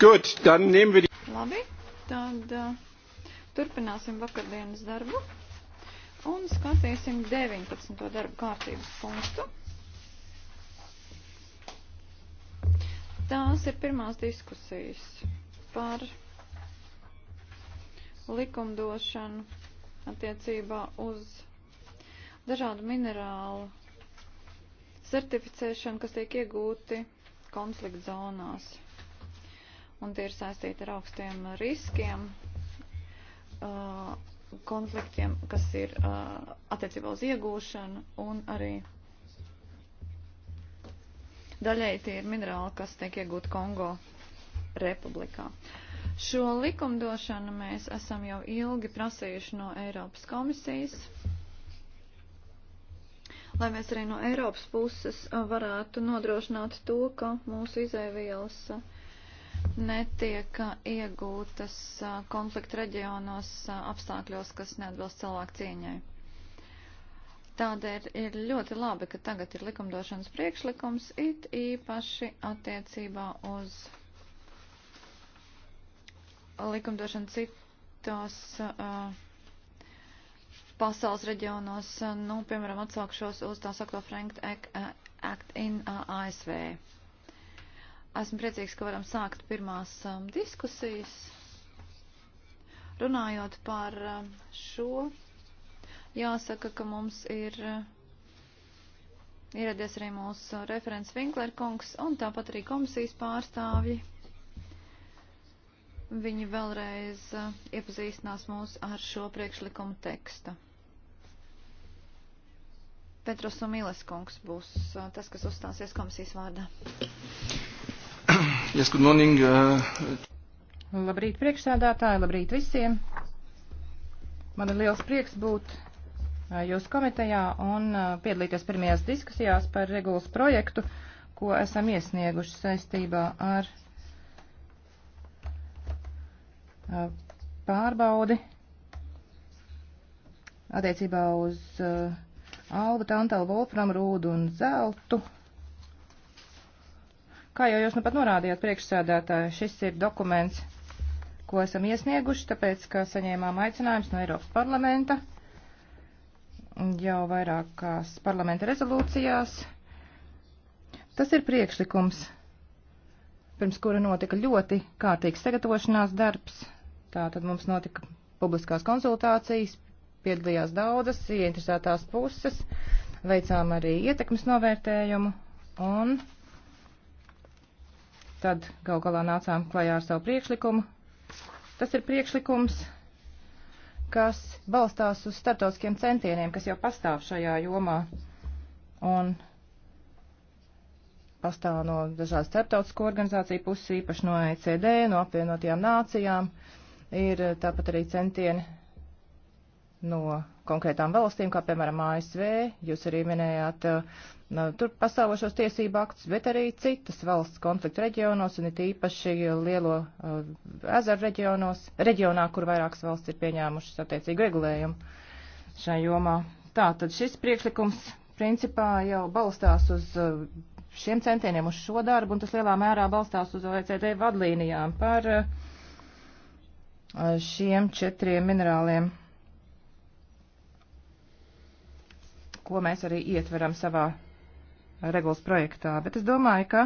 Good, dann nehmen wir die. Labi, tad uh, turpināsim vakardienas darbu un skatīsim 19. darbu kārtības punktu. Tās ir pirmās diskusijas par likumdošanu attiecībā uz dažādu minerālu certificēšanu, kas tiek iegūti konflikt zonās un tie ir saistīti ar augstiem riskiem, konfliktiem, kas ir attiecībā uz iegūšanu un arī daļai tie ir minerāli, kas tiek iegūti Kongo republikā. Šo likumdošanu mēs esam jau ilgi prasījuši no Eiropas komisijas lai mēs arī no Eiropas puses varētu nodrošināt to, ka mūsu izēvielas uh, netiek iegūtas konflikta reģionos apstākļos, kas neatbilst cilvēku cieņai. Tādēļ ir ļoti labi, ka tagad ir likumdošanas priekšlikums, it īpaši attiecībā uz likumdošanu citos uh, pasaules reģionos, nu, piemēram, atsaukšos uz tā sakto Frank Act in uh, ASV. Esmu priecīgs, ka varam sākt pirmās um, diskusijas. Runājot par uh, šo, jāsaka, ka mums ir uh, ieradies arī mūsu referents Vinkler kungs un tāpat arī komisijas pārstāvji. Viņi vēlreiz uh, iepazīstinās mūs ar šo priekšlikumu tekstu. Petros Umiles kungs būs uh, tas, kas uzstāsies komisijas vārdā. Yes, good morning. Uh... Labrīt, priekšsēdētāji, labrīt visiem. Man ir liels prieks būt uh, jūsu komitejā un uh, piedalīties pirmajās diskusijās par regulas projektu, ko esam iesnieguši saistībā ar uh, pārbaudi attiecībā uz albu, tantalu, volfram, rūdu un zeltu Kā jau jūs nu pat norādījāt priekšsēdētāji, šis ir dokuments, ko esam iesnieguši, tāpēc, ka saņēmām aicinājums no Eiropas parlamenta jau vairākās parlamenta rezolūcijās. Tas ir priekšlikums, pirms kura notika ļoti kārtīgs sagatavošanās darbs. Tātad mums notika publiskās konsultācijas, piedalījās daudzas ieinteresētās puses, veicām arī ietekmes novērtējumu un Tad gal galā nācām klajā ar savu priekšlikumu. Tas ir priekšlikums, kas balstās uz startautiskiem centieniem, kas jau pastāv šajā jomā. Un pastāv no dažādas starptautisko organizāciju puses, īpaši no ECD, no apvienotajām nācijām. Ir tāpat arī centieni no konkrētām valstīm, kā piemēram ASV, jūs arī minējāt no, uh, tur pastāvošos tiesību aktus, bet arī citas valsts konfliktu reģionos un it īpaši lielo uh, ezeru reģionos, reģionā, kur vairākas valsts ir pieņēmušas attiecīgu regulējumu šajā jomā. Tā, tad šis priekšlikums principā jau balstās uz uh, šiem centieniem uz šo darbu, un tas lielā mērā balstās uz OECD vadlīnijām par uh, šiem četriem minerāliem ko mēs arī ietveram savā regulas projektā. Bet es domāju, ka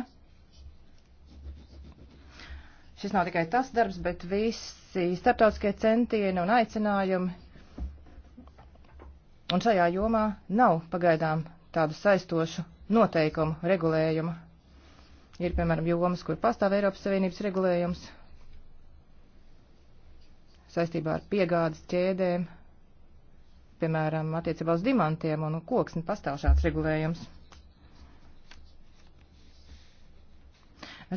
šis nav tikai tas darbs, bet visi starptautiskie centieni un aicinājumi. Un šajā jomā nav pagaidām tādu saistošu noteikumu regulējumu. Ir, piemēram, jomas, kur pastāv Eiropas Savienības regulējums saistībā ar piegādes ķēdēm, piemēram, attiecībā uz dimantiem un koksni nu, pastāv šāds regulējums.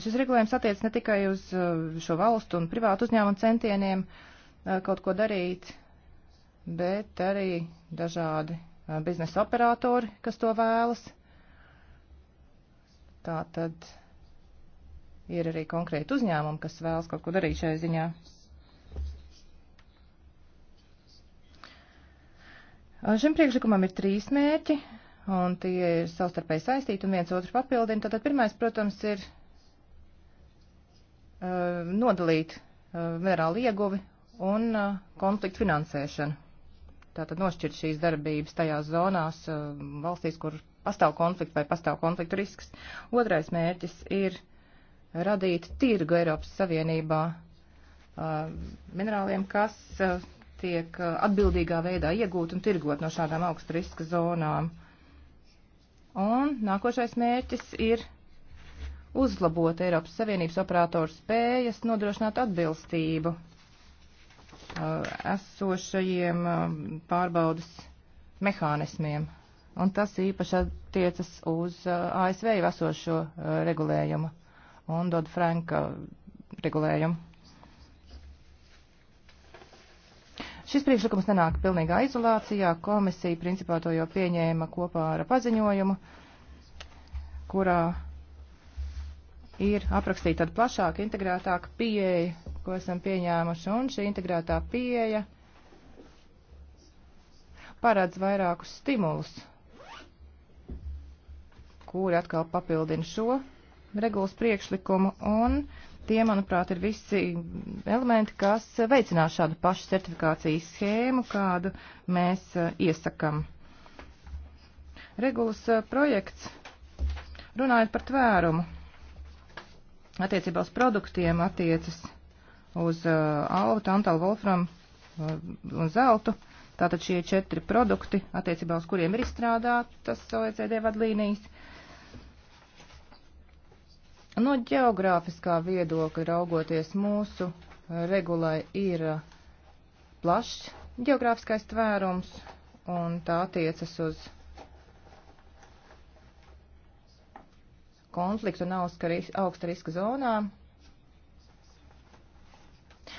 Šis regulējums attiec ne tikai uz uh, šo valstu un privātu uzņēmumu centieniem uh, kaut ko darīt, bet arī dažādi uh, biznesa operatori, kas to vēlas. Tā tad ir arī konkrēti uzņēmumi, kas vēlas kaut ko darīt šai ziņā. Šim priekšlikumam ir trīs mērķi, un tie ir savstarpēji saistīti un viens otru papildina. Tātad pirmais, protams, ir uh, nodalīt uh, minerālu ieguvi un uh, konfliktu finansēšanu. Tātad nošķirt šīs darbības tajās zonās uh, valstīs, kur pastāv konflikti vai pastāv konfliktu risks. Otrais mērķis ir radīt tirgu Eiropas Savienībā uh, minerāliem, kas uh, tiek eh, atbildīgā veidā iegūt un tirgot no šādām augsta riska zonām. Un nākošais mērķis ir uzlabot Eiropas Savienības operātoru spējas nodrošināt atbilstību eh, esošajiem eh, pārbaudas mehānismiem. Un tas īpaši attiecas uz ASV jau esošo regulējumu un Dodd Franka regulējumu. Šis priekšlikums nenāk pilnīgā izolācijā. Komisija principā to jau pieņēma kopā ar paziņojumu, kurā ir aprakstīta tāda plašāka, integrētāka pieeja, ko esam pieņēmuši, un šī integrētā pieeja paredz vairākus stimulus, kuri atkal papildina šo regulas priekšlikumu, un Tie, manuprāt, ir visi elementi, kas veicinās šādu pašu certifikācijas schēmu, kādu mēs eh, iesakam. Regulas eh, projekts, runājot par tvērumu, attiecībā uz produktiem attiecas uz eh, alvu, tantalu, volfram un zeltu. Tātad šie četri produkti, attiecībā uz kuriem ir izstrādātas OECD vadlīnijas, No ģeogrāfiskā viedokļa raugoties mūsu regulai ir uh, plašs ģeogrāfiskais tvērums, un tā attiecas uz konfliktu un augsta riska zonām,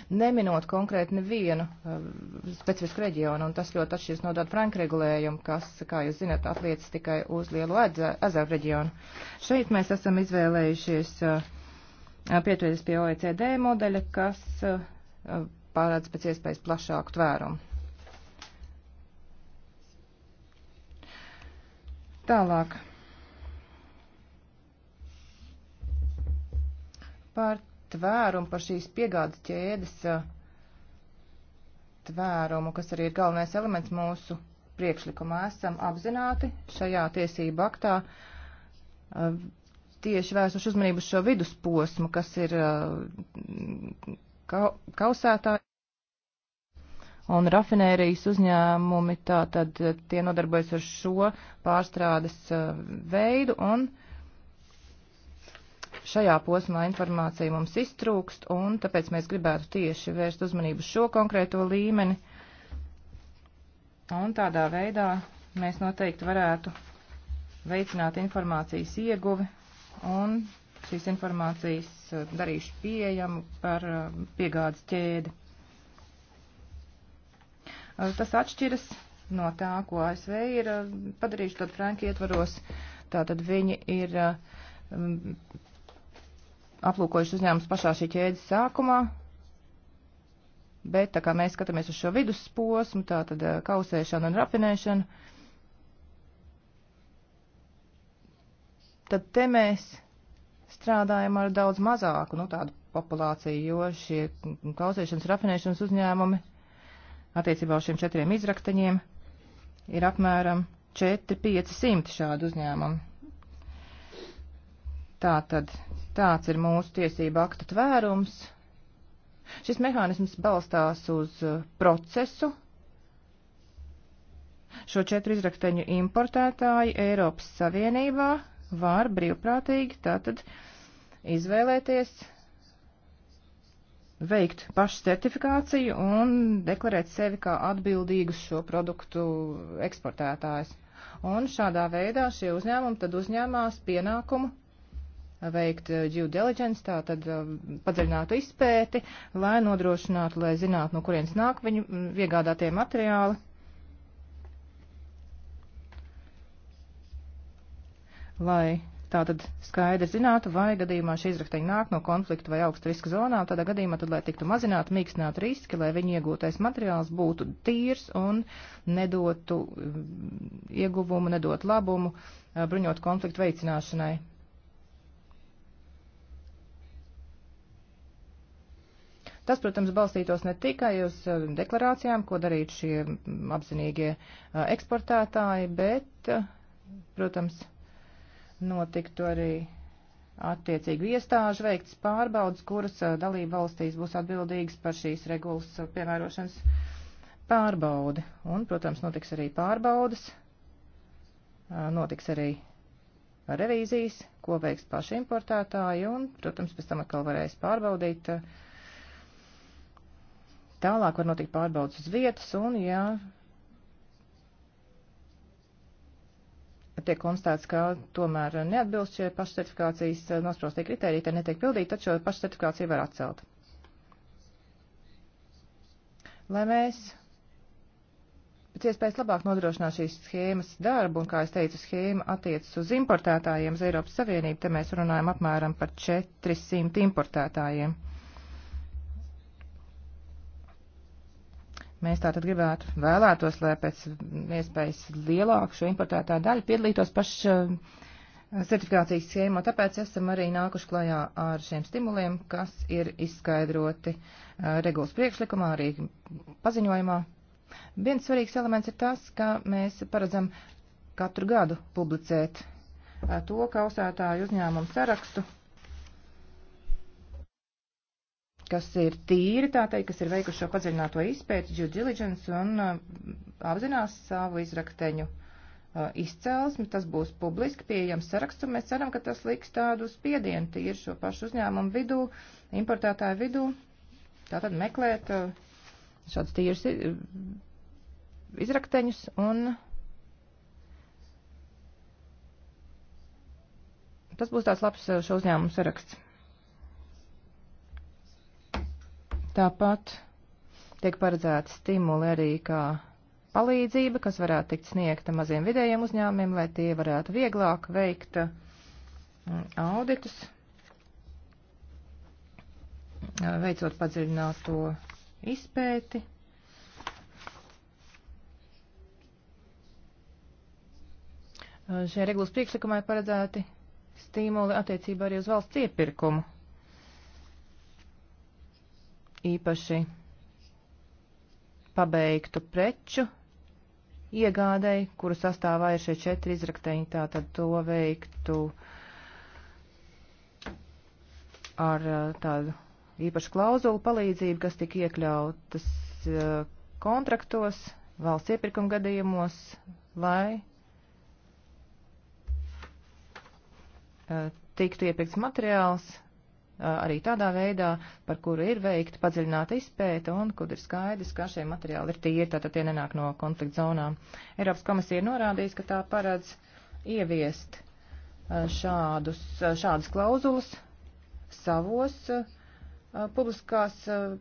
neminot konkrēti nevienu eh, specifisku reģionu, un tas ļoti atšķirs no tāda franka regulējuma, kas, kā jūs zināt, attiecas tikai uz lielu ezeru reģionu. Šeit mēs esam izvēlējušies eh, pieturēties pie OECD modeļa, kas eh, pārāds pēc iespējas plašāku tvērumu. Tālāk. Par tvērumu, par šīs piegādes ķēdes eh, tvērumu, kas arī ir galvenais elements mūsu priekšlikumā. Esam apzināti šajā tiesību aktā eh, tieši vērsuši uzmanību uz šo vidusposmu, kas ir eh, kausētāji un rafinērijas uzņēmumi, tā tad tie nodarbojas ar šo pārstrādes veidu un uh, šajā posmā informācija mums iztrūkst, un tāpēc mēs gribētu tieši vērst uzmanību šo konkrēto līmeni. Un tādā veidā mēs noteikti varētu veicināt informācijas ieguvi un šīs informācijas eh, darīšu pieejamu par eh, piegādes ķēdi. Eh, tas atšķiras no tā, ko ASV ir padarījuši tad Franki ietvaros. Tātad viņi ir aplūkojuši uzņēmumus pašā šī ķēdes sākumā, bet tā kā mēs skatāmies uz šo vidusposmu, tā tad eh, kausēšana un rafinēšana, tad te mēs strādājam ar daudz mazāku, nu, tādu populāciju, jo šie kausēšanas rafinēšanas uzņēmumi attiecībā uz šiem četriem izraktaņiem ir apmēram 4-500 šādu uzņēmumu. Tā tad tāds ir mūsu tiesība akta tvērums. Šis mehānisms balstās uz uh, procesu. Šo četru izrakteņu importētāji Eiropas Savienībā var brīvprātīgi tātad izvēlēties veikt pašu certifikāciju un deklarēt sevi kā atbildīgus šo produktu eksportētājs. Un šādā veidā šie uzņēmumi tad uzņēmās pienākumu veikt eh, due diligence, tātad eh, padziļinātu izpēti, lai nodrošinātu, lai zinātu, no kurienes nāk viņu mm, iegādātie materiāli. Lai tātad skaidri zinātu, vai gadījumā šī izrakteņa nāk no konflikta vai augsta riska zonām, tādā gadījumā tad, lai tiktu mazināti, mīkstināti riski, lai viņu iegūtais materiāls būtu tīrs un nedotu mm, ieguvumu, nedotu labumu eh, bruņot konfliktu veicināšanai. Tas, protams, balstītos ne tikai uz uh, deklarācijām, ko darītu šie apzinīgie uh, eksportētāji, bet, uh, protams, notiktu arī attiecīgu iestāžu veikts pārbaudas, kuras dalība valstīs būs atbildīgas par šīs regulas piemērošanas pārbaudi. Un, protams, notiks arī pārbaudas, notiks arī revīzijas, ko veiks paši importētāji, un, protams, pēc tam atkal varēs pārbaudīt uh, tālāk var notikt pārbaudas uz vietas, un, ja tiek konstatēts, ka tomēr neatbilst šie pašcertifikācijas eh, nosprostie kriteriji, tad netiek pildīti, tad šo pašcertifikāciju var atcelt. Lai mēs pēc iespējas labāk nodrošinātu šīs schēmas darbu, un, kā es teicu, schēma attiecas uz importētājiem uz Eiropas Savienību, te mēs runājam apmēram par 400 importētājiem. Mēs tātad gribētu vēlētos, lai pēc iespējas lielāku šo importētāju daļu piedalītos pašu eh, certifikācijas schēmu, tāpēc esam arī nākuši klajā ar šiem stimuliem, kas ir izskaidroti eh, regulas priekšlikumā, arī paziņojumā. Viens svarīgs elements ir tas, ka mēs paredzam katru gadu publicēt eh, to kausētāju uzņēmumu sarakstu, kas ir tīri, tā teikt, kas ir veikuši šo padziļināto izpēti, due diligence, un uh, apzinās savu izrakteņu uh, izcelsmi. Tas būs publiski pieejams saraksts, un mēs ceram, ka tas liks tādu spiedienu tīri šo pašu uzņēmumu vidū, importētāju vidū. Tātad meklēt uh, šādus tīrus uh, izrakteņus un. Tas būs tāds labs uh, šo uzņēmumu saraksts. Tāpat tiek paredzēti stimuli arī kā palīdzība, kas varētu tikt sniegta maziem vidējiem uzņēmumiem, lai tie varētu vieglāk veikt uh, auditus, uh, veicot padziļināto izpēti. Uh, Šajā regulas priekšlikumā ir paredzēti stimuli attiecībā arī uz valsts iepirkumu īpaši pabeigtu preču iegādai, kuru sastāvā ir šie četri izrakteņi, tā tad to veiktu ar uh, tādu īpašu klauzulu palīdzību, kas tika iekļautas uh, kontraktos, valsts iepirkuma gadījumos, lai uh, tiktu iepirkts materiāls, arī tādā veidā, par kuru ir veikta padziļināta izpēta un kur ir skaidrs, ka šie materiāli ir tīri, tātad tie nenāk no konflikta zonām. Eiropas komisija ir norādījusi, ka tā paredz ieviest šādus, šādas klauzulas savos publiskās,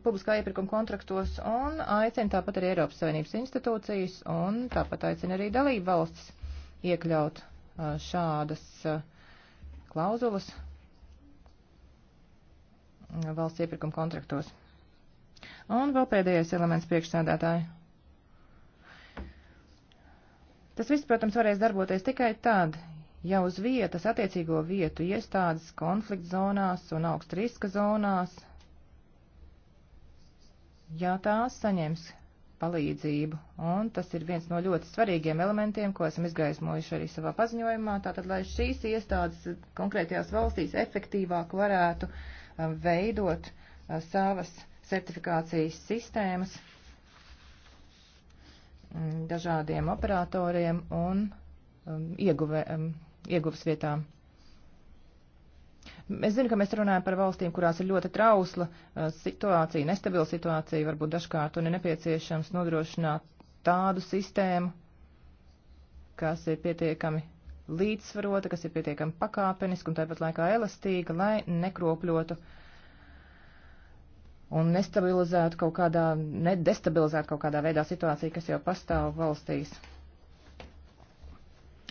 publiskā iepirkuma kontraktos un aicina tāpat arī Eiropas Savienības institūcijas un tāpat aicina arī dalību valstis iekļaut šādas klauzulas valsts iepirkuma kontraktos. Un vēl pēdējais elements priekšsēdētāji. Tas viss, protams, varēs darboties tikai tad, ja uz vietas attiecīgo vietu iestādes konflikt zonās un augsta riska zonās, ja tās saņems palīdzību. Un tas ir viens no ļoti svarīgiem elementiem, ko esam izgaismojuši arī savā paziņojumā. Tātad, lai šīs iestādes konkrētajās valstīs efektīvāk varētu uh, Uh, veidot uh, savas certifikācijas sistēmas mm, dažādiem operatoriem un um, ieguve, um, ieguves vietām. Es zinu, ka mēs runājam par valstīm, kurās ir ļoti trausla uh, situācija, nestabila situācija, varbūt dažkārt, un ir nepieciešams nodrošināt tādu sistēmu, kas ir pietiekami līdzsvarota, kas ir pietiekami pakāpeniska un tāpat laikā elastīga, lai nekropļotu un nestabilizētu kaut kādā, nedestabilizētu kaut kādā veidā situāciju, kas jau pastāv valstīs.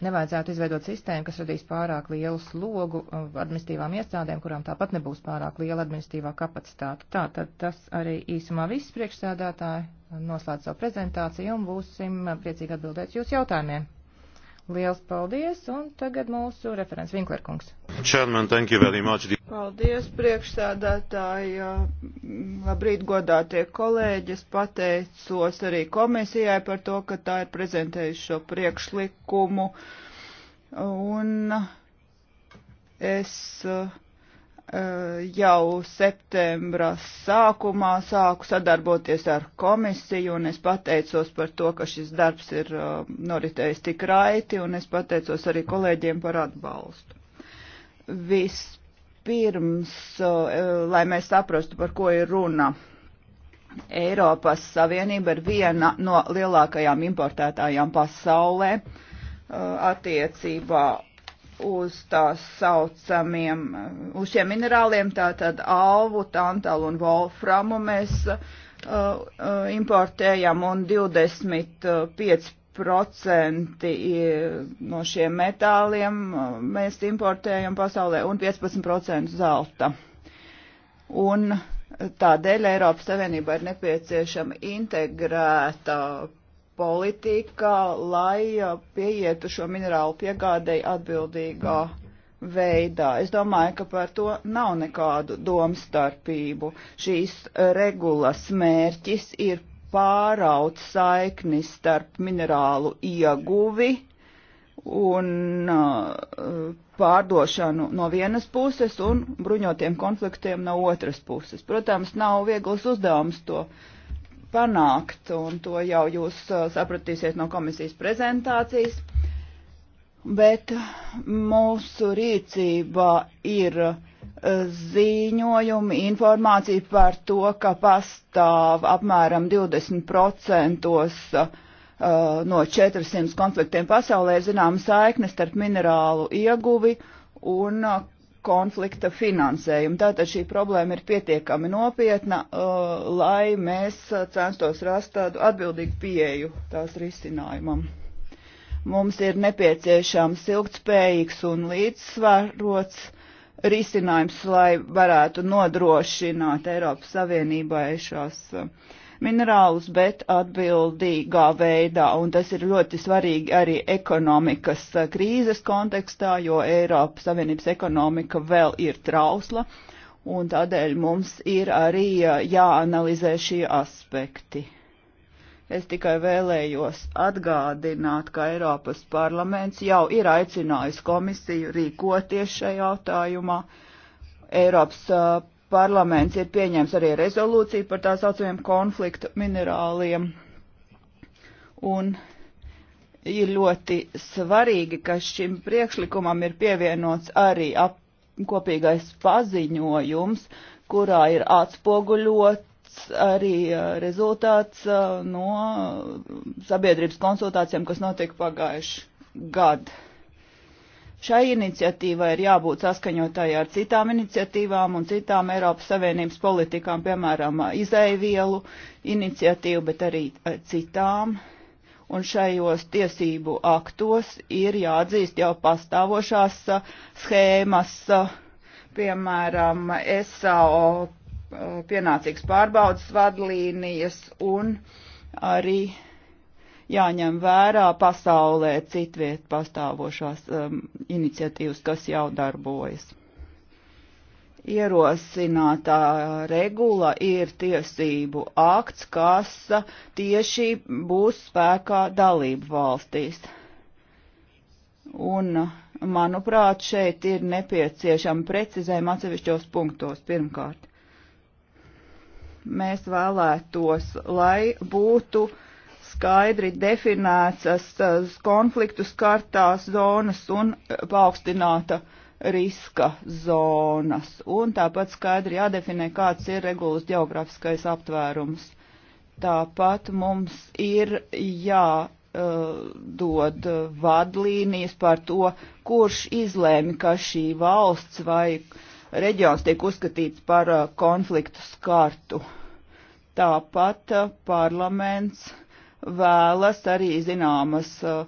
Nevajadzētu izveidot sistēmu, kas radīs pārāk lielu slogu uh, administīvām iestādēm, kurām tāpat nebūs pārāk liela administīvā kapacitāte. Tā tad tas arī īsumā viss priekšsēdētāji noslēdz savu prezentāciju un būsim uh, priecīgi atbildēt jūs jautājumiem. Liels paldies, un tagad mūsu referents Vinklerkungs. Chairman, thank you very much. Paldies, priekšsādātāji, labrīt godātie kolēģis, pateicos arī komisijai par to, ka tā ir prezentējusi šo priekšlikumu, un es. Uh, Eh, jau septembra sākumā sāku sadarboties ar komisiju, un es pateicos par to, ka šis darbs ir eh, noritējis tik raiti, un es pateicos arī kolēģiem par atbalstu. Vispirms, eh, lai mēs saprastu, par ko ir runa. Eiropas Savienība ir viena no lielākajām importētājām pasaulē attiecībā uz tā saucamiem, uz šiem minerāliem, tātad alvu, tantalu un volframu mēs uh, uh, importējam un 25% no šiem metāliem uh, mēs importējam pasaulē un 15% zelta. Un tādēļ Eiropas Savienībā ir nepieciešama integrēta politikā, lai uh, pieietu šo minerālu piegādēju atbildīgā veidā. Es domāju, ka par to nav nekādu domstarpību. Šīs regulas mērķis ir pāraut saikni starp minerālu ieguvi un uh, pārdošanu no vienas puses un bruņotiem konfliktiem no otras puses. Protams, nav viegls uzdevums to uh, panākt, un to jau jūs uh, sapratīsiet no komisijas prezentācijas. Bet uh, mūsu rīcībā ir uh, ziņojumi, informācija par to, ka pastāv apmēram 20% no 400 konfliktiem pasaulē ir zināma saikne starp minerālu ieguvi un konflikta finansējumu. Tātad šī problēma ir pietiekami nopietna, uh, lai mēs uh, censtos rast tādu atbildīgu pieeju tās risinājumam. Mums ir nepieciešams ilgtspējīgs un līdzsvarots risinājums, lai varētu nodrošināt Eiropas Savienībai šās uh, minerālus, bet atbildīgā veidā. Un tas ir ļoti svarīgi arī ekonomikas eh, krīzes kontekstā, jo Eiropas Savienības ekonomika vēl ir trausla. Un tādēļ mums ir arī eh, jāanalizē šie aspekti. Es tikai vēlējos atgādināt, ka Eiropas parlaments jau ir aicinājis komisiju rīkoties šajā jautājumā. Eiropas eh, parlaments ir pieņēmis arī rezolūciju par tā saucamiem konfliktu minerāliem. Un ir ļoti svarīgi, ka šim priekšlikumam ir pievienots arī ap, kopīgais paziņojums, kurā ir atspoguļots arī uh, rezultāts uh, no sabiedrības konsultācijām, kas notika pagājuši gadu. Šai iniciatīvai ir jābūt saskaņotai ar citām iniciatīvām un citām Eiropas Savienības politikām, piemēram, izēvielu iniciatīvu, bet arī eh, citām. Un šajos tiesību aktos ir jāatzīst jau pastāvošās eh, schēmas, eh, piemēram, SAO pienācīgas pārbaudas vadlīnijas un arī uh, jāņem vērā pasaulē citviet pastāvošās um, iniciatīvas, kas jau darbojas. Ierosinātā regula ir tiesību akts, kas tieši būs spēkā dalību valstīs. Un, manuprāt, šeit ir nepieciešama precizējuma atsevišķos punktos. Pirmkārt, mēs vēlētos, lai būtu uh, skaidri definētas eh, konfliktus kartās zonas un eh, paaugstināta riska zonas. Un tāpat skaidri jādefinē, kāds ir regulas geogrāfiskais aptvērums. Tāpat mums ir jā eh, dod vadlīnijas par to, kurš izlēma, ka šī valsts vai reģions tiek uzskatīts par konfliktu skartu. Tāpat parlaments vēlas arī zināmas uh,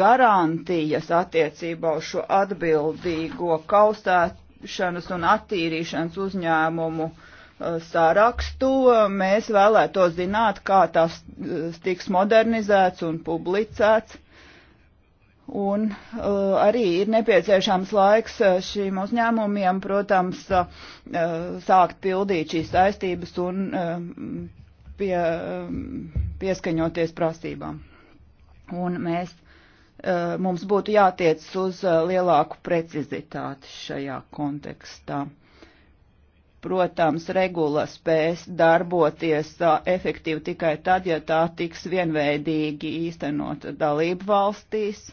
garantijas attiecībā uz šo atbildīgo kaustēšanas un attīrīšanas uzņēmumu uh, sarakstu. Mēs vēlētos zināt, kā tas uh, tiks modernizēts un publicēts. Un uh, arī ir nepieciešams laiks šīm uzņēmumiem, protams, uh, sākt pildīt šīs saistības un uh, pie, um, pieskaņoties prasībām. Un mēs, uh, mums būtu jātiec uz uh, lielāku precizitāti šajā kontekstā protams, regula spēs darboties uh, efektīvi tikai tad, ja tā tiks vienveidīgi īstenot dalību valstīs.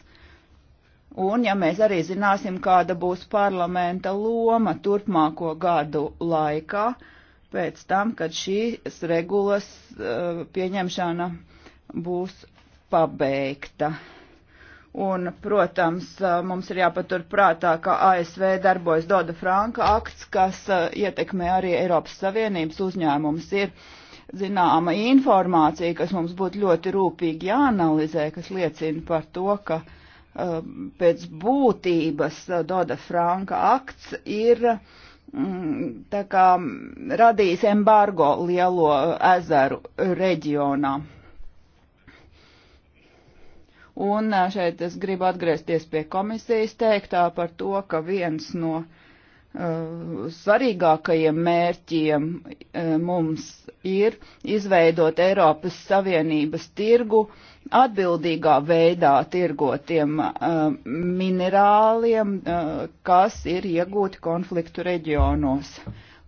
Un ja mēs arī zināsim, kāda būs parlamenta loma turpmāko gadu laikā, uh, pēc tam, kad šīs regulas uh, pieņemšana būs pabeigta. Un, protams, eh, mums ir jāpatur prātā, ka ASV darbojas Doda Franka akts, kas uh, ietekmē arī Eiropas Savienības uzņēmums. Ir zināma informācija, kas mums būtu ļoti rūpīgi jāanalizē, kas liecina par to, ka uh, pēc būtības Doda Franka akts ir uh, Mm, tā kā radīs embargo lielo ezeru reģionā. Un šeit es gribu atgriezties pie komisijas teiktā par to, ka viens no uh, svarīgākajiem mērķiem uh, mums ir izveidot Eiropas Savienības tirgu uh, atbildīgā veidā tirgotiem uh, minerāliem, uh, kas ir iegūti konfliktu reģionos.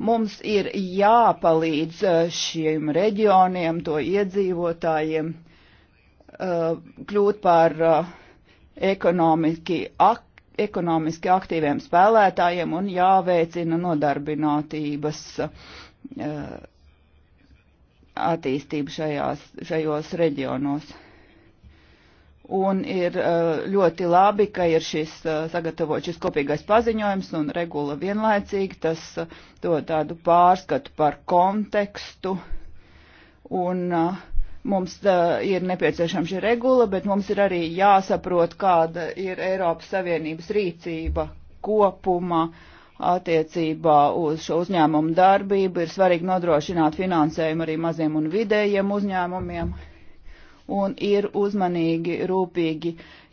Mums ir jāpalīdz uh, šiem reģioniem, to iedzīvotājiem uh, kļūt par uh, ekonomiski, ak ekonomiski aktīviem spēlētājiem un jāveicina nodarbinātības uh, attīstību šajās, šajos reģionos. Un ir uh, ļoti labi, ka ir šis uh, sagatavot šis kopīgais paziņojums un regula vienlaicīgi. Tas uh, dod tādu pārskatu par kontekstu. Un mums ir nepieciešama šī regula, bet mums ir arī jāsaprot, kāda ir Eiropas Savienības rīcība kopumā attiecībā uz šo uzņēmumu darbību. Ir svarīgi nodrošināt finansējumu arī maziem un vidējiem uzņēmumiem un ir uzmanīgi, rūpīgi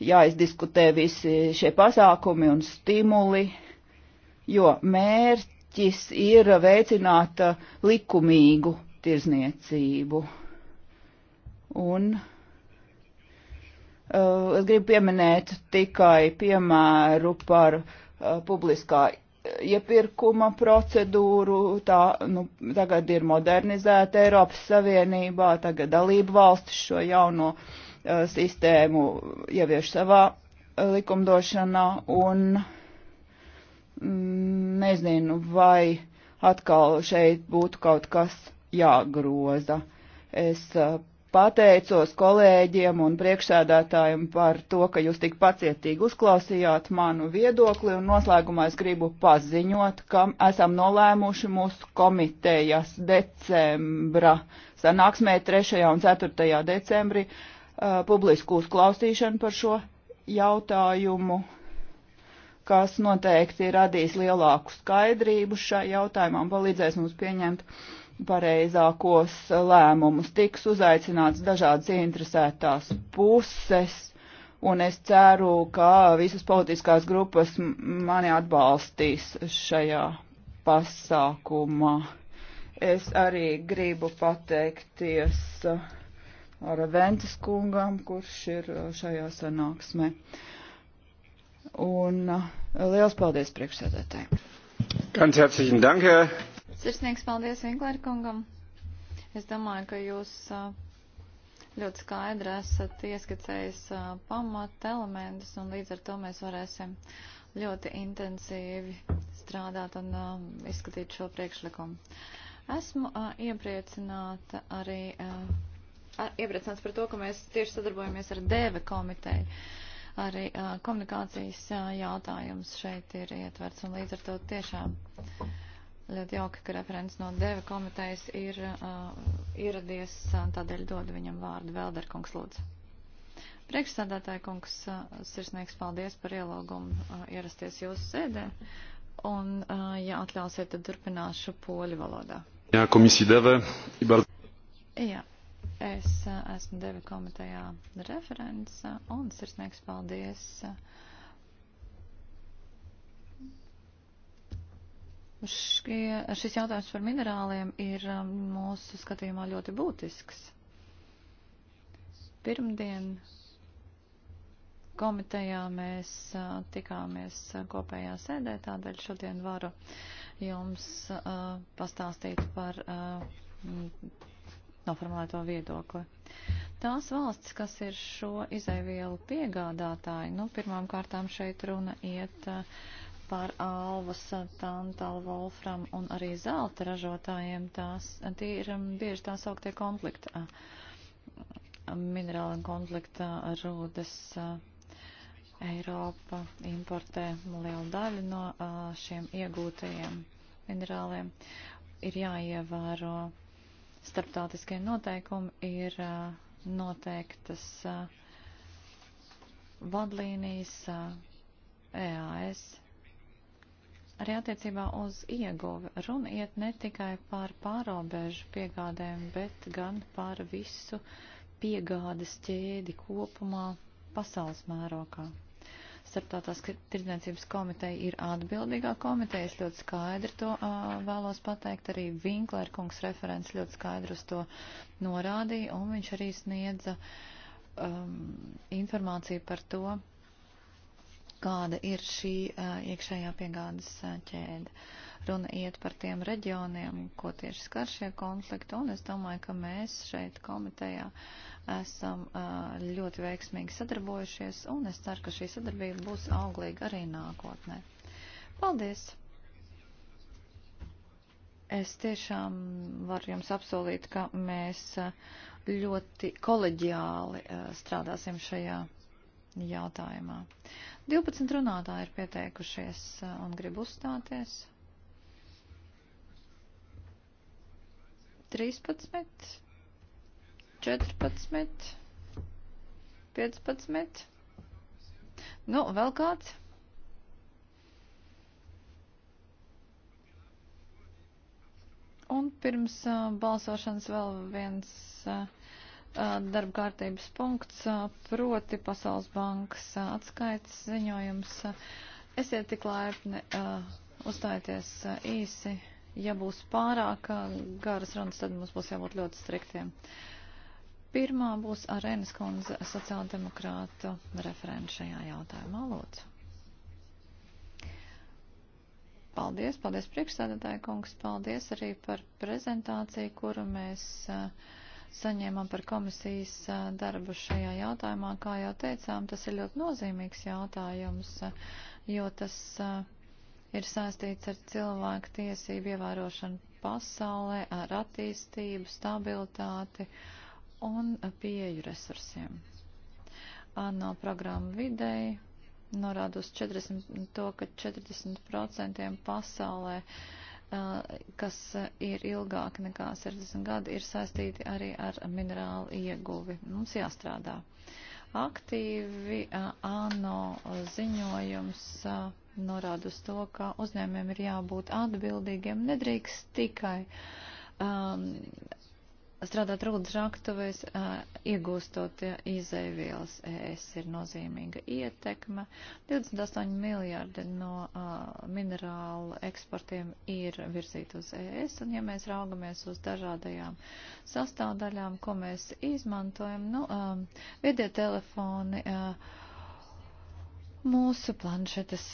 jāizdiskutē visi šie pasākumi un stimuli, jo mērķis ir veicināt likumīgu tirzniecību. Un uh, es gribu pieminēt tikai piemēru par uh, publiskā iepirkuma procedūru, tā nu, tagad ir modernizēta Eiropas Savienībā, tagad dalību valstis šo jauno uh, sistēmu ievieš savā eh, likumdošanā un mm, nezinu, vai atkal šeit būtu kaut kas jāgroza. Es uh, pateicos kolēģiem un priekšsēdētājiem par to, ka jūs tik pacietīgi uzklausījāt manu viedokli, un noslēgumā es gribu paziņot, ka esam nolēmuši mūsu komitejas decembra sanāksmē 3. un 4. decembrī uh, publisku uzklausīšanu par šo jautājumu kas noteikti radīs lielāku skaidrību šai jautājumam, palīdzēs mums pieņemt uh, pareizākos lēmumus. Tiks uzaicināts dažādas interesētās puses, un es ceru, ka visas politiskās grupas mani atbalstīs šajā pasākumā. Es arī gribu pateikties Raventas kungam, kurš ir šajā sanāksmē. Un liels paldies priekšsēdētāji. Ganz herzlichen Dank, Herr Sirsnīgs paldies Vinklērkungam. Es domāju, ka jūs ļoti skaidri esat ieskicējis pamata elementus un līdz ar to mēs varēsim ļoti intensīvi strādāt un izskatīt šo priekšlikumu. Esmu iepriecināta arī, iepriecināts par to, ka mēs tieši sadarbojamies ar DV komiteju arī komunikācijas jautājums šeit ir ietverts un līdz ar to tiešām Ļoti jauki, ka referents no Deva komitejas ir uh, ieradies, uh, tādēļ dodu viņam vārdu Velderkungs lūdzu. Priekšsādātāja kungs, uh, sirsnīgs paldies par ielūgumu uh, ierasties jūsu sēdē, un, uh, ja atļausiet, tad turpināšu poļu valodā. Jā, komisija Deve. Ibar... Jā, es uh, esmu Deva komitejā referents, uh, un sirsnīgs paldies. Uh, Šie, šis jautājums par minerāliem ir um, mūsu skatījumā ļoti būtisks. Pirmdien komitejā mēs uh, tikāmies uh, kopējā sēdē, tādēļ šodien varu jums uh, pastāstīt par noformulēto viedokli. Tās valsts, kas ir šo izaivielu piegādātāji, nu, pirmām kārtām šeit runa iet uh, par alvas, tantalu, volfram un arī zelta ražotājiem. Tās, tie ir um, bieži tā sauktie konflikta, uh, minerāla konflikta rūdas. Uh, Eiropa importē lielu daļu no uh, šiem iegūtajiem minerāliem. Ir jāievēro starptautiskie noteikumi, ir noteiktas vadlīnijas EAS Arī attiecībā uz ieguvi runa iet ne tikai par pārobežu piegādēm, bet gan par visu piegādes ķēdi kopumā pasaules mērokā. Starptautās tirdzniecības komiteja ir atbildīgā komiteja, es ļoti skaidri to uh, vēlos pateikt, arī Vinklēra kungs referents ļoti skaidri uz to norādīja, un viņš arī sniedza um, informāciju par to, kāda ir šī iekšējā piegādes ķēde. Runa iet par tiem reģioniem, ko tieši skar šie konflikti, un es domāju, ka mēs šeit komitejā esam ļoti veiksmīgi sadarbojušies, un es ceru, ka šī sadarbība būs auglīga arī nākotnē. Paldies! Es tiešām varu jums apsolīt, ka mēs ļoti koleģiāli strādāsim šajā jautājumā. 12 runātāji ir pieteikušies eh, un grib uzstāties. 13, 14, 15. Nu, vēl kāds? Un pirms uh, balsošanas vēl viens uh, Uh, darba kārtības punkts, uh, proti Pasaules bankas uh, atskaits ziņojums. Esiet tik laipni, uzstājieties īsi. Ja būs pārāk garas runas, tad mums būs jābūt ļoti striktiem. Pirmā būs Arēnas kundze sociāldemokrātu referents šajā jautājumā. Lūdzu. Paldies, paldies priekšstādātāja kungs, paldies arī par prezentāciju, kuru mēs uh, saņēmām par komisijas darbu šajā jautājumā. Kā jau teicām, tas ir ļoti nozīmīgs jautājums, jo tas ir saistīts ar cilvēku tiesību ievērošanu pasaulē, ar attīstību, stabilitāti un pieeju resursiem. ANO programma videi norāda uz 40, to, ka 40% pasaulē uh, kas ir ilgāki nekā 60 gadi, ir saistīti arī ar minerālu ieguvi. Mums jāstrādā. Aktīvi ANO ziņojums norāda uz to, ka uzņēmiem ir jābūt atbildīgiem, nedrīkst tikai um, strādāt rūdas raktuvēs, iegūstot izēvielas ES ir nozīmīga ietekme. 28 miljārdi no minerālu eksportiem ir virzīti uz ES, un ja mēs raugamies uz dažādajām sastāvdaļām, ko mēs izmantojam, nu, viedie telefoni, mūsu planšetes,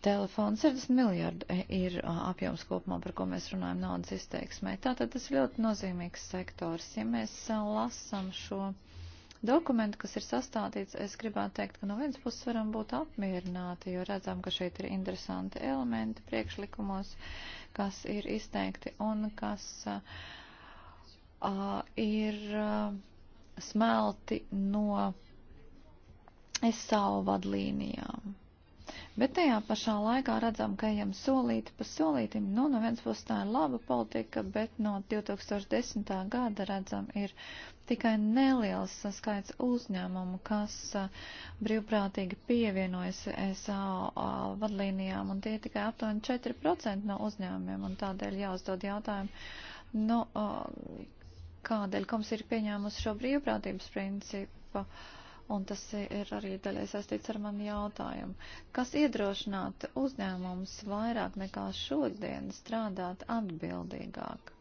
telefonu. 60 miljardi e, ir apjoms kopumā, par ko mēs runājam naudas izteiksmē. Tātad tas ir ļoti nozīmīgs sektors. Ja mēs lasam šo dokumentu, kas ir sastādīts, es gribētu teikt, ka no vienas puses varam būt apmierināti, jo redzam, ka šeit ir interesanti elementi priekšlikumos, kas ir izteikti un kas uh, ir uh, smelti no es savu vadlīnijām Bet tajā pašā laikā redzam, ka ejam solīti pa solītim. Nu, no vienas puses tā ir laba politika, bet no 2010. gada redzam, ir tikai neliels skaits uzņēmumu, kas brīvprātīgi pievienojas SAO vadlīnijām, un tie ir tikai aptuveni 4% no uzņēmumiem, un tādēļ jāuzdod jautājumu. Nu, kādēļ komisija ir pieņēmusi šo brīvprātības principu? un tas ir arī daļai saistīts ar manu jautājumu. Kas iedrošinātu uzņēmumus vairāk nekā šodien strādāt atbildīgāk?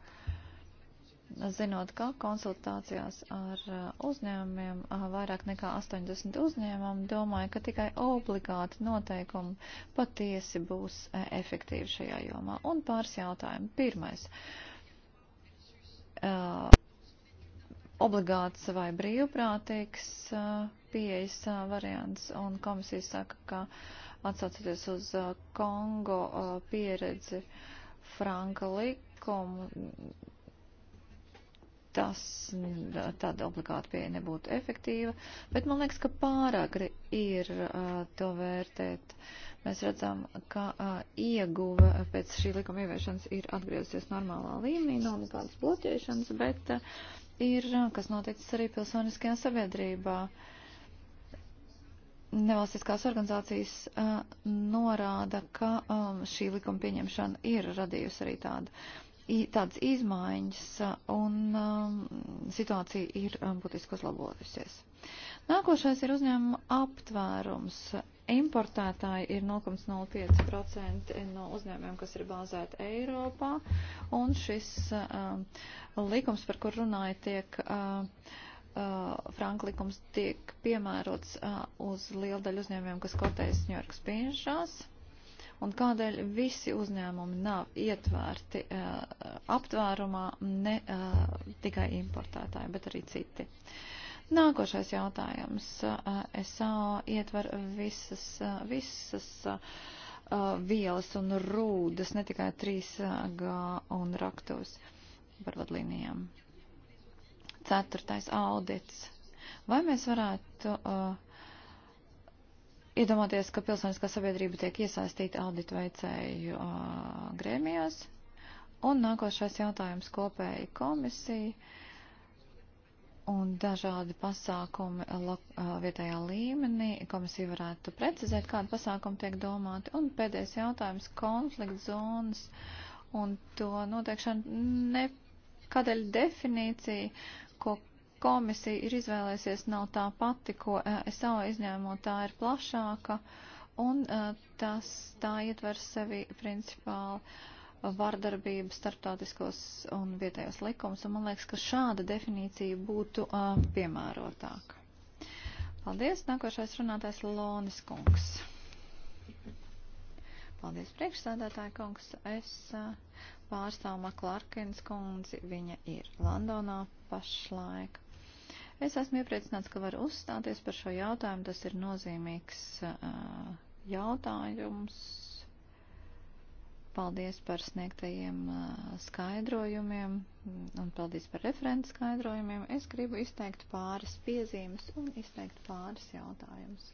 Zinot, ka konsultācijās ar uh, uzņēmumiem uh, vairāk nekā 80 uzņēmumu domāju, ka tikai obligāti noteikumi patiesi būs uh, efektīvi šajā jomā. Un pāris jautājumi. Pirmais. Uh, obligāts vai brīvprātīgs pieejas variants, un komisija saka, ka atsaucoties uz Kongo pieredzi Franka likumu, tas tāda obligāta pieeja nebūtu efektīva, bet man liekas, ka pāragri ir uh, to vērtēt. Mēs redzam, ka uh, ieguve pēc šī likuma ieviešanas ir atgriezusies normālā līmenī, nav nekādas bloķēšanas, bet uh, ir, kas noticis arī pilsoniskajā sabiedrībā. Nevalstiskās organizācijas uh, norāda, ka um, šī likuma pieņemšana ir radījusi arī tādu, tādas izmaiņas un um, situācija ir um, būtiski uzlabojusies. Nākošais ir uzņēmuma aptvērums importētāji ir 0,05% no uzņēmumiem, kas ir bāzēti Eiropā, un šis uh, likums, par kur runāja, tiek. Uh, uh, franka likums tiek piemērots uh, uz lielu daļu uzņēmumiem, kas kotējas Ņujorkas biežās, un kādēļ visi uzņēmumi nav ietvērti uh, aptvērumā ne uh, tikai importētāji, bet arī citi. Uh, Nākošais jautājums. Eh, SAO ietver visas, eh, visas eh, vielas un rūdas, ne tikai 3G un raktos par vadlīnijām. Ceturtais audits. Vai mēs varētu uh, iedomāties, ka pilsoniskā sabiedrība tiek iesaistīta auditu veicēju uh, grēmijās? Un nākošais jautājums kopēji komisija un dažādi pasākumi vietējā līmenī. Komisija varētu precizēt, kādi pasākumi tiek domāti. Un pēdējais jautājums - konflikts zonas un to noteikšana. Ne, kādēļ definīcija, ko komisija ir izvēlēsies, nav tā pati, ko es savu izņēmumu, tā ir plašāka. Un tas tā ietver sevi principāli vardarbību, starptautiskos un vietējos likumus, un man liekas, ka šāda definīcija būtu uh, piemērotāka. Paldies, nākošais runātājs Lonis Kungs. Paldies, priekšsādātāja kungs. Es uh, pārstāvu Maklārkins kundzi, viņa ir Londonā pašlaik. Es esmu iepriecināts, ka varu uzstāties par šo jautājumu. Tas ir nozīmīgs uh, jautājums Paldies par sniegtajiem skaidrojumiem un paldies par referentu skaidrojumiem. Es gribu izteikt pāris piezīmes un izteikt pāris jautājumus.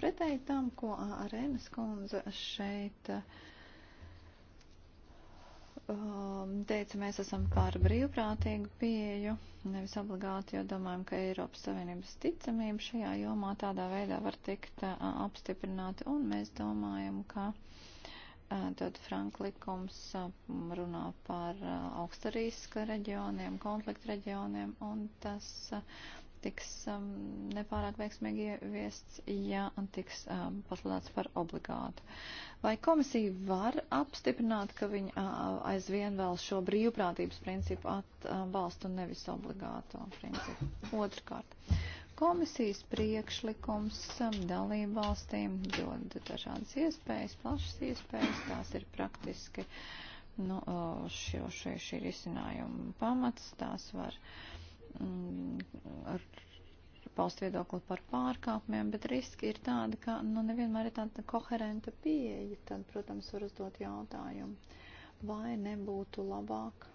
Pretēji tam, ko Arēnas kundze šeit teica, mēs esam par brīvprātīgu pieju, nevis obligāti, jo domājam, ka Eiropas Savienības ticamība šajā jomā tādā veidā var tikt apstiprināta, un mēs domājam, ka. Uh, Tad Franklikums runā par augstarīska reģioniem, konflikta reģioniem, un tas tiks nepārāk veiksmīgi ieviests, ja tiks pasludināts par obligātu. Vai komisija var apstiprināt, ka viņa aizvien vēl šo brīvprātības principu atbalstu un nevis obligāto principu? Otrkārt, Komisijas priekšlikums um, dalību valstīm dod dažādas iespējas, plašas iespējas, tās ir praktiski nu, šie, šie, šie risinājumi pamats, tās var mm, ar paust viedokli par pārkāpumiem, bet riski ir tādi, ka nu, nevienmēr ir tāda koherenta pieeja. Tad, protams, var uzdot jautājumu, vai nebūtu labāk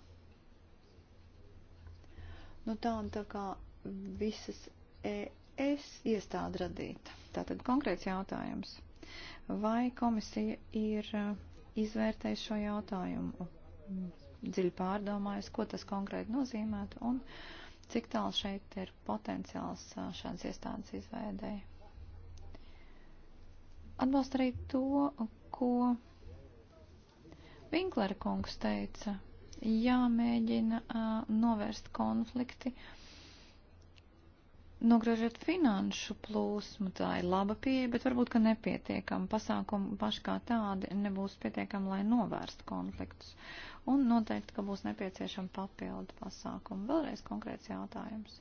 nu, tāda tā kā visas ES iestādi radīta? Tātad konkrēts jautājums. Vai komisija ir uh, izvērtējusi šo jautājumu, mm, dziļi pārdomājusi, ko tas konkrēti nozīmētu un cik tālu šeit ir potenciāls uh, šādas iestādes izveidēji? Atbalst arī to, ko Vinklera kungs teica, jāmēģina uh, novērst konflikti, uh, Nogriežot finanšu plūsmu, tā ir laba pieeja, bet varbūt, ka nepietiekama. Pasākumi paši kā tādi nebūs pietiekami, lai novērstu konfliktus. Un noteikti, ka būs nepieciešama papildu pasākumu. Vēlreiz konkrēts jautājums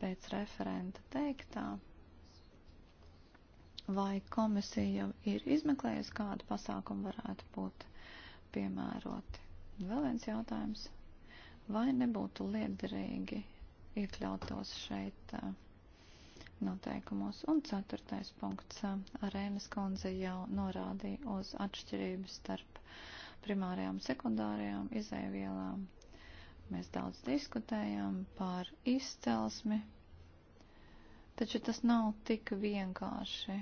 pēc referenta teiktā. Vai komisija jau ir izmeklējusi, kādu pasākumu varētu būt piemēroti? Vēl viens jautājums. Vai nebūtu liederīgi iekļautos šeit eh, noteikumos. Un ceturtais punkts. Eh, Arēnas kundze jau norādīja uz atšķirību starp primārajām, sekundārajām izēvielām. Mēs daudz diskutējām par izcelsmi, taču tas nav tik vienkārši.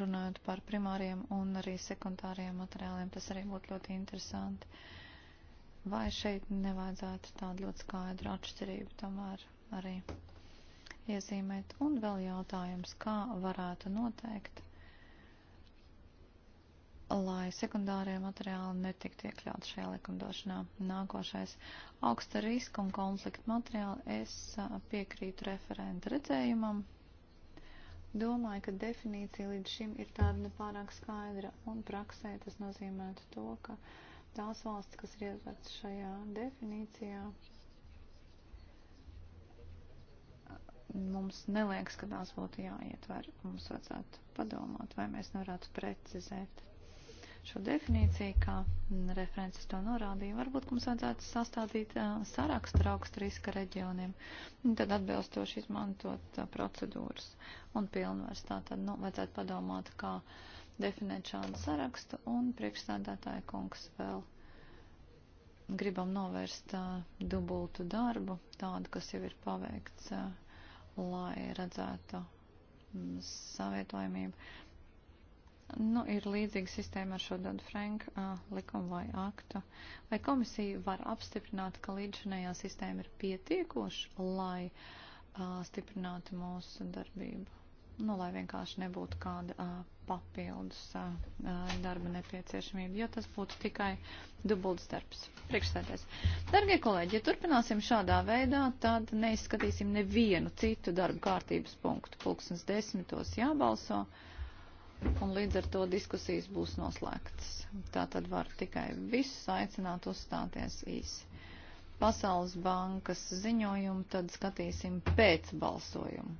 Runājot par primāriem un arī sekundāriem materiāliem, tas arī būtu ļoti interesanti. Uh, Vai šeit nevajadzētu tādu ļoti skaidru atšķirību tomēr arī iezīmēt? Un vēl jautājums, kā varētu noteikt, lai sekundārie materiāli netiktu iekļauti šajā likumdošanā. Nākošais augsta riska un konflikta materiāli es piekrītu referenta redzējumam domāju, ka definīcija līdz šim ir tāda nepārāk skaidra, un praksē tas nozīmētu to, ka tās valsts, kas ir ietverts šajā definīcijā, mums neliekas, ka tās būtu jāietver. Mums vajadzētu padomāt, vai mēs varētu precizēt šo definīciju, kā references to norādīja. Varbūt mums vajadzētu sastādīt sarakstu ar augstu riska reģioniem, un tad atbilstoši izmantot procedūras un pilnvars. Tātad, nu, vajadzētu padomāt, kā. Ka definēt šādu sarakstu, un priekšstādātāja kungs vēl gribam novērst uh, dubultu darbu, tādu, kas jau ir paveikts, uh, lai redzētu um, savietojamību. Nu, ir līdzīga sistēma ar šo Dodu Franku uh, likumu vai aktu. Vai komisija var apstiprināt, ka līdzinējā sistēma ir pietiekoša, lai uh, stiprinātu mūsu darbību? nu, lai vienkārši nebūtu kāda uh, papildus uh, darba nepieciešamība, jo tas būtu tikai dubults darbs. Priekšsēdēs. Dargie kolēģi, ja turpināsim šādā veidā, tad neizskatīsim nevienu citu darba kārtības punktu. Pulksnes desmitos jābalso, un līdz ar to diskusijas būs noslēgtas. Tā tad var tikai visus aicināt uzstāties īsi. Pasaules bankas ziņojumu tad skatīsim pēc balsojumu.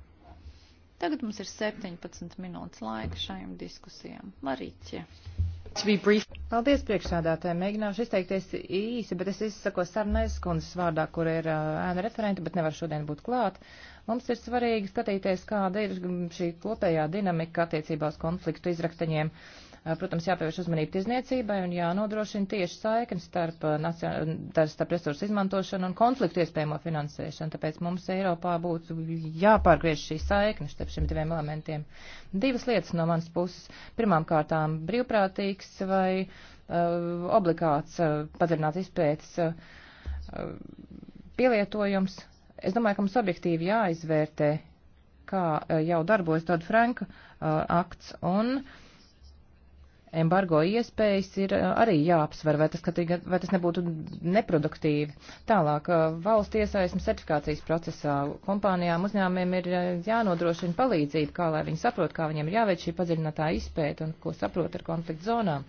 Tagad mums ir 17 minūtes laika šajām diskusijām. Marīķie. Paldies priekšsādātājai. Mēģināšu izteikties īsi, bet es izsako sarunais kundzes vārdā, kur ir ēna referenta, bet nevar šodien būt klāt. Mums ir svarīgi skatīties, kāda ir šī kopējā dinamika attiecībā uz konfliktu izraktaņiem. Uh, Eh, protams, jāpievērš uzmanība tirzniecībai un jānodrošina tieši saikni starp, eh, starp resursu izmantošanu un konfliktu iespējamo finansēšanu. Tāpēc mums Eiropā būtu jāpārgriež šī saikne starp šiem diviem elementiem. Divas lietas no manas puses. Pirmām kārtām brīvprātīgs vai uh, obligāts uh, padarināts izpētes uh, pielietojums. Es domāju, ka mums objektīvi jāizvērtē, kā uh, jau darbojas Dodd Franka uh, akts un uh, embargo iespējas ir uh, arī jāapsver, vai tas, katīgi, vai tas nebūtu neproduktīvi. Tālāk, uh, valsts iesaismas certifikācijas procesā kompānijām uzņēmumiem ir uh, jānodrošina palīdzība, kā lai viņi saprot, kā viņiem ir jāveic šī padziļinātā izpēta un ko saprot ar konfliktu zonām.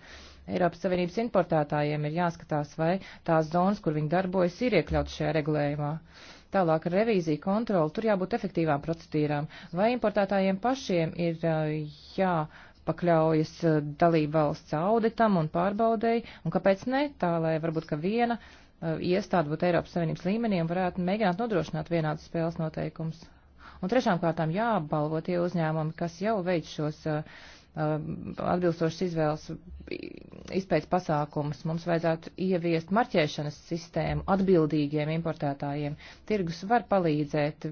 Eiropas Savienības importētājiem ir jāskatās, vai tās zonas, kur viņi darbojas, ir iekļautas šajā regulējumā. Tālāk ar revīziju kontroli, tur jābūt efektīvām procedūrām. Vai importētājiem pašiem ir jā pakļaujas eh, dalību valsts auditam un pārbaudēji, un kāpēc ne, tā lai varbūt ka viena eh, iestāde būtu Eiropas Savienības līmenī un varētu mēģināt nodrošināt vienādas spēles noteikumus. Un trešām kārtām jāapbalvo tie uzņēmumi, kas jau veic šos uh, atbilstošas izvēles izpējas pasākumus. Mums vajadzētu ieviest marķēšanas sistēmu atbildīgiem importētājiem. Tirgus var palīdzēt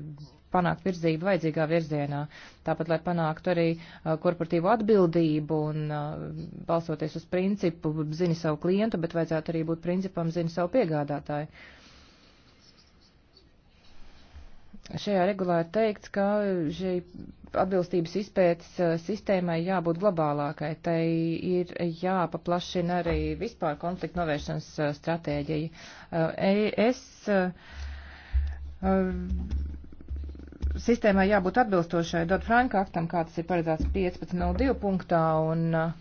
panākt virzību vajadzīgā virzienā. Tāpat, lai panāktu arī uh, korporatīvu atbildību un uh, balsoties uz principu zini savu klientu, bet vajadzētu arī būt principam zini savu piegādātāju. Šajā regulā ir teikts, ka šī atbilstības izpētes uh, sistēmai jābūt globālākai. Tai ir jāpaplašina arī vispār konfliktu novēršanas stratēģija. Es sistēmai jābūt atbilstošai Dod Franka aktam, kā tas ir paredzēts 15.02 punktā, un uh,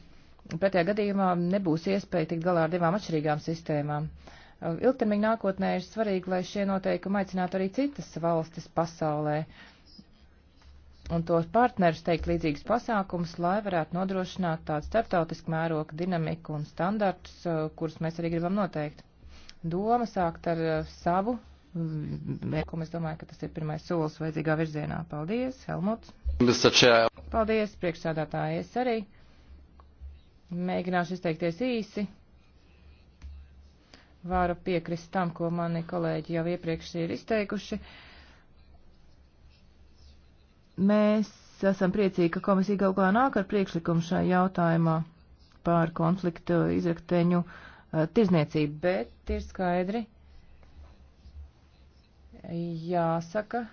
pretējā gadījumā nebūs iespēja tikt galā ar divām atšķirīgām sistēmām. Uh, ilgtermiņa nākotnē ir svarīgi, lai šie noteikumi aicinātu arī citas valstis pasaulē un tos partnerus teikt līdzīgas pasākums, lai varētu nodrošināt tādu starptautisku mēroku dinamiku un standartus, uh, kurus mēs arī gribam noteikt. Doma sākt ar savu Ko mēs domājam, ka tas ir pirmais solis vajadzīgā virzienā. Paldies, Helmuts. Paldies, priekšsādātāji. Es arī mēģināšu izteikties īsi. Vāru piekrist tam, ko mani kolēģi jau iepriekš ir izteikuši. Mēs esam priecīgi, ka komisija galu galā nāk ar priekšlikumu šajā jautājumā pār konfliktu izrakteņu uh, tirzniecību, bet ir skaidri jāsaka,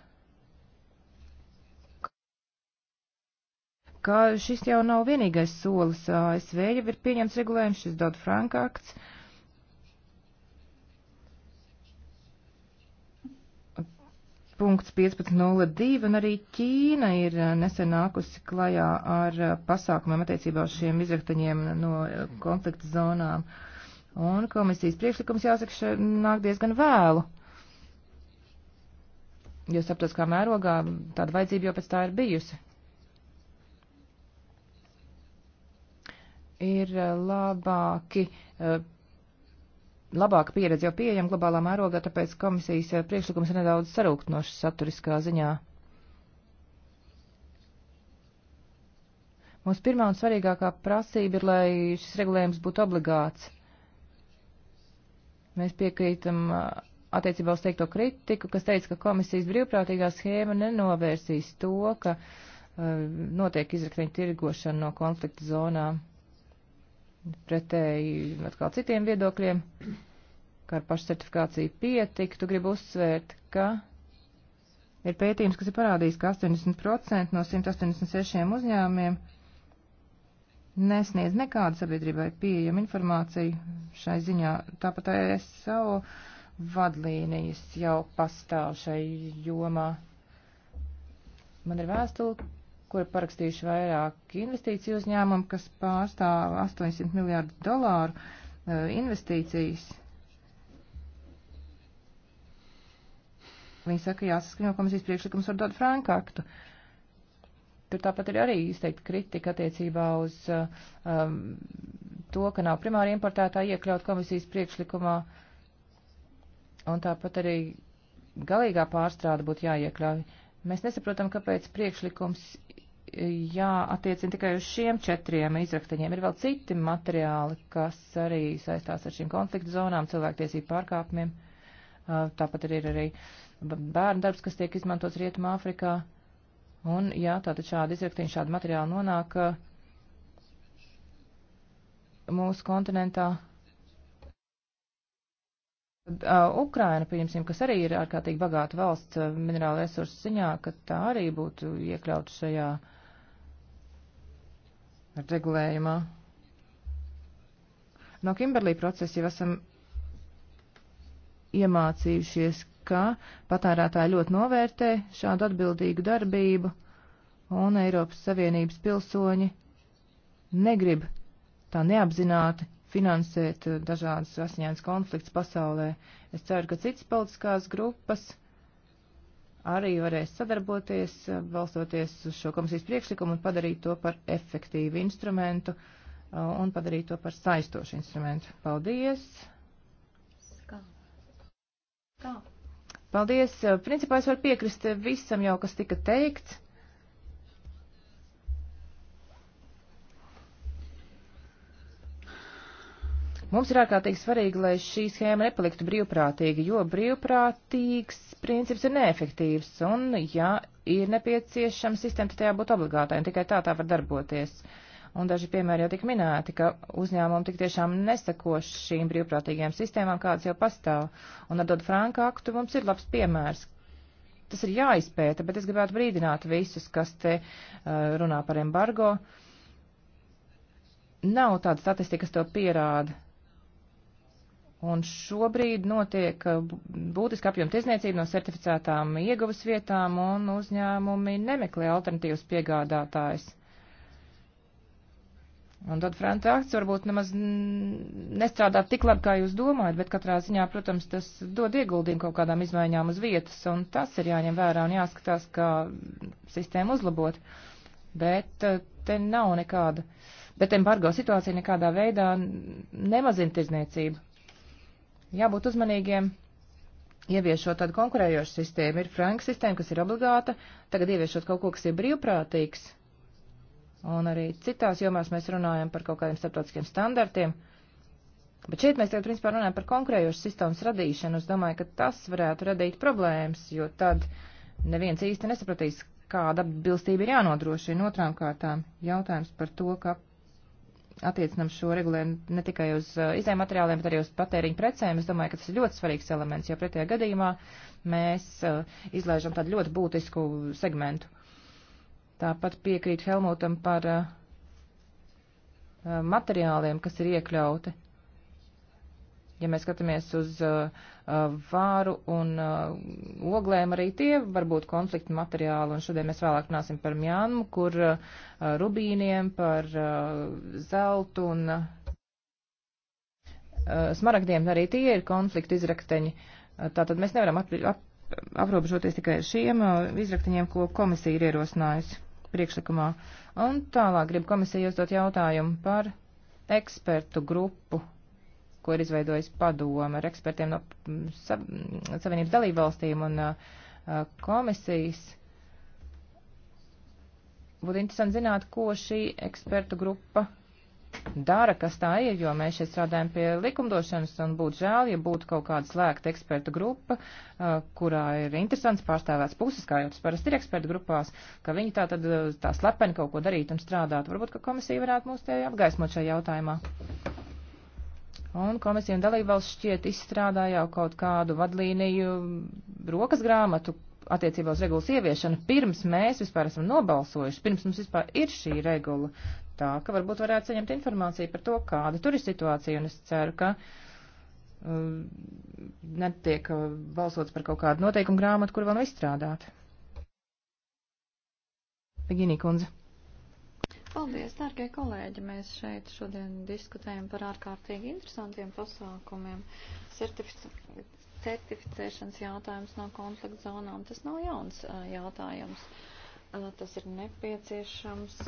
ka šis jau nav vienīgais solis. ASV jau ir pieņemts regulējums, šis Dodd Frank akts. Punkts 15.02 un arī Ķīna ir nesen nākusi klajā ar pasākumiem attiecībā uz šiem izraktaņiem no konflikta zonām. Un komisijas priekšlikums jāsaka, nāk diezgan vēlu jo starptautiskā mērogā tāda vajadzība jau pēc tā ir bijusi. Ir eh, labāki, eh, labāka pieredze jau pieejama globālā mērogā, tāpēc komisijas eh, priekšlikums ir nedaudz sarūktnošs saturiskā ziņā. Mūsu pirmā un svarīgākā prasība ir, lai šis regulējums būtu obligāts. Mēs piekrītam attiecībā uz teikto kritiku, kas teica, ka komisijas brīvprātīgā schēma nenovērsīs to, ka uh, notiek izrakteņu tirgošana no konflikta zonām pretēji atkal citiem viedokļiem, kā ar pašsertifikāciju pietiktu, gribu uzsvērt, ka ir pētījums, kas ir parādījis, ka 80% no 186 uzņēmumiem nesniedz nekādu sabiedrībai pieejamu informāciju šai ziņā. Tāpat ASO vadlīnijas jau pastāv šai jomā. Man ir vēstule, kur ir parakstījuši vairāk investīciju uzņēmumu, kas pārstāv 800 miljārdu dolāru eh, investīcijas. Viņi saka, jāsaskaņo komisijas priekšlikums ar Dodu Franku aktu. Tur tāpat ir arī izteikta kritika attiecībā uz eh, um, to, ka nav primāri importētā iekļaut komisijas priekšlikumā uh, Un tāpat arī galīgā pārstrāde būtu jāiekļauj. Mēs nesaprotam, kāpēc priekšlikums e, jāattiecina tikai uz šiem četriem izraktaņiem. Ir vēl citi materiāli, kas arī saistās ar šīm konfliktu zonām, cilvēktiesību pārkāpumiem. E, tāpat arī ir arī bērnu darbs, kas tiek izmantots Rietumā Afrikā. Un, jā, tātad šādi izraktiņi, šādi materiāli nonāk e, mūsu kontinentā Ukraina, pieņemsim, kas arī ir ārkārtīgi bagāta valsts minerāla resursu ziņā, ka tā arī būtu iekļauta šajā regulējumā. No Kimberlī procesa jau esam iemācījušies, ka patērētāji ļoti novērtē šādu atbildīgu darbību, un Eiropas Savienības pilsoņi negrib tā neapzināti finansēt eh, dažādas asiņainas konflikts pasaulē. Es ceru, ka citas politiskās grupas arī varēs sadarboties, eh, balstoties uz šo komisijas priekšlikumu un padarīt to par efektīvu instrumentu eh, un padarīt to par saistošu instrumentu. Paldies! Kā? Kā? Paldies! Principā es varu piekrist visam jau, kas tika teikts. Mums ir ārkārtīgi svarīgi, lai šī schēma nepaliktu brīvprātīga, jo brīvprātīgs princips ir neefektīvs, un, ja ir nepieciešama sistēma, tad tajā būtu obligātai, un tikai tā tā var darboties. Un daži piemēri jau tika minēti, ka uzņēmumi tik tiešām neseko šīm brīvprātīgajām sistēmām, kādas jau pastāv. Un ar Dodu Franka aktu mums ir labs piemērs. Tas ir jāizpēta, bet es gribētu brīdināt visus, kas te uh, runā par embargo. Nav tāda statistika, kas to pierāda Un šobrīd notiek uh, būtiski apjoma tirzniecība no certificētām ieguvas vietām, un uzņēmumi nemeklē alternatīvas piegādātājs. Un tad franta akts varbūt nemaz nestrādā tik labi, kā jūs domājat, bet katrā ziņā, protams, tas dod ieguldījumu kaut kādām izmaiņām uz vietas, un tas ir jāņem vērā un jāskatās, kā sistēmu uzlabot. Bet uh, te nav nekāda, bet embargo situācija nekādā veidā nemazina tirzniecību. Jābūt uzmanīgiem. Ieviešot tādu konkurējošu sistēmu, ir franka sistēma, kas ir obligāta, tagad ieviešot kaut ko, kas ir brīvprātīgs, un arī citās jomās mēs runājam par kaut kādiem starptautiskiem standartiem, Bet šeit mēs tagad principā runājam par konkurējošu sistēmas radīšanu. Es domāju, ka tas varētu radīt problēmas, jo tad neviens īsti nesapratīs, kāda atbilstība ir jānodrošina. Otrām kārtām jautājums par to, ka attiecinam šo regulējumu ne tikai uz uh, izējuma materiāliem, bet arī uz patēriņu precēm. Es domāju, ka tas ir ļoti svarīgs elements, jo pretējā gadījumā mēs uh, izlaižam tādu ļoti būtisku segmentu. Tāpat piekrīt Helmutam par uh, materiāliem, kas ir iekļauti. Ja mēs skatāmies uz uh, uh, vāru un uh, oglēm, arī tie var būt konflikta materiāli. Un šodien mēs vēlāk runāsim par mjānmu, kur uh, rubīniem, par uh, zeltu un uh, smaragdiem arī tie ir konflikta izrakteņi. Uh, tātad mēs nevaram ap, ap, aprobežoties tikai ar šiem uh, izrakteņiem, ko komisija ir ierosinājusi priekšlikumā. Un tālāk grib komisija uzdot jautājumu par ekspertu grupu ko ir izveidojis padoma ar ekspertiem no mm, Savienības dalībvalstīm un uh, uh, komisijas. Būtu interesanti zināt, ko šī ekspertu grupa dara, kas tā ir, jo mēs šeit strādājam pie likumdošanas un būtu žēl, ja būtu kaut kāda slēgta ekspertu grupa, uh, kurā ir interesants pārstāvēts puses, kā jau tas parasti ir ekspertu grupās, ka viņi tā tad tā slepeni kaut ko darītu un strādātu. Varbūt, ka komisija varētu mūs te apgaismot šajā jautājumā. Un komisija un dalībvalsts šķiet izstrādāja jau kaut kādu vadlīniju rokas grāmatu attiecībā uz regulas ieviešanu, pirms mēs vispār esam nobalsojuši, pirms mums vispār ir šī regula. Tā ka varbūt varētu saņemt informāciju par to, kāda tur ir situācija, un es ceru, ka um, netiek uh, balsots par kaut kādu noteikumu grāmatu, kur vēl nav izstrādāta. Pagīnī kundze. Paldies, dārgie kolēģi! Mēs šeit šodien diskutējam par ārkārtīgi interesantiem pasākumiem. Certific certificēšanas jautājums no konflikta zonām tas nav jauns jautājums. Tas ir nepieciešams.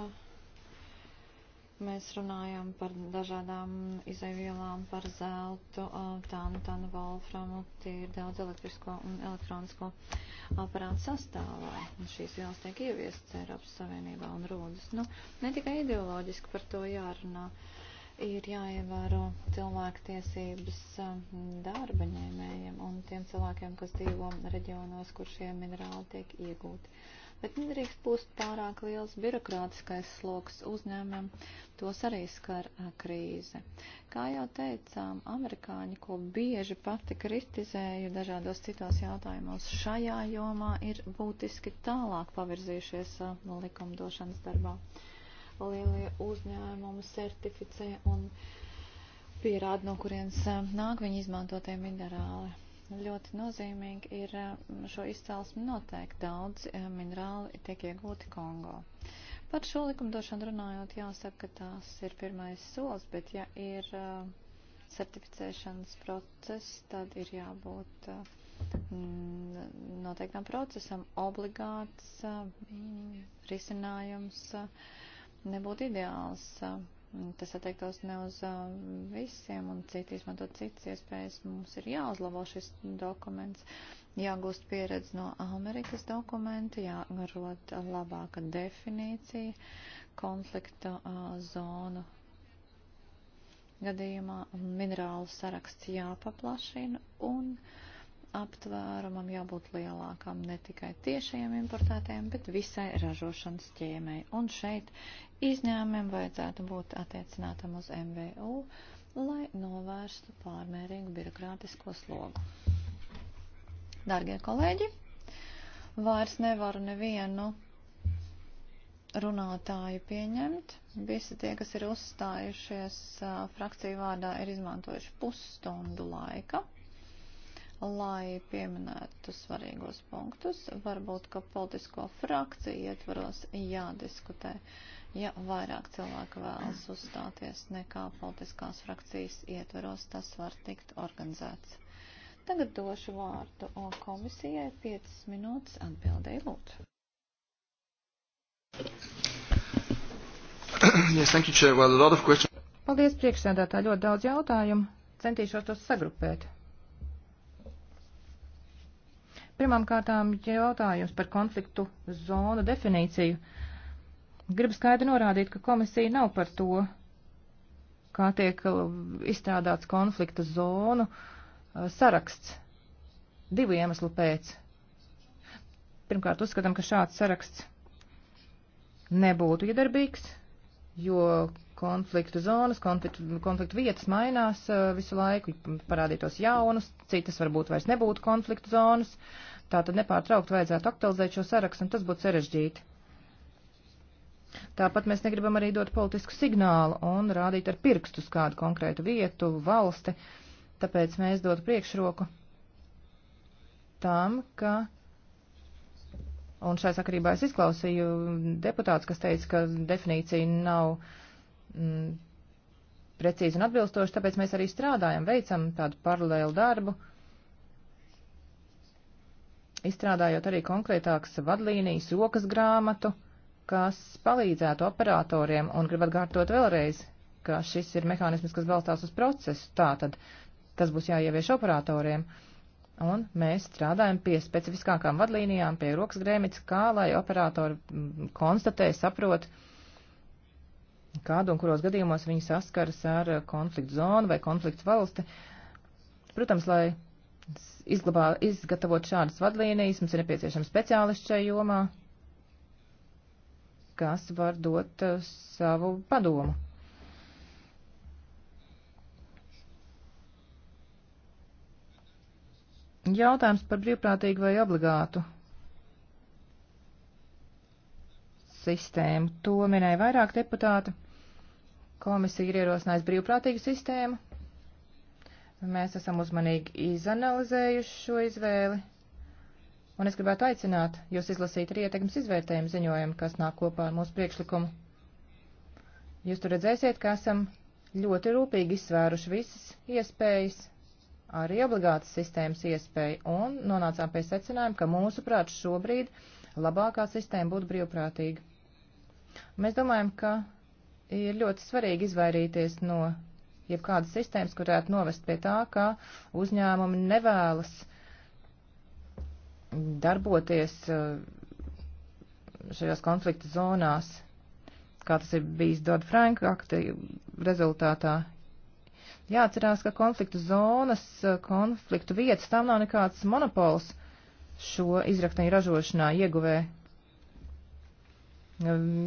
Uh, Mēs runājam par dažādām izaivielām, par zeltu, tantanu, volframu, tie ir daudz elektrisko un elektronisko aparātu sastāvā. Un šīs vielas tiek ieviestas Eiropas Savienībā un rodas. Nu, ne tikai ideoloģiski par to jārunā, ir jāievēro cilvēktiesības darba ņēmējiem un tiem cilvēkiem, kas dzīvo reģionos, kur šie minerāli tiek iegūti bet nedrīkst pūst pārāk liels birokrātiskais sloks uzņēmumiem, tos arī skar krīze. Kā jau teicām, amerikāņi, ko bieži pati kritizēju dažādos citos jautājumos, šajā jomā ir būtiski tālāk pavirzījušies likumdošanas darbā. Lielie uzņēmumi certificē un pierāda, no kurienes nāk viņa izmantotie minerāli Nu, ļoti nozīmīgi ir eh, šo izcelsmi noteikt. Daudz eh, minerāli tiek iegūti Kongo. Par šo likumdošanu runājot, jāsaka, ka tās ir pirmais solis, bet ja ir eh, certificēšanas process, tad ir jābūt noteiktam procesam obligāts risinājums nebūtu ideāls. Tas attiektos ne uz uh, visiem un citi izmantot citas iespējas. Mums ir jāuzlabo šis dokuments, jāgūst pieredze no Amerikas dokumenta, jārod labāka definīcija konflikta uh, zonu gadījumā minerālu saraksts jāpaplašina un aptvērumam jābūt lielākam ne tikai tiešajiem importētājiem, bet visai ražošanas ķēmēji. Un šeit izņēmumiem vajadzētu būt attiecinātam uz MVU, lai novērstu pārmērīgu birokrātisko slogu. Dargie kolēģi, vairs nevaru nevienu runātāju pieņemt. Visi tie, kas ir uzstājušies frakciju vārdā, ir izmantojuši pusstundu laika, lai pieminētu svarīgos punktus. Varbūt, ka politisko frakciju ietvaros jādiskutē. Uh, ja vairāk cilvēku vēlas uzstāties nekā politiskās frakcijas ietveros, tas var tikt organizēts. Tagad došu vārdu komisijai 5 minūtes atbildēji lūdzu. Yes, thank you, Chair. Well, a lot of questions. Paldies, priekšsēdētā, ļoti daudz jautājumu. Centīšos tos sagrupēt. Pirmām kārtām jautājums par konfliktu zonu definīciju. Uh, Gribu skaidri norādīt, ka komisija nav par to, kā tiek uh, izstrādāts konflikta zonu uh, saraksts divu iemeslu pēc. Pirmkārt, uzskatām, ka šāds saraksts nebūtu iedarbīgs, jo konfliktu zonas, konfliktu, konfliktu vietas mainās uh, visu laiku, parādītos jaunus, citas varbūt vairs nebūtu konfliktu zonas, tā tad nepārtraukt vajadzētu aktualizēt šo sarakstu, un tas būtu sarežģīti. Tāpat mēs negribam arī dot politisku signālu un rādīt ar pirkstus kādu konkrētu vietu, valsti, tāpēc mēs dotu priekšroku tam, ka, un šai sakarībā es izklausīju deputāts, kas teica, ka definīcija nav mm, precīzi un atbilstoši, tāpēc mēs arī strādājam, veicam tādu paralēlu darbu izstrādājot arī konkrētākas vadlīnijas, rokas grāmatu, uh, kas palīdzētu operatoriem, un gribat gārtot vēlreiz, ka šis ir mehānisms, kas balstās uz procesu, tātad tas būs jāievieš operatoriem, un mēs strādājam pie specifiskākām vadlīnijām, pie rokas grēmits, kā lai operatori mm, konstatē, saprot, kādu un kuros gadījumos viņi saskaras ar konfliktu zonu vai konfliktu valsti. Protams, lai izglabā, izgatavot šādas vadlīnijas, mums ir nepieciešams speciālists šajā jomā, kas var dot eh, savu padomu. Jautājums par brīvprātīgu vai obligātu sistēmu. To minēja vairāk deputāti. Komisija ir ierosinājusi brīvprātīgu sistēmu. Mēs esam uzmanīgi izanalizējuši šo izvēli. Un es gribētu aicināt jūs izlasīt arī ietekmes izvērtējumu ziņojumu, kas nāk kopā ar mūsu priekšlikumu. Jūs tur redzēsiet, ka esam ļoti rūpīgi izsvēruši visas iespējas, arī obligātas sistēmas iespēju, un nonācām pie secinājuma, ka mūsuprāt šobrīd labākā sistēma būtu brīvprātīga. Mēs domājam, ka ir ļoti svarīgi izvairīties no jebkādas sistēmas, kurētu novest pie tā, ka uzņēmumi nevēlas uh, darboties eh, šajās konflikta zonās, kā tas ir bijis Dodd Franka akta rezultātā. Jāatcerās, ka konfliktu zonas, eh, konfliktu vietas, tam nav nekāds monopols šo izrakteņu ražošanā ieguvē. Eh,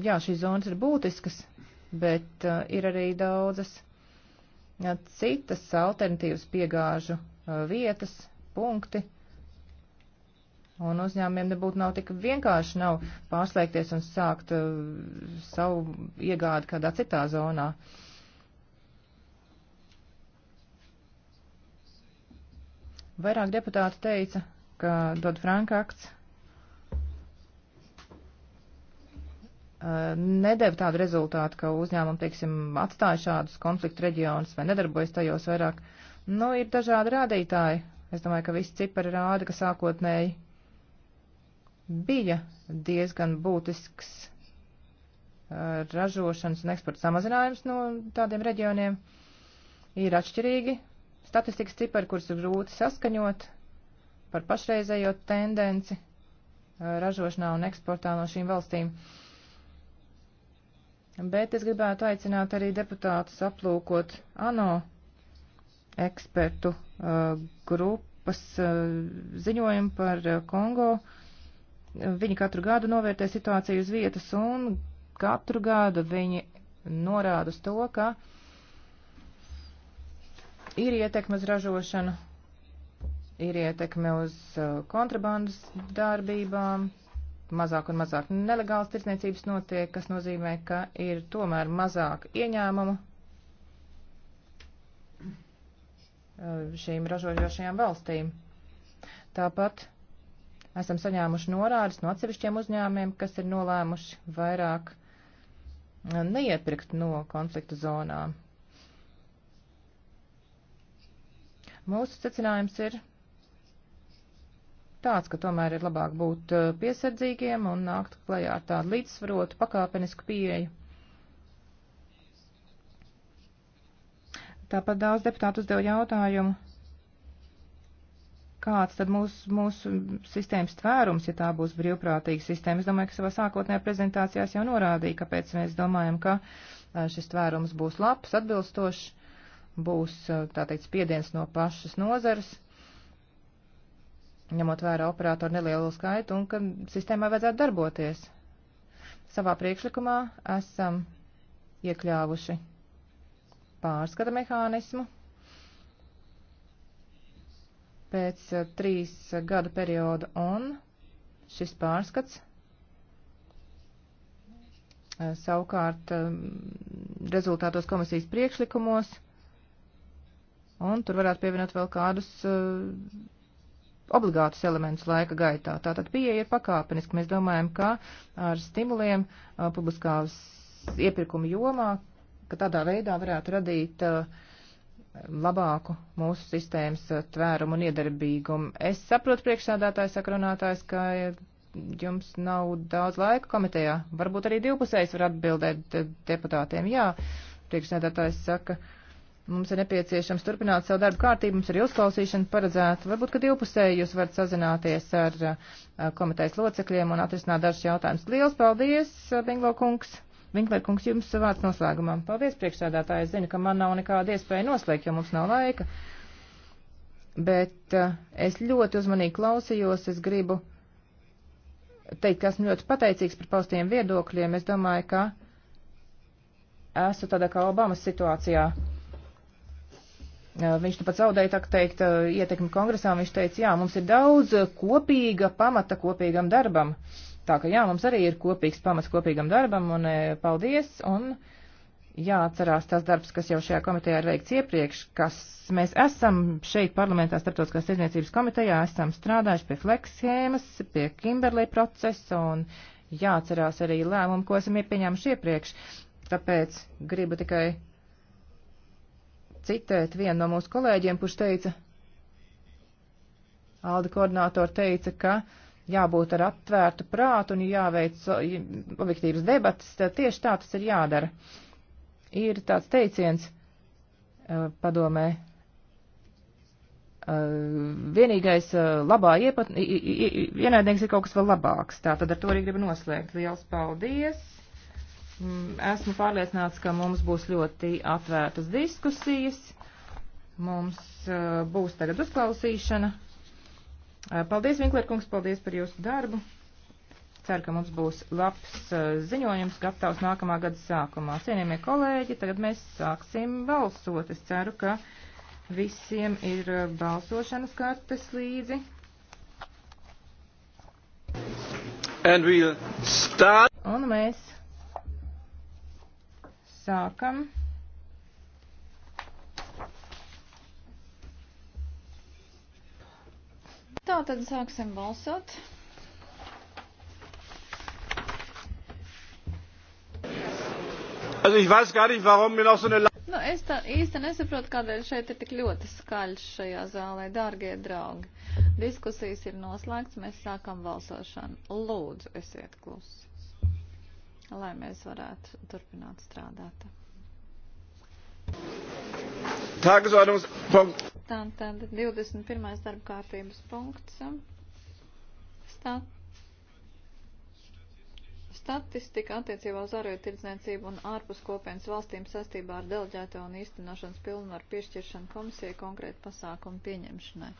jā, šīs zonas ir būtiskas, bet ir arī daudzas citas alternatīvas piegāžu vietas, punkti. Uh, Un uzņēmumiem nebūtu nav tik vienkārši nav pārslēgties un sākt uh, savu iegādi kādā citā zonā. Vairāk deputāti teica, ka dod Franka akts uh, nedēv tādu rezultātu, ka uzņēmumi, teiksim, atstāja šādus konfliktu reģionus vai nedarbojas tajos vairāk. Nu, ir dažādi rādītāji. Es domāju, ka visi cipari rāda, ka sākotnēji bija diezgan būtisks uh, ražošanas un eksporta samazinājums no tādiem reģioniem. Ir atšķirīgi statistikas cipari, kurus ir grūti saskaņot par pašreizējo tendenci uh, ražošanā un eksportā no šīm valstīm. Bet es gribētu aicināt arī deputātus aplūkot ANO ekspertu uh, grupas uh, ziņojumu par uh, Kongo uh, Viņi katru gadu novērtē situāciju uz vietas un katru gadu viņi norāda uz to, ka ir ietekme uz ražošanu, ir ietekme uz uh, kontrabandas darbībām, mazāk un mazāk nelegāls tirdzniecības notiek, kas nozīmē, ka ir tomēr mazāk ieņēmumu uh, šīm ražojošajām valstīm. Tāpat Esam saņēmuši norādes no atsevišķiem uzņēmumiem, kas ir nolēmuši vairāk eh, neiepirkt no konflikta zonām. Mūsu secinājums ir tāds, ka tomēr ir labāk būt eh, piesardzīgiem un nākt klajā ar tādu līdzsvarotu pakāpenisku pieeju. Tāpat daudz deputātu uzdeva jautājumu kāds tad mūsu mūs sistēmas tvērums, ja tā būs brīvprātīga sistēma. Es domāju, ka savā sākotnējā prezentācijās jau norādīja, kāpēc mēs domājam, ka šis tvērums būs labs, atbilstošs, būs, tā teikt, spiediens no pašas nozares, ņemot vērā operātoru nelielu skaitu, un ka sistēmai vajadzētu darboties. Savā priekšlikumā esam iekļāvuši pārskata mehānismu pēc eh, trīs gada perioda un šis pārskats eh, savukārt eh, rezultātos komisijas priekšlikumos, un tur varētu pievienot vēl kādus obligātus elementus laika gaitā. Tātad pieeja ir pakāpeniski. Mēs domājam, ka ar stimuliem publiskās iepirkuma jomā, ka tādā veidā varētu radīt uh, labāku mūsu sistēmas eh, tvērumu un iedarbīgumu. Es saprotu priekšsādātājs, sakrunātājs, ka jums nav daudz laika komitejā. Varbūt arī divpusējs var atbildēt deputātiem. Jā, priekšsādātājs saka, mums ir nepieciešams turpināt savu darbu kārtību, mums ir uzklausīšana paredzēta. Varbūt, ka divpusēji jūs varat sazināties ar eh, komitejas locekļiem un atrisināt dažus jautājumus. Liels paldies, eh, Binglo kungs! Vinklērkungs, jums vārds noslēgumā. Paldies, priekšsēdētāji. Es zinu, ka man nav nekāda iespēja noslēgt, jo mums nav laika. Bet uh, es ļoti uzmanīgi klausījos. Es gribu teikt, ka esmu ļoti pateicīgs par paustiem viedokļiem. Es domāju, ka esmu tādā kā Obamas situācijā. Uh, viņš pat zaudēja, tā teikt, uh, ietekmi kongresā. Viņš teica, jā, mums ir daudz kopīga pamata kopīgam darbam. Uh, Tā ka jā, mums arī ir kopīgs pamats kopīgam darbam un e, paldies un jāatcerās tas darbs, kas jau šajā komitejā ir veikts iepriekš, kas mēs esam šeit parlamentā starptautiskās tirdzniecības komitejā, esam strādājuši pie fleks schēmas, pie Kimberley procesa un jāatcerās arī lēmumu, ko esam iepieņēmuši iepriekš. Tāpēc gribu tikai citēt vienu no mūsu kolēģiem, kurš teica, Alda koordinātori teica, ka jābūt ar atvērtu prātu un jāveic objektīvas debatas, tieši tā tas ir jādara. Ir tāds teiciens e, padomē, e, vienīgais e, labā iepat, ienaidnieks ir kaut kas vēl labāks. Tā tad ar to arī gribu noslēgt. Liels paldies! Mm, esmu pārliecināts, ka mums būs ļoti atvērtas diskusijas. Mums būs tagad uzklausīšana. Eh, paldies, Vinklērkungs, paldies par jūsu darbu. Ceru, ka mums būs labs eh, ziņojums gatavs nākamā gada sākumā. Cienījamie kolēģi, tagad mēs sāksim balsot. Es ceru, ka visiem ir eh, balsošanas kartes līdzi. And we'll start. Un mēs sākam. Tā tad sāksim balsot. Also ich weiß gar nicht, warum mir noch so eine Nu, es tā īsti nesaprotu, kādēļ šeit ir tik ļoti skaļš šajā zālē, dārgie draugi. Diskusijas ir noslēgts, mēs sākam balsošanu. Lūdzu, esiet klusi, lai mēs varētu turpināt strādāt. Thank you. Tagesordnungspunkt. Tātad 21. darba kārtības punkts. Stat Statistika attiecībā uz ārēju tirdzniecību un ārpus kopienas valstīm sastībā ar deleģēto un īstenošanas pilnvaru piešķiršanu komisijai konkrēti pasākumu pieņemšanai.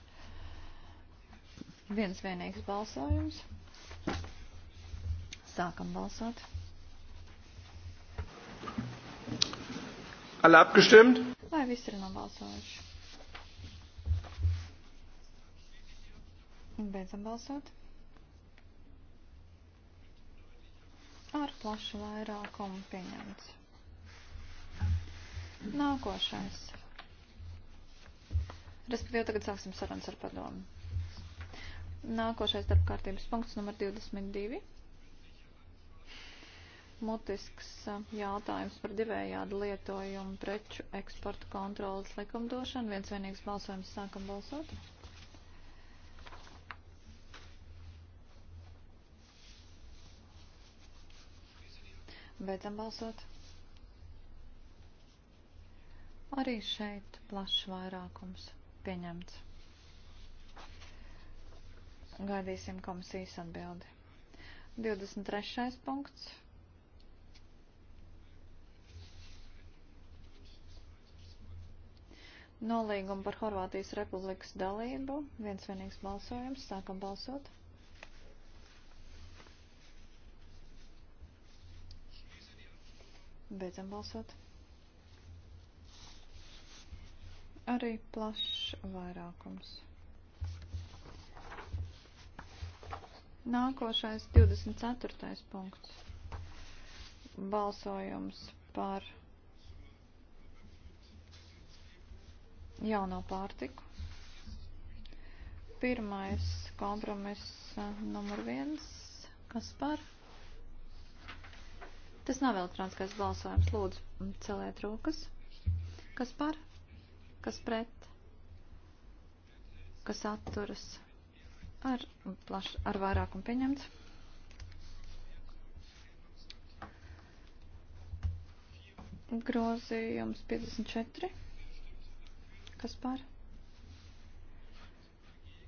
Viens vienīgs balsojums. Sākam balsot. Alle abgestimmt? Vai viss ir nobalsojuši. Beidzam balsot. Ar plašu vairākumu pieņemts. Nākošais. Respektīvi tagad sāksim sarunas ar padomu. Nākošais darbkārtības punkts numur 22 mutisks jautājums par divējādu lietojumu preču eksporta kontrolas likumdošanu. Viens vienīgs balsojums sākam balsot. Beidzam balsot. Arī šeit plašs vairākums pieņemts. Gaidīsim komisijas atbildi. 23. punkts. Nolīgumu par Horvātijas republikas dalību. Viens vienīgs balsojums. Sākam balsot. Beidzam balsot. Arī plašs vairākums. Nākošais 24. punkts. Balsojums par jauno pārtiku. Pirmais kompromiss eh, numur viens. Kas par? Tas nav elektroniskais balsojums. Lūdzu, celiet rokas. Kas par? Kas pret? Kas atturas? Ar, plaš, ar vairākumu pieņemts. Grozījums 54. Kas par?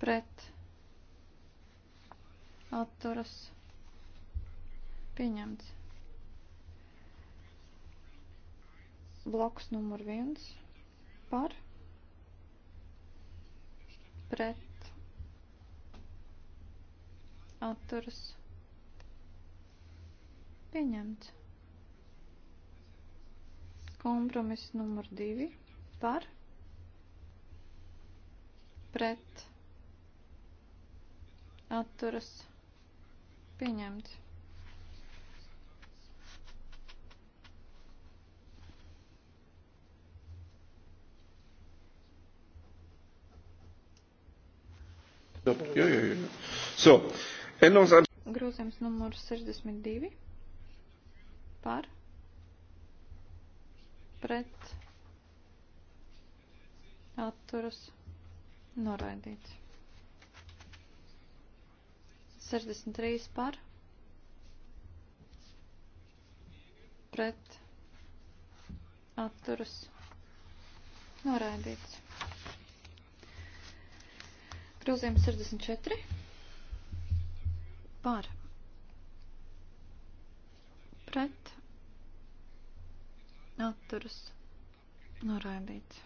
Pret. Atturas. Pieņemts. Bloks numur viens. Par. Pret. Atturas. Pieņemts kompromiss numur divi par pret atturas pieņemts. Jā, jā, jā. So, enons... Grozījums numurs 62 par pret atturas pieņemts Noraidīts. 63 par. Pret. Atturas. Noraidīts. Grūzījums 64. Par. Pret. Atturas. Noraidīts.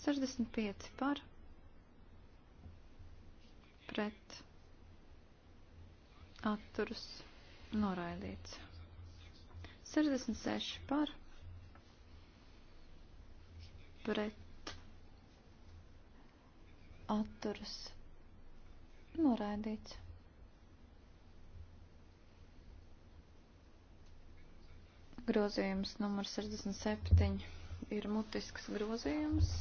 65 par pret atturus noraidīts. 66 par pret atturus noraidīts. Grozījums numur 67 ir mutisks grozījums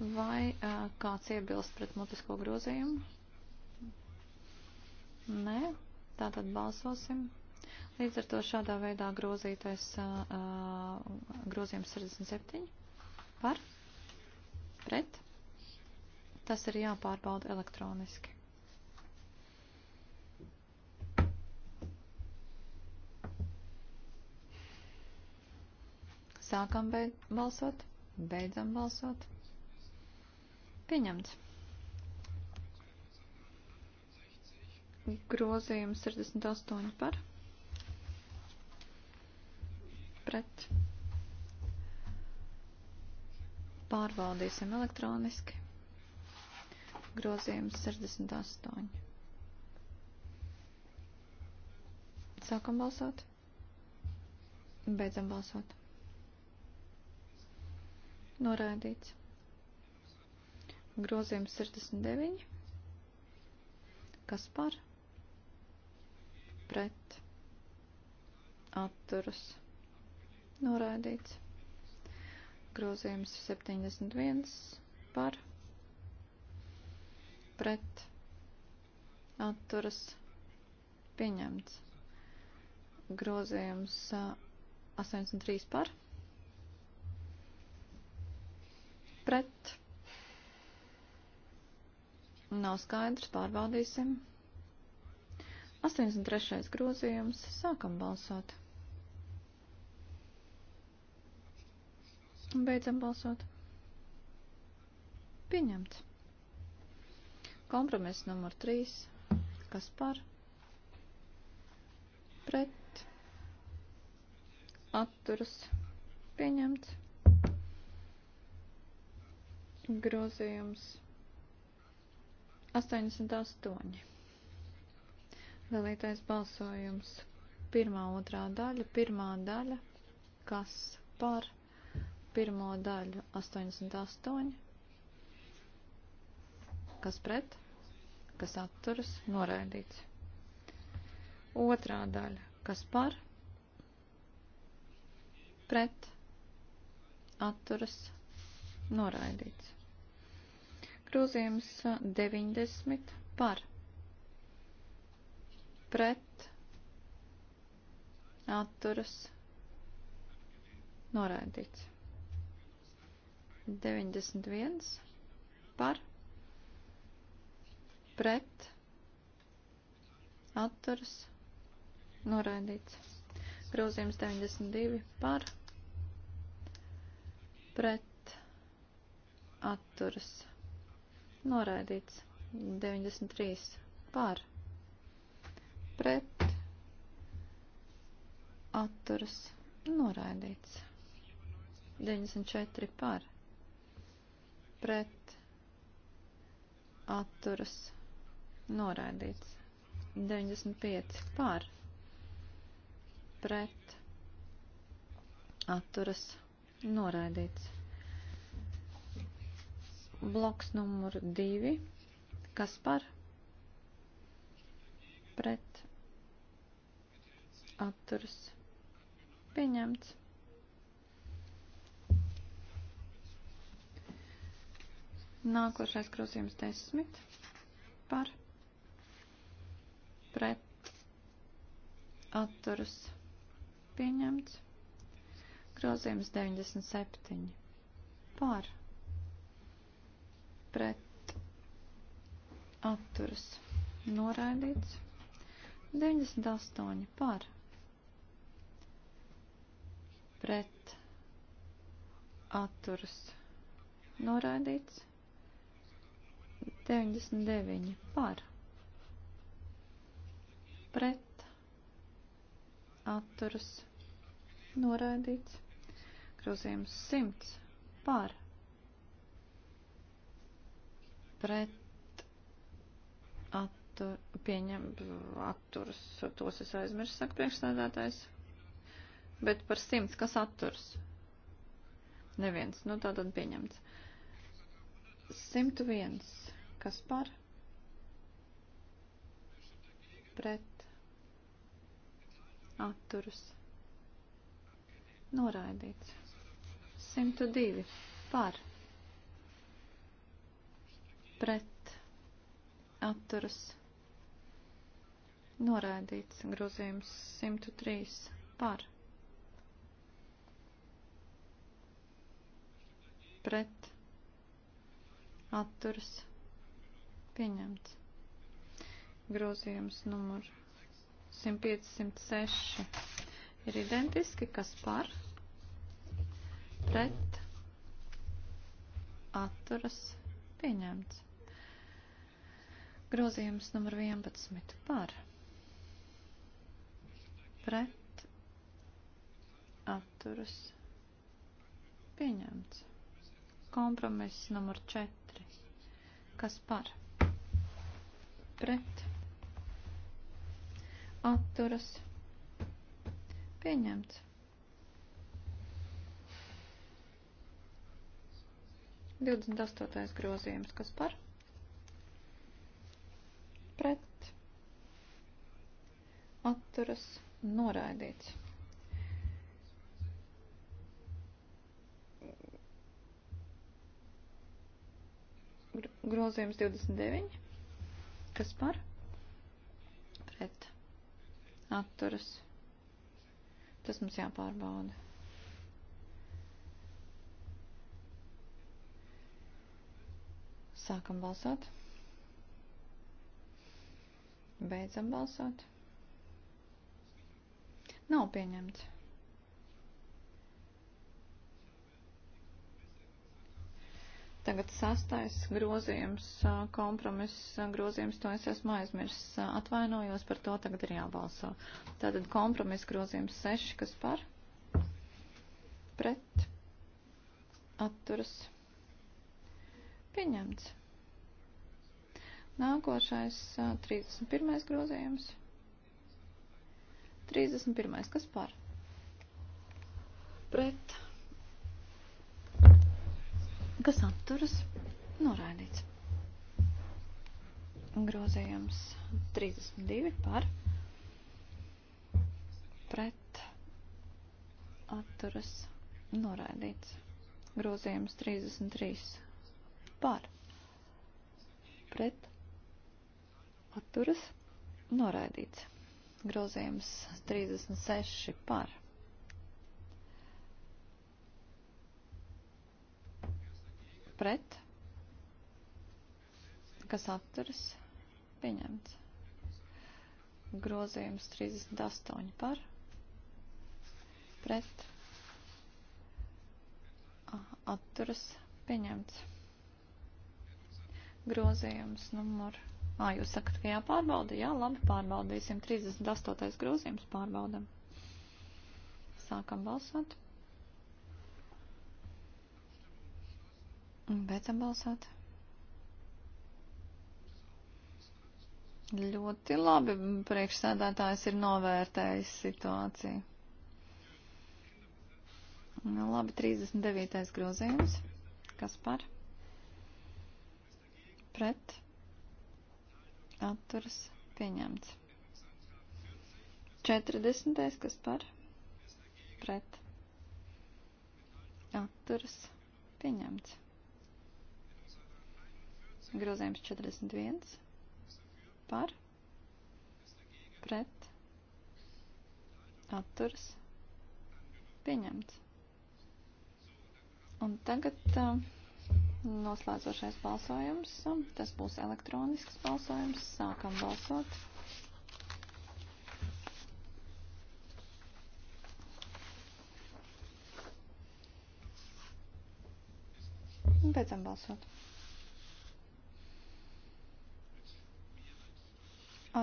Vai uh, kāds iebilst pret mutisko grozījumu? Nē, tātad balsosim. Līdz ar to šādā veidā grozītais uh, grozījums 67 par pret. Tas ir jāpārbauda elektroniski. Sākam beid balsot, beidzam balsot. Pieņemts. Grozījums 68 par. Pret. Pārbaudīsim elektroniski. Grozījums 68. Sākam balsot. Beidzam balsot. Noraidīts. Grozījums 69. Kas par? Pret. Atturas. Noraidīts. Grozījums 71. Par. Pret. Atturas. Pieņemts. Grozījums 83 par. Pret Nav skaidrs, pārbaudīsim. 83. grozījums. Sākam balsot. Beidzam balsot. Pieņemts. Kompromiss numur 3. Kas par? Pret. Atturas. Pieņemts. Grozījums 88. Dalītais balsojums. Pirmā, otrā daļa, pirmā daļa, kas par pirmo daļu 88, kas pret, kas atturas, noraidīts. Otrā daļa, kas par, pret, atturas, noraidīts. Grozījums 90 par pret atturas noraidīts. 91 par pret atturas noraidīts. Grozījums 92 par pret atturas noraidīts noraidīts. 93 par pret atturas noraidīts. 94 par pret atturas noraidīts. 95 par pret atturas noraidīts bloks numur 2, kas par pret atturas pieņemts. Nākošais grozījums desmit par pret atturas pieņemts. Grozījums 97 par pret pret atturas noraidīts. 98 par pret atturas noraidīts. 99 par pret atturas noraidīts. Grozījums 100 par pret pret attur, pieņem, atturas, tos es aizmirsu, saka priekšsēdētājs, bet par simts, kas atturas? Neviens, nu tā tad pieņemts. 101, kas par? Pret atturas. Noraidīts. 102 par pret atturas noraidīts grozījums 103 par pret atturas pieņemts grozījums numur 105-106 ir identiski, kas par pret atturas pieņemts. Grozījums numur 11 par pret atturas pieņemts. Kompromiss numur 4. Kas par pret atturas pieņemts. 28. grozījums, kas par pret pret atturas noraidīts. Grozījums 29. Kas par? Pret. Atturas. Tas mums jāpārbauda. Sākam balsot. Beidzam balsot. Nav pieņemts. Tagad sastais grozījums, kompromiss grozījums, to es esmu aizmirsis. Atvainojos par to, tagad ir jābalso. Tātad kompromiss grozījums 6, kas par? Pret. Atturas. Pieņemts. Nākošais 31. grozījums. 31. kas par? Pret. Kas atturas? Noraidīts. Grozījums 32 par. Pret. Atturas. Noraidīts. Grozījums 33 par. Pret atturas noraidīts. Grozījums 36 par. Pret. Kas atturas pieņemts. Grozījums 38 par. Pret. Atturas pieņemts grozījums numur Ā, jūs sakat, ka jāpārbauda? Jā, labi, pārbaudīsim. 38. grozījums pārbaudam. Sākam balsot. Un beidzam balsot. Ļoti labi priekšsēdētājs ir novērtējis situāciju. Nu, labi, 39. grozījums. Kas par? Pret atturas pieņemts. 40. kas par pret atturas pieņemts. Grozījums 41 par pret atturas pieņemts. Un tagad uh, Noslēdzošais balsojums. Tas būs elektronisks balsojums. Sākam balsot. Un beidzam balsot.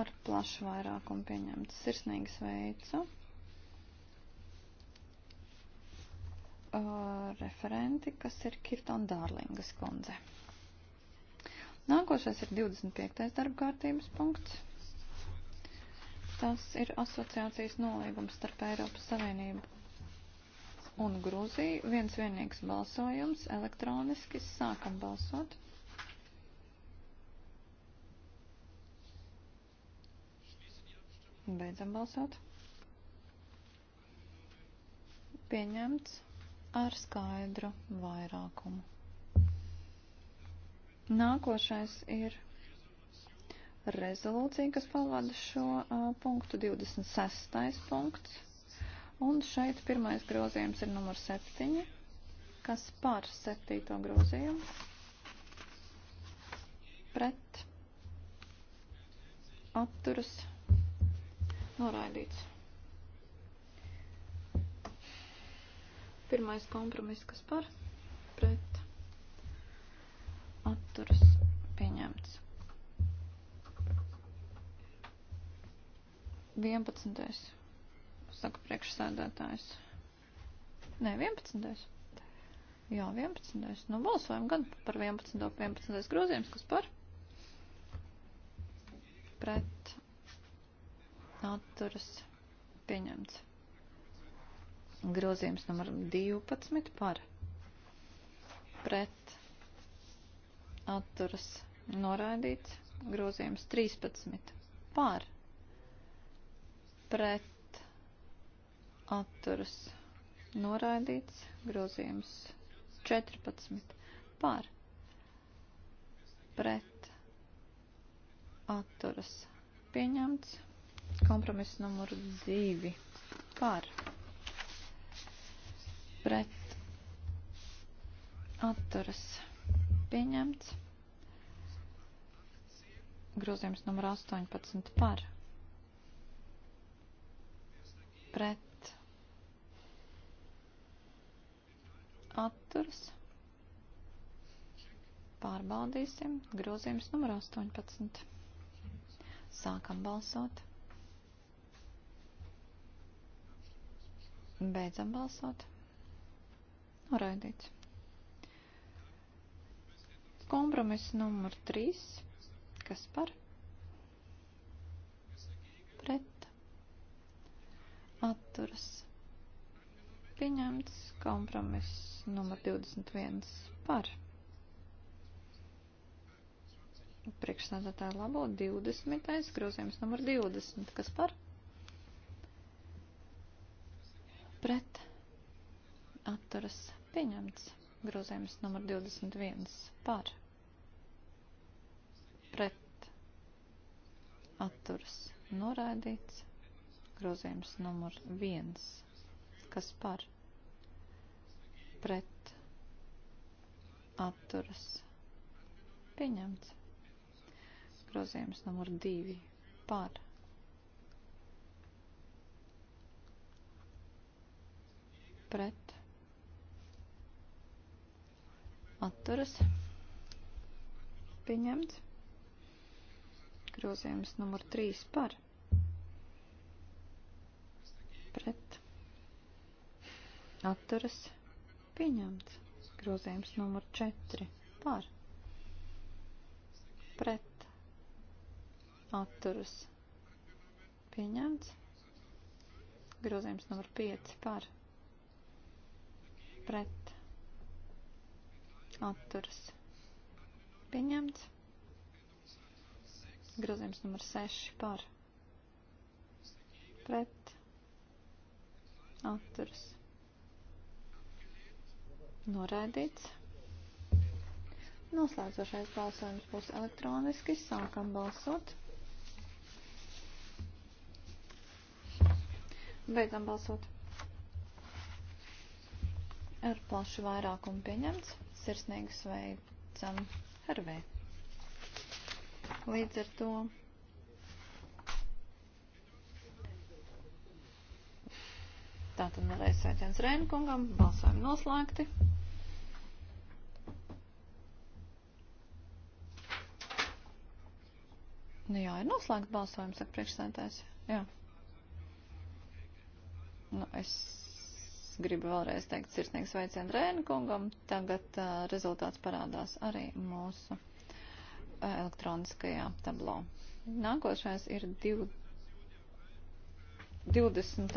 Ar plašu vairākumu pieņemts. Sirsnīgi sveicu. uh, referenti, kas ir Kirton Dārlingas kundze. Nākošais ir 25. darba kārtības punkts. Tas ir asociācijas nolīgums starp Eiropas Savienību un Grūziju. Viens vienīgs balsojums elektroniski. Sākam balsot. Beidzam balsot. Pieņemts ar skaidru vairākumu. Nākošais ir rezolūcija, kas pavada šo uh, punktu 26. punkts. Un šeit pirmais grozījums ir numur 7, kas par 7. grozījumu pret atturas noraidīts. Pirmais kompromiss, kas par pret atturas pieņemts. 11. Saka priekšsēdētājs. Nē, 11. Jā, 11. Nu, balsojam gan par 11. 11. grozījums, kas par pret atturas pieņemts. Grozījums numur 12 par pret atturas noraidīts. Grozījums 13 par pret atturas noraidīts. Grozījums 14 par pret atturas pieņemts. Kompromiss numur 2 par pret pret atturas pieņemts. Grozījums numur 18 par pret atturas. Pārbaudīsim. Grozījums numur 18. Sākam balsot. Beidzam balsot. Noraidīts. Kompromiss numur 3. Kas par? Pret. Atturas. Pieņemts. Kompromiss numur 21. Par. Priekšsēdētāja labo 20. grozījums numur 20. Kas par? Pret. Atturas Pieņemts. Grozījums numur 21. Par. Pret. Atturs. Noraidīts. Grozījums numur 1. Kas par? Pret. Atturs. Pieņemts. Grozījums numur 2. Par. Pret atturas pieņemts. Grozījums numur 3 par pret atturas pieņemts. Grozījums numur 4 par pret atturas pieņemts. Grozījums numur 5 par pret atturas pieņemts. Grozījums numur 6 par pret atturas noraidīts. Noslēdzošais balsojums būs elektroniski. Sākam balsot. Beidzam balsot. Ar plašu vairākumu pieņemts sirsnīgi sveicam Harvē. Līdz ar to tātad vēlreiz sveiciens Rēnkungam, balsojumi noslēgti. Nu jā, ir noslēgts balsojums, saka priekšsēdētājs. Jā. Nu, es gribu vēlreiz teikt sirsnīgs sveicienu Rēna kungam. Tagad uh, rezultāts parādās arī mūsu uh, elektroniskajā tablo. Nākošais ir div, 20.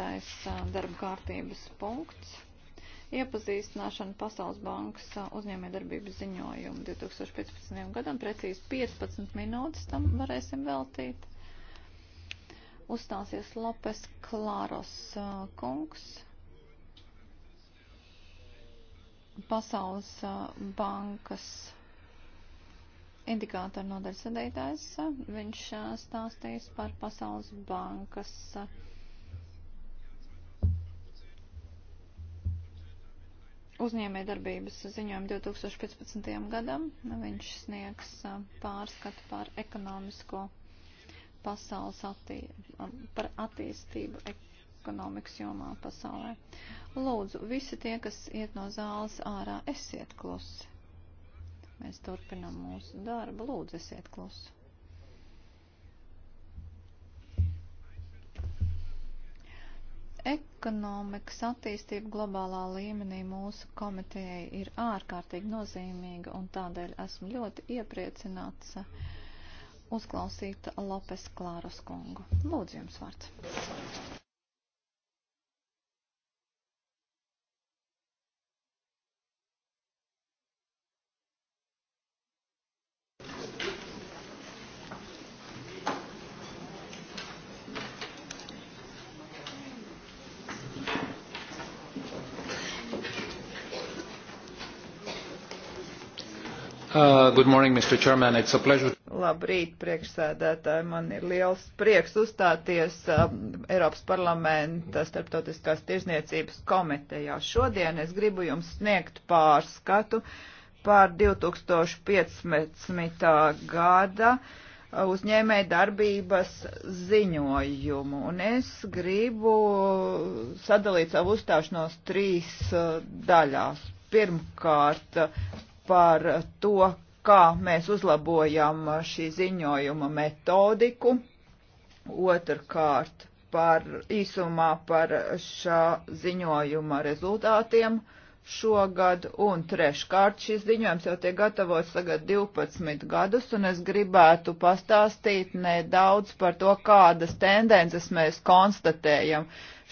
Uh, darba kārtības punkts. Iepazīstināšana Pasaules bankas uzņēmējdarbības ziņojumu 2015. gadam precīzi 15 minūtes tam varēsim veltīt uzstāsies Lopes Klāros kungs. Pasaules uh, bankas indikātoru nodaļas vadītājs. Uh, viņš uh, stāstīs par Pasaules bankas uzņēmē darbības ziņojumu 2015. gadam. Viņš sniegs pārskatu par ekonomisko pasaules attī um, par attīstību ekonomiski ekonomikas jomā pasaulē. Lūdzu, visi tie, kas iet no zāles ārā, esiet klusi. Mēs turpinam mūsu darbu. Lūdzu, esiet klusi. Ekonomikas attīstība globālā līmenī mūsu komitejai ir ārkārtīgi nozīmīga, un tādēļ esmu ļoti iepriecināts uzklausīt Lopes Klārus kungu. Lūdzu jums vārds. Uh, good morning, Mr. Chairman. It's a pleasure. Labrīt, priekšsēdētāji. Man ir liels prieks uzstāties um, Eiropas parlamenta starptautiskās tirzniecības komitejā. Šodien es gribu jums sniegt pārskatu par 2015. gada uzņēmēja darbības ziņojumu. Un es gribu sadalīt savu uzstāšanos trīs uh, daļās. Pirmkārt, par to, kā mēs uzlabojam šī ziņojuma metodiku, otrkārt par īsumā par šā ziņojuma rezultātiem šogad, un treškārt šis ziņojums jau tiek gatavots tagad 12 gadus, un es gribētu pastāstīt nedaudz par to, kādas tendences mēs konstatējam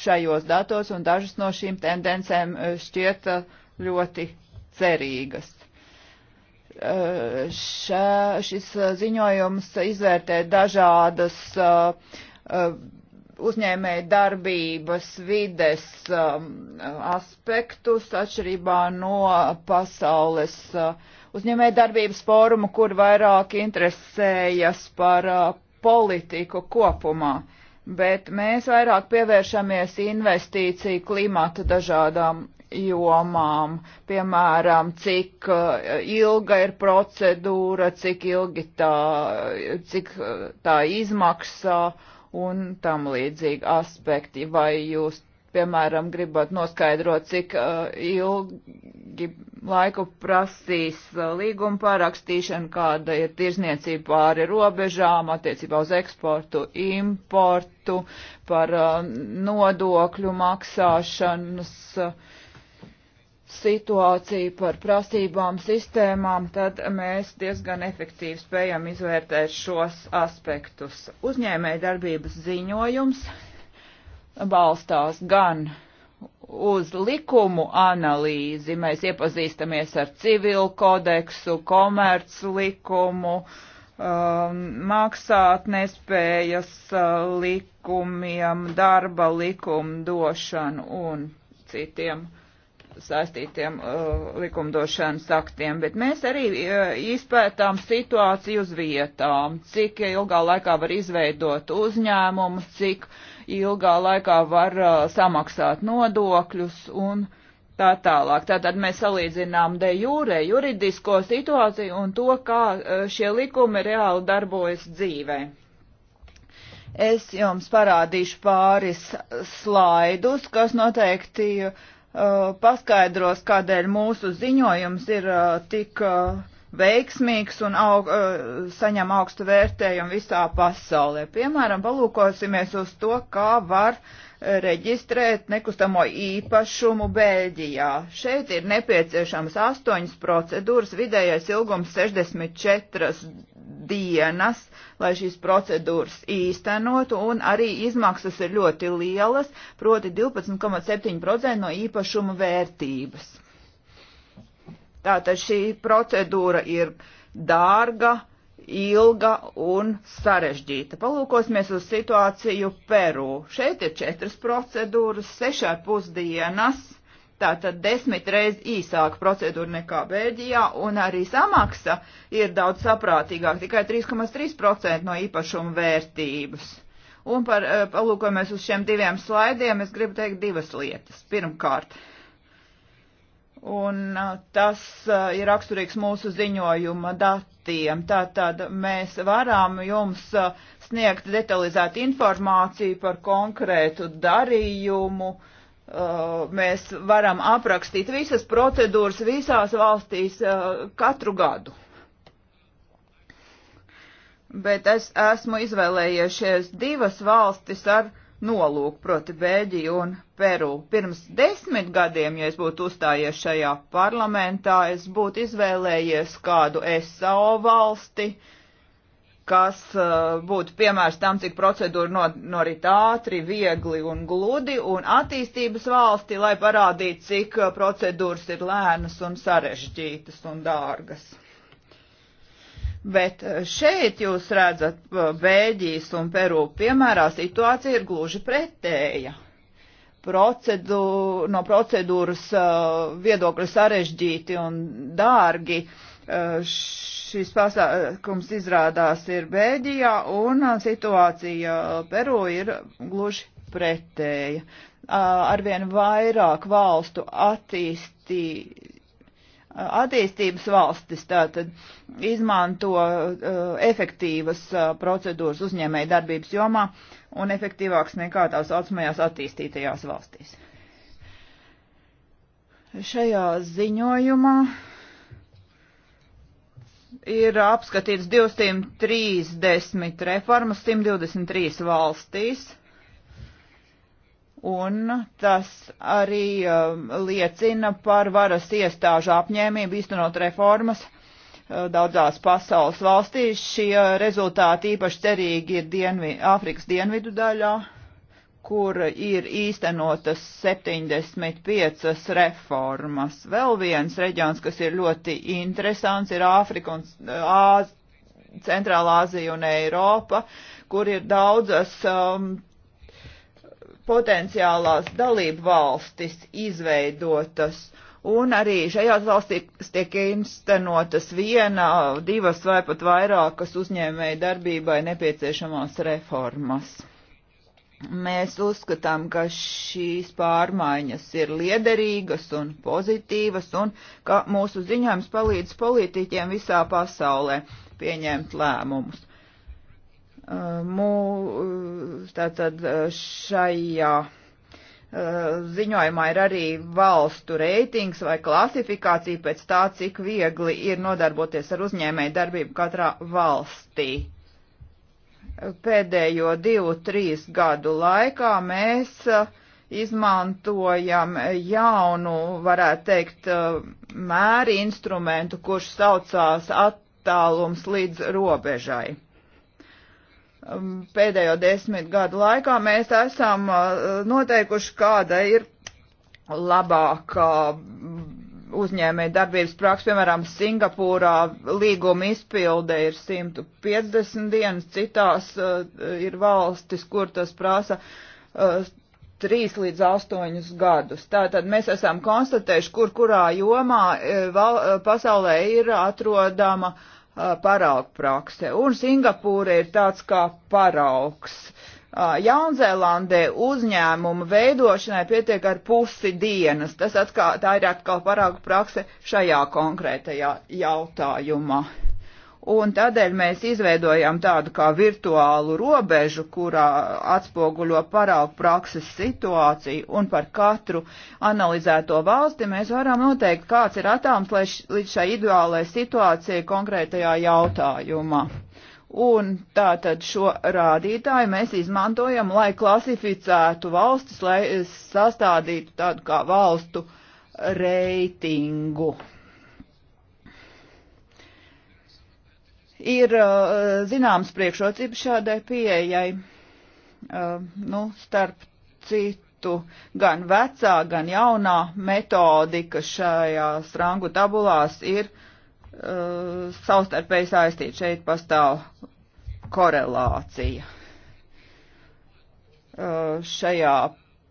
šajos datos, un dažas no šīm tendencēm šķiet ļoti cerīgas. Eh, šā, šis eh, ziņojums izvērtē dažādas eh, uzņēmēja darbības vides aspektus atšķirībā no pasaules uzņēmēja darbības fóruma, kur vairāk interesējas par politiku kopumā. Bet mēs vairāk pievēršamies investīciju klimata dažādām jomām, piemēram, cik eh, ilga ir procedūra, cik ilgi tā, cik eh, tā izmaksā un tam līdzīgi aspekti, vai jūs, piemēram, gribat noskaidrot, cik eh, ilgi laiku prasīs līguma pārakstīšana, kāda ir tirzniecība pāri robežām, attiecībā uz eksportu, importu, par nodokļu maksāšanas uh, situāciju, par prasībām, sistēmām, tad mēs diezgan efektīvi spējam izvērtēt šos aspektus. Uzņēmēja darbības ziņojums balstās gan uz likumu analīzi, mēs iepazīstamies ar civilu kodeksu, komercu likumu, um, maksāt nespējas uh, likumiem, darba likumdošanu un citiem uh, saistītiem uh, likumdošanas aktiem, bet mēs arī uh, izpētām situāciju uz vietām, cik ilgā laikā var izveidot uzņēmumu, cik ilgā laikā var uh, samaksāt nodokļus un tā tālāk. Tātad mēs salīdzinām de jūre juridisko situāciju un to, kā uh, šie likumi reāli darbojas dzīvē. Es jums parādīšu pāris slaidus, kas noteikti uh, Uh, paskaidros, kādēļ mūsu ziņojums ir uh, tik uh, veiksmīgs un aug, saņem augstu vērtējumu visā pasaulē. Piemēram, palūkosimies uz to, kā var uh, reģistrēt nekustamo īpašumu Bēļģijā. Šeit ir nepieciešams astoņas procedūras, vidējais ilgums 64 dienas, lai šīs procedūras īstenotu, un arī izmaksas ir ļoti lielas, proti 12,7% no īpašuma vērtības. Tātad šī procedūra ir dārga, ilga un sarežģīta. Palūkosimies uz situāciju Peru. Šeit ir četras procedūras, sešā pusdienas, tātad desmit reiz īsāka procedūra nekā Bēļģijā, un arī samaksa ir daudz saprātīgāk, tikai 3,3% no īpašuma vērtības. Un par, eh, palūkojamies uz šiem diviem slaidiem, es gribu teikt divas lietas. Pirmkārt, un eh, tas eh, ir raksturīgs mūsu ziņojuma datu datiem. Tātad mēs varam jums uh, sniegt detalizētu informāciju par konkrētu darījumu. Uh, mēs varam aprakstīt visas procedūras visās valstīs uh, katru gadu. Bet es esmu izvēlējušies divas valstis ar nolūku, proti Bēļģiju un Peru. Pirms desmit gadiem, ja es būtu uzstājies šajā parlamentā, es būtu izvēlējies kādu SAO valsti, kas uh, būtu piemērs tam, cik procedūra nor, norit ātri, viegli un gludi, un attīstības valsti, lai parādītu, cik eh, procedūras ir lēnas un sarežģītas un dārgas. Bet eh, šeit jūs redzat eh, Bēļģijas un Peru piemērā situācija ir gluži pretēja. Procedū, no procedūras uh, viedokļa sarežģīti un dārgi uh, šis pasākums izrādās ir Bēļģijā un situācija Peru ir gluži pretēja. Uh, arvien vairāk valstu attīstī attīstības valstis tātad izmanto uh, efektīvas uh, procedūras uzņēmēja darbības jomā un efektīvāks nekā tās saucamajās attīstītajās valstīs. Šajā ziņojumā ir apskatīts 230 reformas 123 valstīs Un tas arī um, liecina par varas iestāžu apņēmību īstenot reformas uh, daudzās pasaules valstīs. Šie rezultāti īpaši cerīgi ir dienvi, Āfrikas dienvidu daļā, kur ir īstenotas 75 reformas. Vēl viens reģions, kas ir ļoti interesants, ir Āfrika un uh, Āz, Centrālā Azija un Eiropa, kur ir daudzas um, potenciālās dalību valstis izveidotas, un arī šajās valstīs tiek instenotas viena, divas vai pat vairākas uzņēmēja darbībai nepieciešamās reformas. Mēs uzskatām, ka šīs pārmaiņas ir liederīgas un pozitīvas un ka mūsu ziņojums palīdz politiķiem visā pasaulē pieņemt lēmumus mū, tātad šajā ziņojumā ir arī valstu reitings vai klasifikācija pēc tā, cik viegli ir nodarboties ar uzņēmēju darbību katrā valstī. Pēdējo divu, trīs gadu laikā mēs izmantojam jaunu, varētu teikt, mēri instrumentu, kurš saucās attālums līdz robežai Um, pēdējo desmit gadu laikā mēs esam uh, noteikuši, kāda ir labākā um, uzņēmēja darbības praksa, piemēram, Singapūrā līguma izpilde ir 150 dienas, citās uh, ir valstis, kur tas prasa uh, 3 līdz 8 gadus. Tātad mēs esam konstatējuši, kur kurā jomā uh, val, uh, pasaulē ir atrodama uh, paraugu prakse. Un Singapūra ir tāds kā paraugs. Jaunzēlandē uzņēmumu veidošanai pietiek ar pusi dienas. Tas atkal, tā ir atkal paraugu prakse šajā konkrētajā jautājumā. Un tādēļ mēs izveidojam tādu kā virtuālu robežu, kurā atspoguļo paraugu prakses situāciju, un par katru analizēto valsti mēs varam noteikt, kāds ir atāms līdz šai ideālajai situācijai konkrētajā jautājumā. Un tātad šo rādītāju mēs izmantojam, lai klasificētu valstis, lai sastādītu tādu kā valstu reitingu. ir uh, zināms priekšrocības šādai pieejai, uh, nu, starp citu, gan vecā, gan jaunā metodika šajā strangu tabulās ir uh, savstarpēji saistīta. Šeit pastāv korelācija. Uh, šajā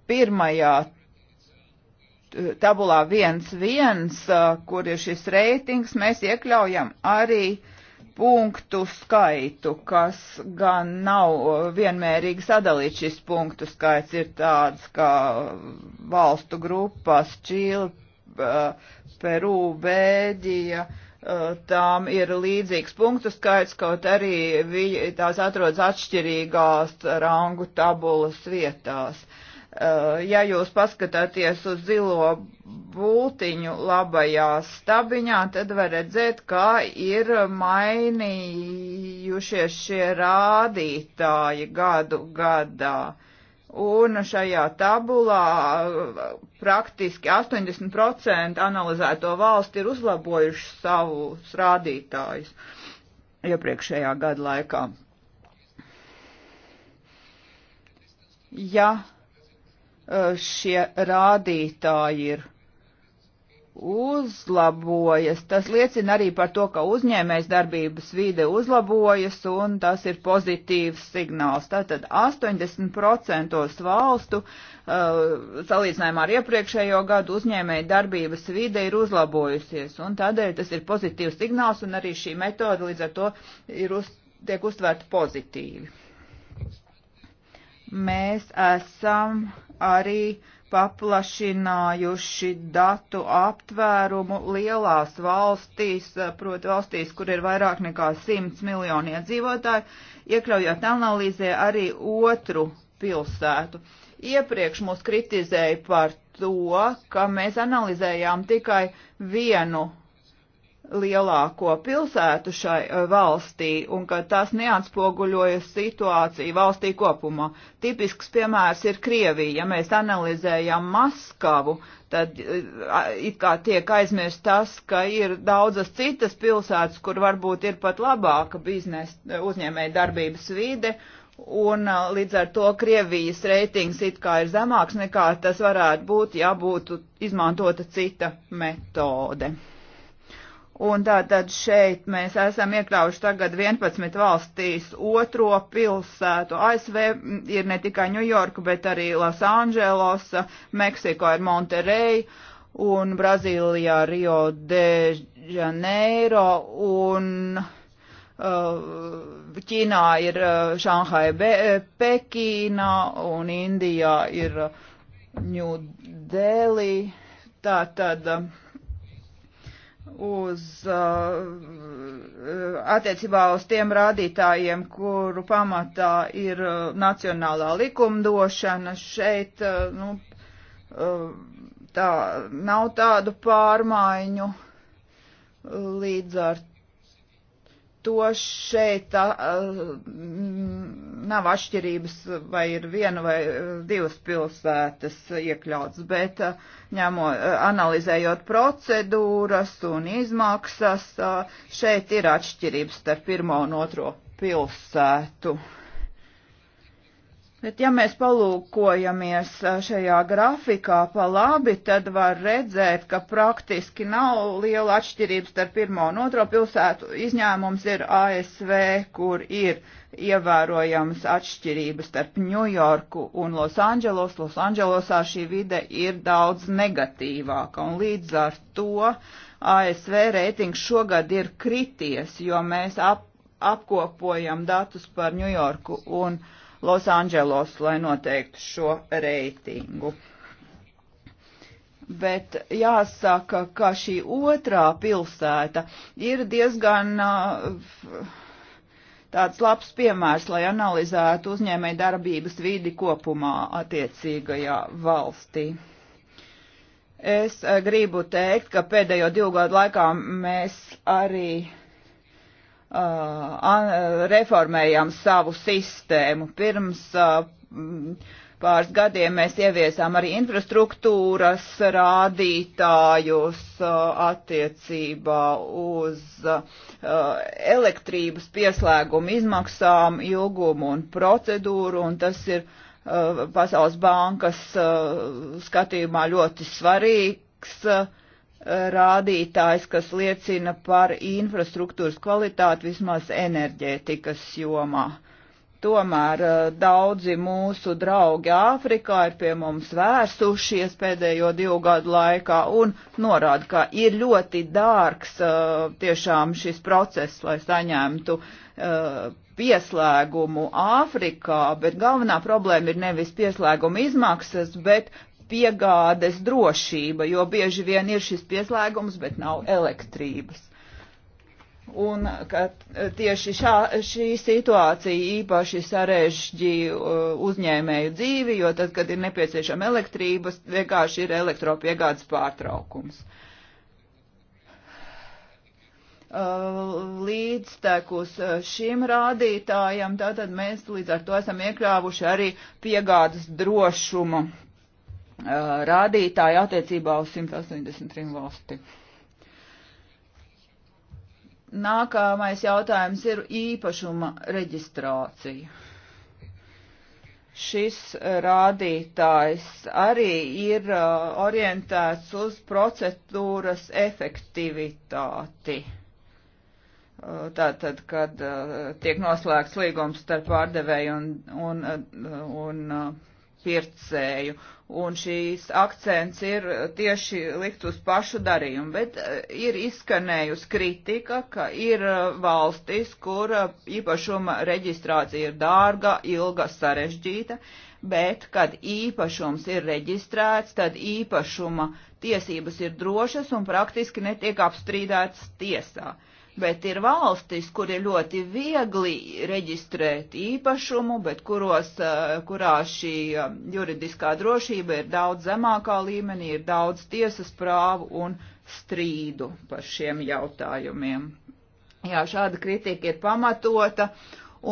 pirmajā uh, tabulā 1.1, uh, kur ir šis reitings, mēs iekļaujam arī uh, punktu skaitu, kas gan nav vienmērīgi sadalīts. Šis punktu skaits ir tāds, kā valstu grupas Čīla, Peru, Bēģija. Tām ir līdzīgs punktu skaits, kaut arī tās atrodas atšķirīgās rangu tabulas vietās. Uh, Eh, ja jūs paskatāties uz zilo būtiņu labajā stabiņā, tad var redzēt, kā ir mainījušies šie rādītāji gadu gadā. Un šajā tabulā eh, praktiski 80% analizēto valsti ir uzlabojuši savus rādītājus iepriekšējā gada laikā. Ja Eh, šie rādītāji ir uzlabojas. Tas liecina arī par to, ka uzņēmējs darbības vide uzlabojas un tas ir pozitīvs signāls. Tātad 80% valstu uh, salīdzinājumā ar iepriekšējo gadu uzņēmēja darbības vide ir uzlabojusies un tādēļ tas ir pozitīvs signāls un arī šī metode līdz ar to ir uz, tiek uztvērta pozitīvi. Mēs esam uh, arī paplašinājuši datu aptvērumu lielās valstīs, proti valstīs, kur ir vairāk nekā 100 miljoni iedzīvotāji, iekļaujot analīzē arī otru pilsētu. Iepriekš mūs kritizēja par to, ka mēs analizējām tikai vienu lielāko pilsētu šai eh, valstī un ka tas neatspoguļoja situāciju valstī kopumā. Tipisks piemērs ir Krievija. Ja mēs analizējam Maskavu, tad eh, it kā tiek aizmirst tas, ka ir daudzas citas pilsētas, kur varbūt ir pat labāka biznesa eh, uzņēmēja darbības vide. Un līdz ar to Krievijas reitings it kā ir zemāks nekā tas varētu būt, ja būtu izmantota cita metode. Un tātad šeit mēs esam iekļaujuši tagad 11 valstīs otro pilsētu. ASV ir ne tikai Ņujorka, bet arī Losandželosa, Meksiko ir Monterey un Brazīlijā Rio de Janeiro un uh, Ķīnā ir uh, Šanhai Be Pekīna un Indijā ir Ņūdēlī. Uh, tātad. Uh, uz uh, attiecībā uz tiem rādītājiem, kuru pamatā ir uh, nacionālā likumdošana. Šeit uh, nu, uh, tā nav tādu pārmaiņu. Līdz ar to šeit uh, nav atšķirības, vai ir viena vai divas pilsētas iekļauts, bet uh, ņemot, analizējot procedūras un izmaksas, uh, šeit ir atšķirības starp pirmo un otro pilsētu. Uh, Bet ja mēs palūkojamies šajā grafikā pa labi, tad var redzēt, ka praktiski nav liela atšķirības starp pirmo un otro pilsētu. Izņēmums ir ASV, kur ir ievērojams atšķirības starp Ņujorku un Losandželos. Losandželosā šī vide ir daudz negatīvāka un līdz ar to ASV reitings šogad ir krities, jo mēs ap, apkopojam datus par Ņujorku un Losandželosu Losandželos, lai noteiktu šo reitingu. Bet jāsaka, ka šī otrā pilsēta ir diezgan uh, tāds labs piemērs, lai analizētu uzņēmēju darbības vidi kopumā attiecīgajā valstī. Es uh, gribu teikt, ka pēdējo divu gadu laikā mēs arī Uh, uh, reformējam savu sistēmu. Pirms uh, pāris gadiem mēs ieviesām arī infrastruktūras rādītājus attiecībā uz elektrības pieslēgumu izmaksām, ilgumu un procedūru, un tas ir Pasaules bankas skatījumā ļoti svarīgs rādītājs, kas liecina par infrastruktūras kvalitāti vismaz enerģētikas jomā. Tomēr eh, daudzi mūsu draugi Āfrikā ir pie mums vērsušies pēdējo divu gadu laikā un norāda, ka ir ļoti dārgs eh, tiešām šis process, lai saņemtu eh, pieslēgumu Āfrikā, bet galvenā problēma ir nevis pieslēguma izmaksas, bet piegādes drošība, jo bieži vien ir šis pieslēgums, bet nav elektrības. Un ka tieši šā, šī situācija īpaši sarežģī uh, uzņēmēju dzīvi, jo tad, kad ir nepieciešama elektrības, vienkārši ir elektropiegādes pārtraukums. Uh, līdztekus uh, šim rādītājam, tātad mēs līdz ar to esam iekļāvuši arī piegādes drošumu Uh, rādītāji attiecībā uz 183 valsti. Nākamais jautājums ir īpašuma reģistrācija. Šis uh, rādītājs arī ir uh, orientēts uz procedūras efektivitāti. Tātad, kad tiek noslēgts līgums starp pārdevēju un, un, un, un pircēju. Un šīs akcents ir tieši likt uz pašu darījumu, bet e, ir izskanējusi kritika, ka ir e, valstis, kur e, īpašuma reģistrācija ir dārga, ilga, sarežģīta, bet, kad īpašums ir reģistrēts, tad īpašuma tiesības ir drošas un praktiski netiek apstrīdētas tiesā. Uh, bet ir valstis, kur ir ļoti viegli reģistrēt īpašumu, bet kuros, eh, kurā šī um, juridiskā drošība ir daudz zemākā līmenī, ir daudz tiesas prāvu un strīdu par šiem jautājumiem. Jā, šāda kritika ir pamatota.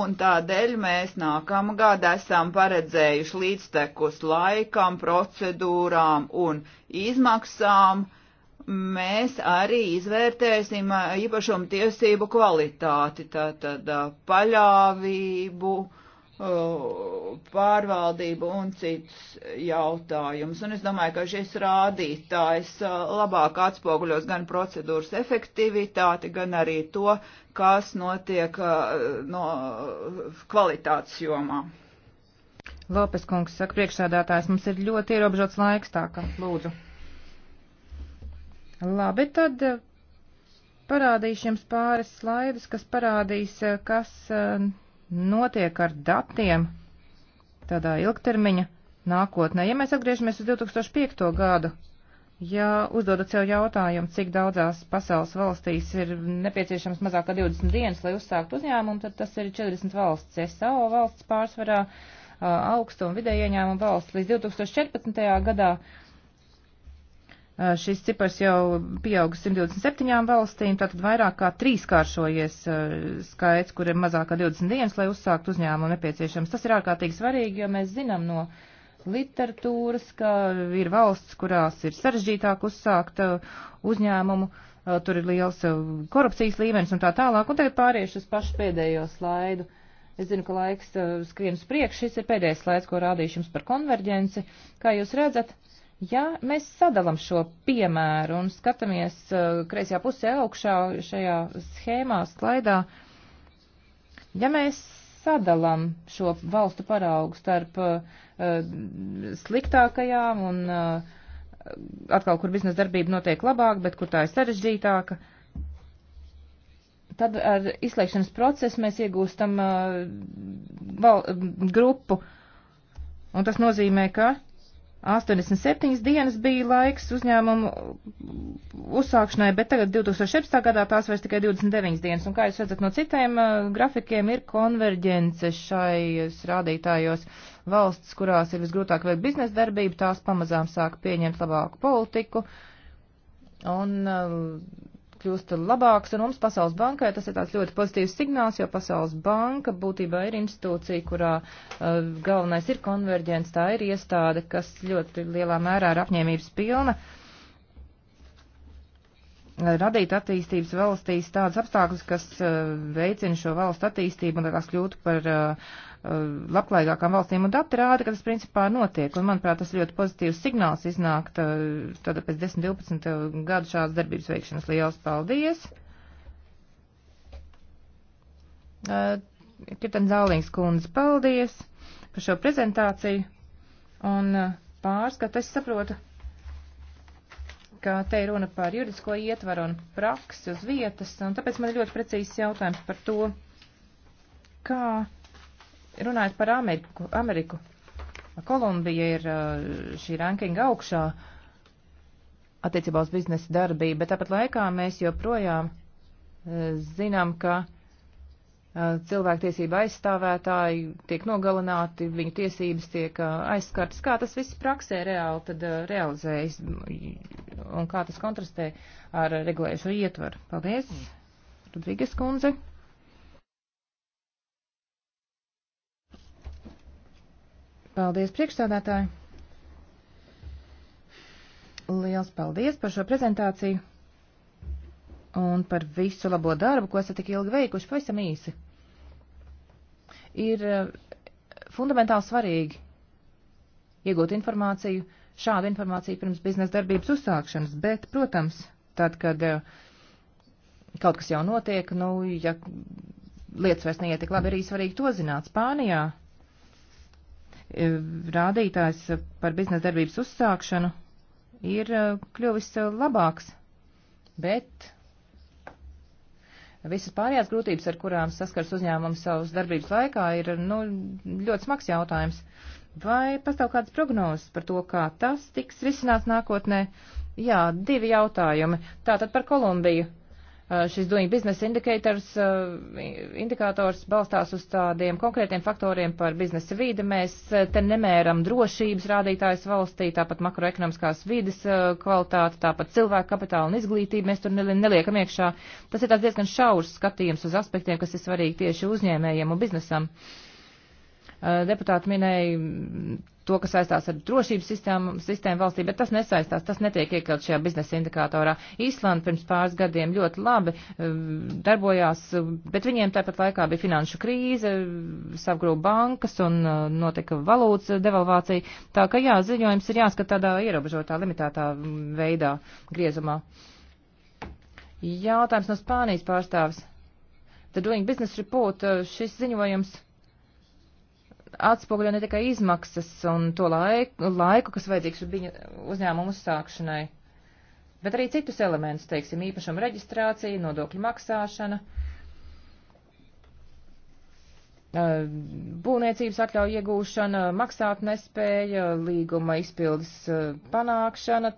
Un tādēļ mēs nākamgad esam paredzējuši līdztekus laikam, procedūrām un izmaksām uh, mēs arī izvērtēsim īpašumu tiesību kvalitāti, tātad paļāvību, pārvaldību un citus jautājumus. Un es domāju, ka šis rādītājs labāk atspoguļos gan procedūras efektivitāti, gan arī to, kas notiek no kvalitātes jomā. Lopes kungs saka, priekšsādātājs, mums ir ļoti ierobežots laiks, tā ka lūdzu. Labi, tad eh, parādīšu jums pāris slaidus, kas parādīs, eh, kas eh, notiek ar datiem tādā ilgtermiņa nākotnē. Ja mēs atgriežamies uz 2005. gadu, ja uzdodat sev jautājumu, cik daudzās pasaules valstīs ir nepieciešams mazāk kā 20 dienas, lai uzsāktu uzņēmumu, tad tas ir 40 valsts, SAO valsts pārsvarā, augstu un vidēji ieņēmumu valsts. Līdz 2014. gadā Uh, šis cipars jau pieauga 127 valstīm, tātad vairāk kā trīskāršojies uh, skaits, kur ir mazāk kā 20 dienas, lai uzsākt uzņēmumu nepieciešams. Tas ir ārkārtīgi svarīgi, jo mēs zinām no literatūras, ka ir valsts, kurās ir sarežģītāk uzsākt uh, uzņēmumu, tur ir liels korupcijas līmenis un tā tālāk. Un tagad pāriešu uz pašu pēdējo slaidu. Es zinu, ka laiks skrien uz priekšu. Šis ir pēdējais slaids, ko rādīšu jums par konverģenci. Kā jūs redzat, Ja mēs sadalam šo piemēru un skatāmies uh, kreisajā pusē augšā šajā schēmā, slaidā, ja mēs sadalām šo valstu paraugu starp uh, sliktākajām un uh, atkal, kur biznesa darbība notiek labāk, bet kur tā ir sarežģītāka, tad ar izslēgšanas procesu mēs iegūstam uh, val, grupu. Un tas nozīmē, ka 87 dienas bija laiks uzņēmumu uzsākšanai, bet tagad 2017. gadā tās vairs tikai 29 dienas. Un kā jūs redzat no citiem uh, grafikiem, ir konverģence šai rādītājos valsts, kurās ir visgrūtāk veikt biznesa darbību, tās pamazām sāk pieņemt labāku politiku. Un uh, kļūst labāks, un mums Pasaules bankai tas ir tāds ļoti pozitīvs signāls, jo Pasaules banka būtībā ir institūcija, kurā uh, galvenais ir konverģents, tā ir iestāde, kas ļoti lielā mērā ir apņēmības pilna radīt attīstības valstīs tādas apstākļus, kas uh, veicina šo valstu attīstību un tās kļūtu par uh, Eh, labklājīgākām valstīm, un dati rāda, ka tas principā notiek, un manuprāt, tas ļoti pozitīvs signāls iznākt eh, tāda pēc 10-12 eh, gadu šādas darbības veikšanas. Liels paldies! Kirtan Zālīngs kundze, paldies par šo prezentāciju un pārskatu. Es saprotu, ka te ir runa par juridisko ietvaru un praksi uz vietas, un tāpēc man ir ļoti precīzs jautājums par to, kā Runājot par Ameriku, Ameriku Kolumbija ir eh, šī rankinga augšā attiecībā uz biznesa darbību, bet tāpat laikā mēs joprojām eh, zinām, ka eh, cilvēktiesība aizstāvētāji tiek nogalināti, viņu tiesības tiek aizskartas. Kā tas viss praksē reāli tad realizējas un kā tas kontrastē ar regulējušo ietvaru? Paldies, Rodrīgas kundze. Paldies, priekšstādātāji! Liels paldies par šo prezentāciju un par visu labo darbu, ko esat tik ilgi veikuši, pavisam īsi. Ir eh, fundamentāli svarīgi iegūt informāciju, šādu informāciju pirms biznesa darbības uzsākšanas, bet, protams, tad, kad eh, kaut kas jau notiek, nu, ja lietas vairs neiet tik labi, arī svarīgi to zināt. Spānijā Eh, rādītājs par biznesa darbības uzsākšanu ir eh, kļuvis eh, labāks, bet visas pārējās grūtības, ar kurām saskars uzņēmums savas darbības laikā, ir nu, ļoti smags jautājums. Vai pastāv kādas prognozes par to, kā tas tiks risināts nākotnē? Jā, divi jautājumi. Tātad par Kolumbiju. Uh, Uh, šis doing business indicators, uh, indikators balstās uz tādiem konkrētiem faktoriem par biznesa vīdi. Mēs uh, te nemēram drošības rādītājs valstī, tāpat makroekonomiskās vīdes kvalitāti, tāpat cilvēku kapitālu un izglītību mēs tur neliekam iekšā. Tas ir tāds diezgan šaurs skatījums uz aspektiem, kas ir svarīgi tieši uzņēmējiem un biznesam. Deputāti minēja to, kas saistās ar drošības sistēmu, sistēmu valstī, bet tas nesaistās, tas netiek iekļaut šajā biznesa indikatorā. Īslanda pirms pāris gadiem ļoti labi eh, darbojās, bet viņiem tāpat laikā bija finanšu krīze, eh, savgrūba bankas un eh, notika valūtas devalvācija. Tā ka jā, ziņojums ir jāskat tādā ierobežotā, limitētā mm, veidā griezumā. Jautājums no Spānijas pārstāvis. The Doing Business Report šis ziņojums atspoguļo ne tikai izmaksas un to laiku, laiku kas vajadzīgs viņa uzņēmumu uzsākšanai, bet arī citus elementus, teiksim, īpašumu reģistrācija, nodokļu maksāšana, būvniecības atļauja iegūšana, maksāt nespēja, līguma izpildes panākšana,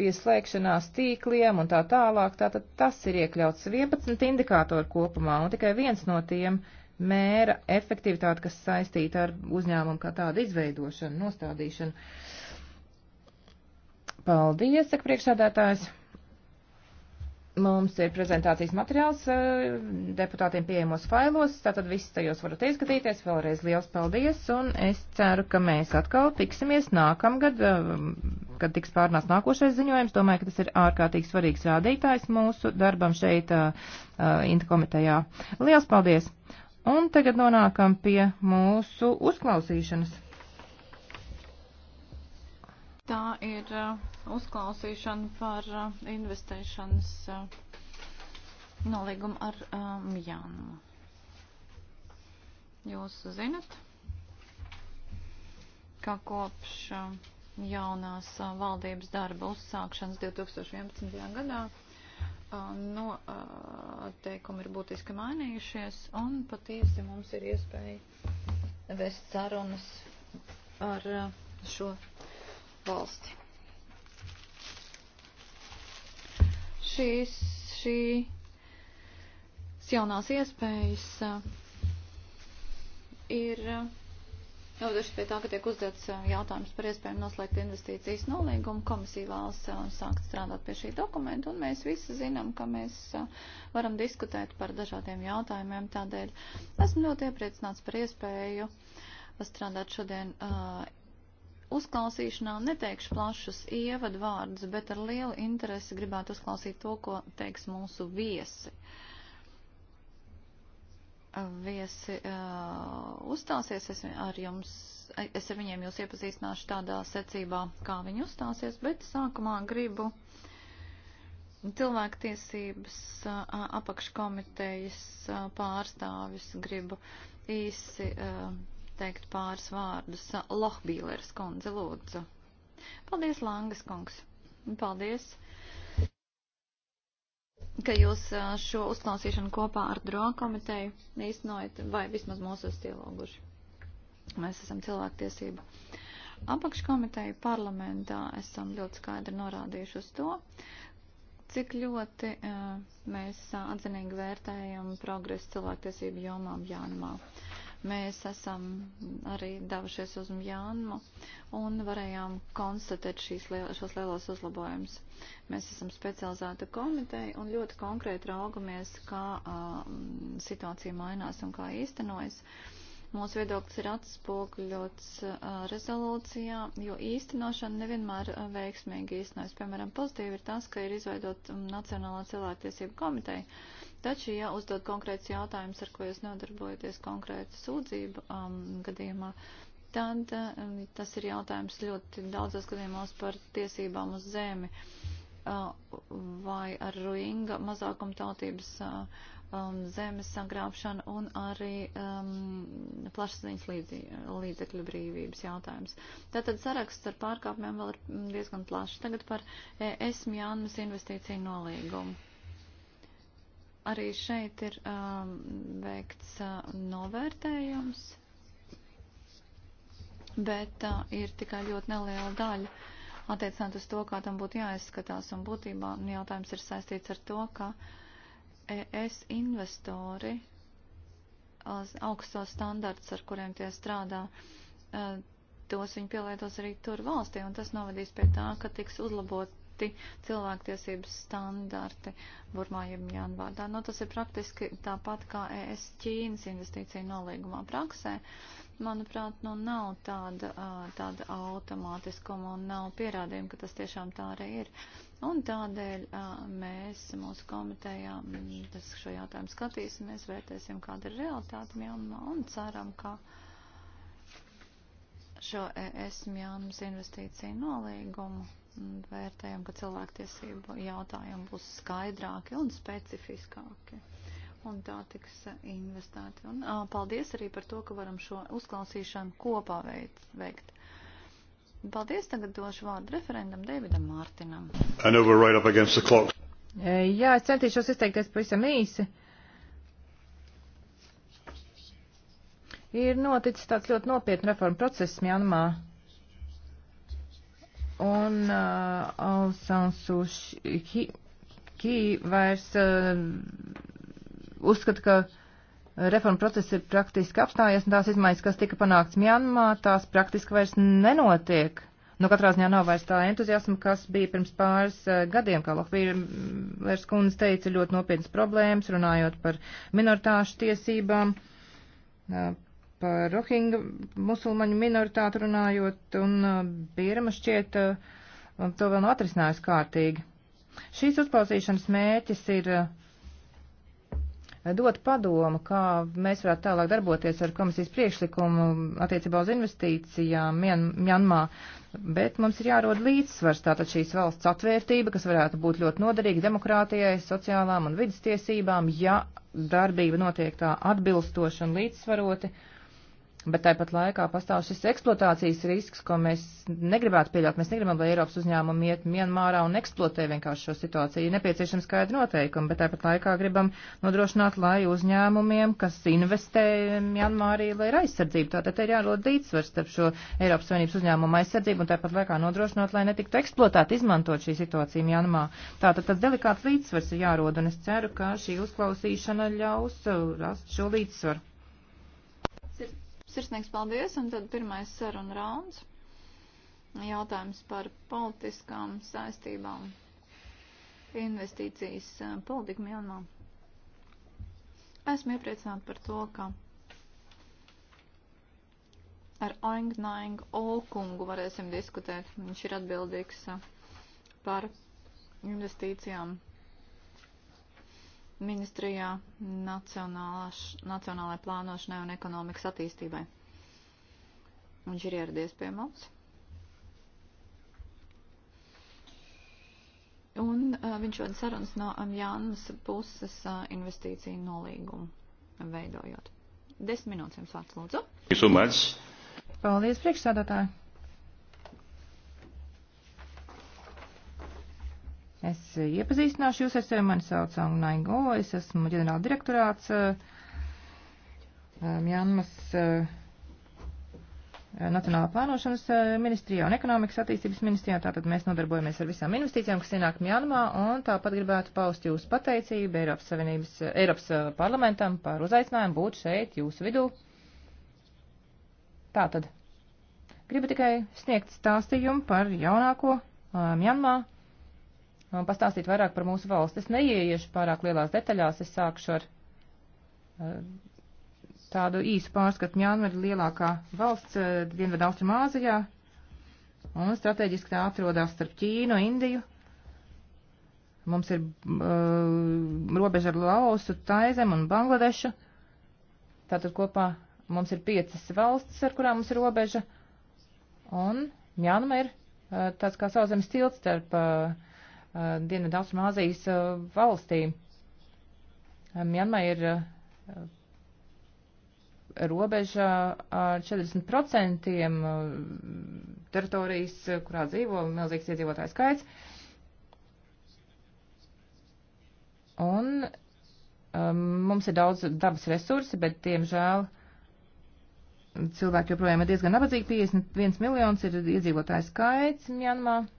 pieslēgšanās tīkliem un tā tālāk. Tātad tas ir iekļauts 11 indikātori kopumā, un tikai viens no tiem uh, mēra efektivitāti, kas saistīta ar uzņēmumu kā tādu izveidošanu, nostādīšanu. Paldies, saka priekšsādātājs. Mums ir prezentācijas materiāls eh, deputātiem pieejamos failos, tātad viss tajos varat ieskatīties. Vēlreiz liels paldies, un es ceru, ka mēs atkal tiksimies nākamgad, eh, kad tiks pārnās nākošais ziņojums. Domāju, ka tas ir ārkārtīgi svarīgs rādītājs mūsu darbam šeit uh, eh, Inta komitejā. Liels paldies! Un tagad nonākam pie mūsu uzklausīšanas. Tā ir uh, uzklausīšana par uh, investēšanas uh, nolīgumu ar uh, Mjānu. Jūs zinat, ka kopš uh, jaunās uh, valdības darba uzsākšanas 2011. gadā noteikumi ir būtiski mainījušies, un patiesi mums ir iespēja vest sarunas ar šo valsti. Šīs, šīs jaunās iespējas ir. Uh, nodošu pie tā, ka tiek uzdots jautājums par iespējumu noslēgt investīcijas nolīgumu. Komisija vēlas sākt strādāt pie šī dokumenta, un mēs visi zinām, ka mēs varam diskutēt par dažādiem jautājumiem. Tādēļ esmu ļoti iepriecināts par iespēju strādāt šodien uzklausīšanā. Neteikšu plašus ievadvārdus, bet ar lielu interesi gribētu uzklausīt to, ko teiks mūsu viesi. Uh, viesi uh, uzstāsies, es ar, jums, es ar viņiem jūs iepazīstināšu tādā secībā, kā viņi uzstāsies, bet sākumā gribu cilvēktiesības uh, apakškomitejas uh, pārstāvis, gribu īsi uh, teikt pāris vārdus. Lohbīleres kundze, lūdzu. Paldies, Langas kungs. Paldies. Uh, ka jūs šo uzklausīšanu kopā ar DRO komiteju īstenojat, vai vismaz mūs esat ielūguši. Mēs esam cilvēktiesība apakškomiteja parlamentā, esam ļoti skaidri norādījuši uz to, cik ļoti uh, mēs atzinīgi vērtējam progresu cilvēktiesību jomām Jānumā. Uh, Mēs esam arī devušies uz Mjānmu un varējām konstatēt šīs, liel, šos lielos uzlabojumus. Mēs esam specializēta komiteja un ļoti konkrēti raugamies, kā uh, situācija mainās un kā īstenojas. Mūsu viedoklis ir atspoguļots rezolūcijā, jo īstenošana nevienmēr veiksmīgi īstenojas. Piemēram, pozitīvi ir tas, ka ir izveidot Nacionālā cilvēktiesība komiteja Taču, ja uzdod konkrēts jautājums, ar ko jūs nodarbojaties konkrēta sūdzība um, gadījumā, tad um, tas ir jautājums ļoti daudzos gadījumos par tiesībām uz zemi uh, vai ar ruinga mazākumtautības uh, um, zemes sagrābšanu un arī um, plašsaziņas līdzekļu brīvības jautājums. Tātad saraksts ar pārkāpumiem vēl ir diezgan plašs. Tagad par ES Mjānmas investīciju nolīgumu arī šeit ir um, veikts uh, novērtējums, bet uh, ir tikai ļoti neliela daļa attiecināt uz to, kā tam būtu jāizskatās. Un būtībā un jautājums ir saistīts ar to, ka es investori uh, augstos standarts, ar kuriem tie strādā, uh, tos viņi pielietos arī tur valstī, un tas novadīs pie tā, ka tiks uzlabot augsti cilvēktiesības standarti Burmā, ja Mjanvārdā. Nu, tas ir praktiski tāpat kā ES Ķīnas investīcija nolīgumā praksē. Manuprāt, nu, nav tāda, tāda automātiskuma un nav pierādījuma, ka tas tiešām tā arī ir. Un tādēļ mēs mūsu komitejā mm, šo jautājumu skatīsimies, vērtēsim, kāda ir realitāte Mjanmā un ceram, ka šo ES Mjānmas investīciju nolīgumu vērtējam, ka cilvēktiesību jautājumi būs skaidrāki un specifiskāki. Un tā tiks investēti. Un, ā, paldies arī par to, ka varam šo uzklausīšanu kopā veic, veikt. Paldies, tagad došu vārdu referendam Davidam Mārtinam. Right Jā, es centīšos izteikties pavisam īsi. Ir noticis tāds ļoti nopietni reforma process Mjanmā un uh, Aung San Suu Kyi vairs uh, uzskata, ka reforma process ir praktiski apstājies, un tās izmaiņas, kas tika panākts Mjanmā, tās praktiski vairs nenotiek. Nu, katrā ziņā nav vairs tā entuziasma, kas bija pirms pāris uh, gadiem, kā Lohvīrs mm, kundze teica, ļoti nopietnas problēmas, runājot par minoritāšu tiesībām. Uh, par rohinga musulmaņu minoritātu runājot, un uh, Birma šķiet uh, to vēl nav atrisinājis kārtīgi. Šīs uzklausīšanas mēķis ir uh, dot padomu, kā mēs varētu tālāk darboties ar komisijas priekšlikumu attiecībā uz investīcijām Mjanmā, bet mums ir jārod līdzsvars tātad šīs valsts atvērtība, kas varētu būt ļoti noderīga demokrātijai, sociālām un vidas tiesībām, ja darbība notiek tā atbilstoši un līdzsvaroti. Uh, Bet tāpat laikā pastāv šis eksploatācijas risks, ko mēs negribētu pieļaut. Mēs negribam, lai Eiropas uzņēmumi iet Mienmārā un eksploatē vienkārši šo situāciju. Ir nepieciešama skaidra noteikuma, bet tāpat laikā gribam nodrošināt, lai uzņēmumiem, kas investē Mienmārī, lai ir aizsardzība. Tātad ir jārod līdzsvars starp šo Eiropas Savienības uzņēmumu aizsardzību un tāpat laikā nodrošināt, lai netiktu eksploatēt, izmantot šī situācija Mienmā. Tātad tas delikāts līdzsvars ir jārod, un es ceru, ka šī uzklausīšana ļaus uh, rast šo līdzsvaru. Sirsnīgs paldies, un tad pirmais saruna rauns. Jautājums par politiskām saistībām, investīcijas eh, politika Mjanmā. Esmu iepriecināta par to, ka ar Oing Naing Olkungu varēsim diskutēt. Viņš ir atbildīgs eh, par investīcijām ministrijā Nacionālajai plānošanai un ekonomikas attīstībai. Viņš ir ieradies pie mums. Un uh, viņš vada sarunas no Jānas puses uh, investīciju nolīgumu veidojot. Desmit minūtes jums vārds, lūdzu. Paldies, priekšsādātāji. Es iepazīstināšu jūs ar sevi, mani sauc Angnaingo, es esmu ģenerāla direktorāts eh, Mjanmas eh, Nacionālā plānošanas eh, ministrijā un ekonomikas attīstības ministrijā. Tātad mēs nodarbojamies ar visām investīcijām, kas ienāk Mjanmā, un tāpat gribētu paust jūsu pateicību Eiropas, Savienības, Eiropas parlamentam par uzaicinājumu būt šeit jūsu vidū. Tātad gribu tikai sniegt stāstījumu par jaunāko Mjanmā. Um, un pastāstīt vairāk par mūsu valsti. Es neieiešu pārāk lielās detaļās, es sākšu ar eh, tādu īsu pārskatu. Mjānmar ir lielākā valsts eh, Dienvedu Austrumāzijā un strateģiski tā atrodas starp Ķīnu, Indiju. Mums ir uh, robeža ar Laosu, Taizem un Bangladešu. Tātad kopā mums ir piecas valstis, ar kurām mums ir robeža. Un Mjānma ir uh, tāds kā sauzemes tilts starp uh, Uh, Dienvidaustrumāzijas uh, valstīm. Uh, Mjanmā ir robeža ar 40% teritorijas, kurā dzīvo milzīgs iedzīvotājs skaits. Un um, mums ir daudz dabas resursi, bet, diemžēl, cilvēki joprojām ir diezgan nabadzīgi. 51 miljons ir iedzīvotājs skaits Mjanmā. Um,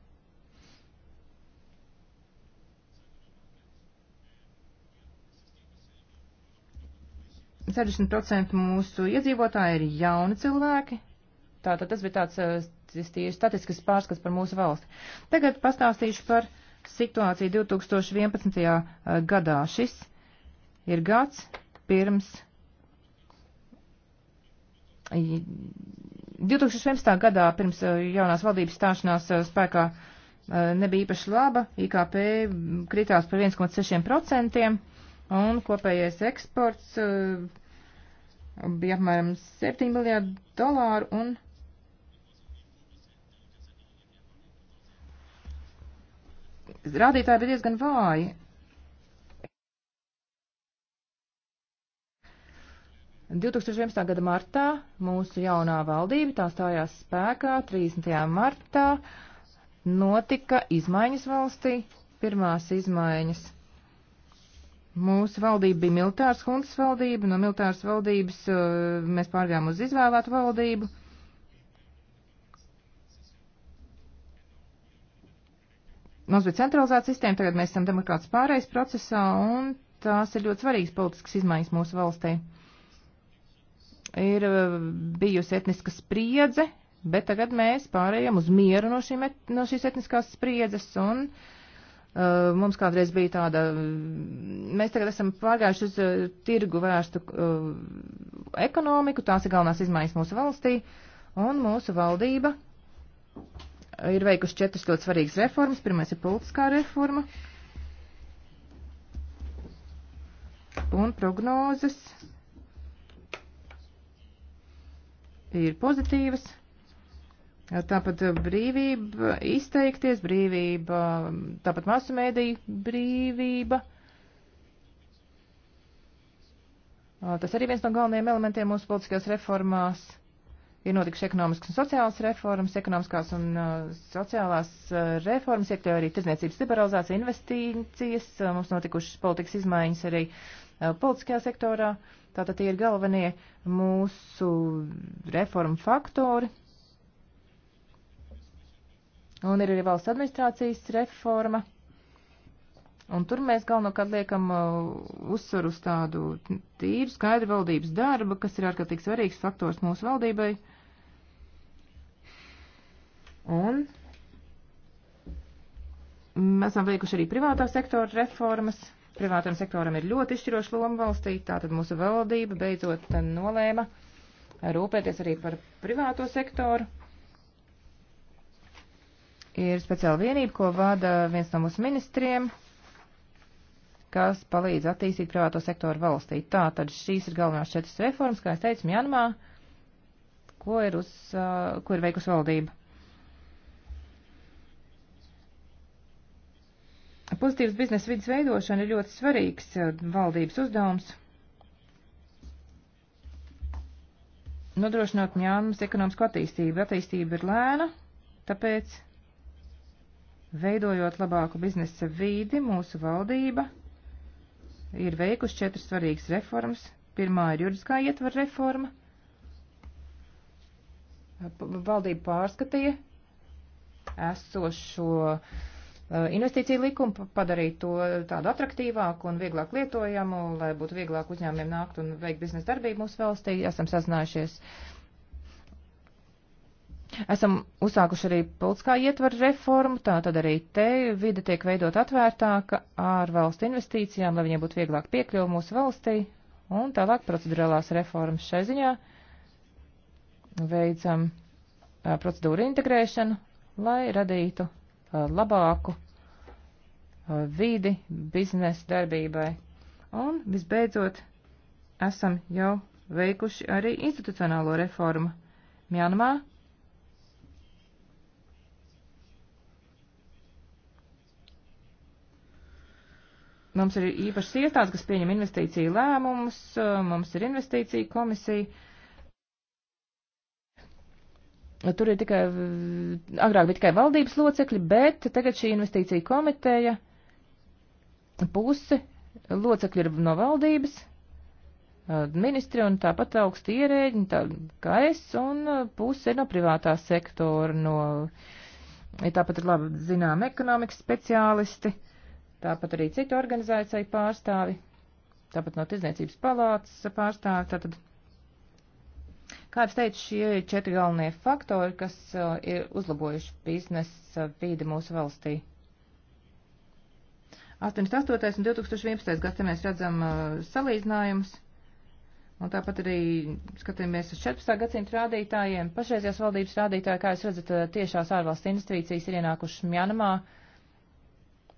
60% mūsu iedzīvotāji ir jauni cilvēki. Tātad tas bija tāds eh, tīri statistisks pārskats par mūsu valsti. Tagad pastāstīšu par situāciju 2011. Eh, gadā. Šis ir gads pirms 2011. gadā, pirms eh, jaunās valdības stāšanās spēkā, nebija īpaši laba. IKP kritās par 1,6% un kopējais eksports bija apmēram 7 miljārdi dolāru un. Rādītāji bija diezgan vāji. Un 2011. gada martā mūsu jaunā valdība tā stājās spēkā 30. martā notika izmaiņas valstī, pirmās izmaiņas Mūsu valdība bija militārs huntas valdība, no militāras valdības uh, mēs pārgājām uz izvēlētu valdību. Mums bija centralizēta sistēma, tagad mēs esam demokrātas pārējais procesā, un tās ir ļoti svarīgas politiskas izmaiņas mūsu valstī. Ir uh, bijusi etniska spriedze, bet tagad mēs pārējām uz mieru no, šī, no šīs etniskās spriedzes, un uh, Uh, mums kādreiz bija tāda, mm, mēs tagad esam pārgājuši uz uh, tirgu vērstu uh, ekonomiku, tās ir galvenās izmaiņas mūsu valstī, un mūsu valdība ir veikusi četras ļoti svarīgas reformas. Pirmais ir politiskā reforma, un prognozes ir pozitīvas. Tāpat brīvība izteikties, brīvība, tāpat masu mēdīja brīvība. Tas arī viens no galvenajiem elementiem mūsu politiskajās reformās. Ir notikuši ekonomiskas un sociālas reformas, ekonomiskās un uh, sociālās uh, reformas, iekļauj arī tirdzniecības liberalizācija, investīcijas, uh, mums notikušas politikas izmaiņas arī uh, politiskajā sektorā. Tātad tie ir galvenie mūsu reformu faktori. Uh, Un ir arī valsts administrācijas reforma. Un tur mēs galvenokārt liekam uh, uzsvaru uz tādu tīru, skaidru valdības darbu, kas ir ārkārtīgi svarīgs faktors mūsu valdībai. Un mēs esam veikuši arī privātā sektora reformas. Privātam sektoram ir ļoti izšķiroša loma valstī, tātad mūsu valdība beidzot nolēma rūpēties arī par privāto sektoru ir speciāla vienība, ko vada viens no mūsu ministriem, kas palīdz attīstīt privāto sektoru valstī. Tā tad šīs ir galvenās četras reformas, kā es teicu, Mjanmā, ko ir, uz, uh, ko ir veikusi valdība. Pozitīvas biznesa vidas veidošana ir ļoti svarīgs valdības uzdevums. Nodrošinot Mjānmas ekonomisko attīstību. Attīstība ir lēna, tāpēc Veidojot labāku biznesa vīdi, mūsu valdība ir veikusi četras svarīgas reformas. Pirmā ir juridiskā ietvara reforma. Valdība pārskatīja esošo e, investīciju likumu, padarīja to tādu atraktīvāku un vieglāk lietojamu, lai būtu vieglāk uzņēmumiem nākt un veikt biznesa darbību mūsu valstī. Esam sazinājušies uh, Esam uzsākuši arī politiskā ietvara reformu, tā tad arī te vide tiek veidot atvērtāka ar valstu investīcijām, lai viņiem būtu vieglāk piekļuva mūsu valstī, un tālāk procedurālās reformas šai ziņā veicam procedūru integrēšanu, lai radītu labāku vidi biznesa darbībai. Un, visbeidzot, esam jau veikuši arī institucionālo reformu. Mjanmā Mums ir īpašas iestādes, kas pieņem investīciju lēmumus, eh, mums ir investīcija komisija. Tur ir tikai, eh, agrāk bija tikai valdības locekļi, bet tagad šī investīcija komiteja puse locekļi ir no valdības, eh, ministri un tāpat augsti ierēģi, tā kā es, un puse ir no privātā sektora, no, tāpat ir labi zinām ekonomikas speciālisti. Uh, tāpat arī citu organizāciju pārstāvi, tāpat no Tirzniecības palātas pārstāvi. Tātad, kā es teicu, šie četri galvenie faktori, kas uh, ir uzlabojuši biznesa uh, vīdi mūsu valstī. 88. un 2011. gads, te mēs redzam uh, salīdzinājumus. Un tāpat arī skatāmies uz 14. gadsimta rādītājiem. Pašreizējās valdības rādītāji, kā jūs redzat, uh, tiešās ārvalstu investīcijas ir ienākušas Mjanmā. Uh,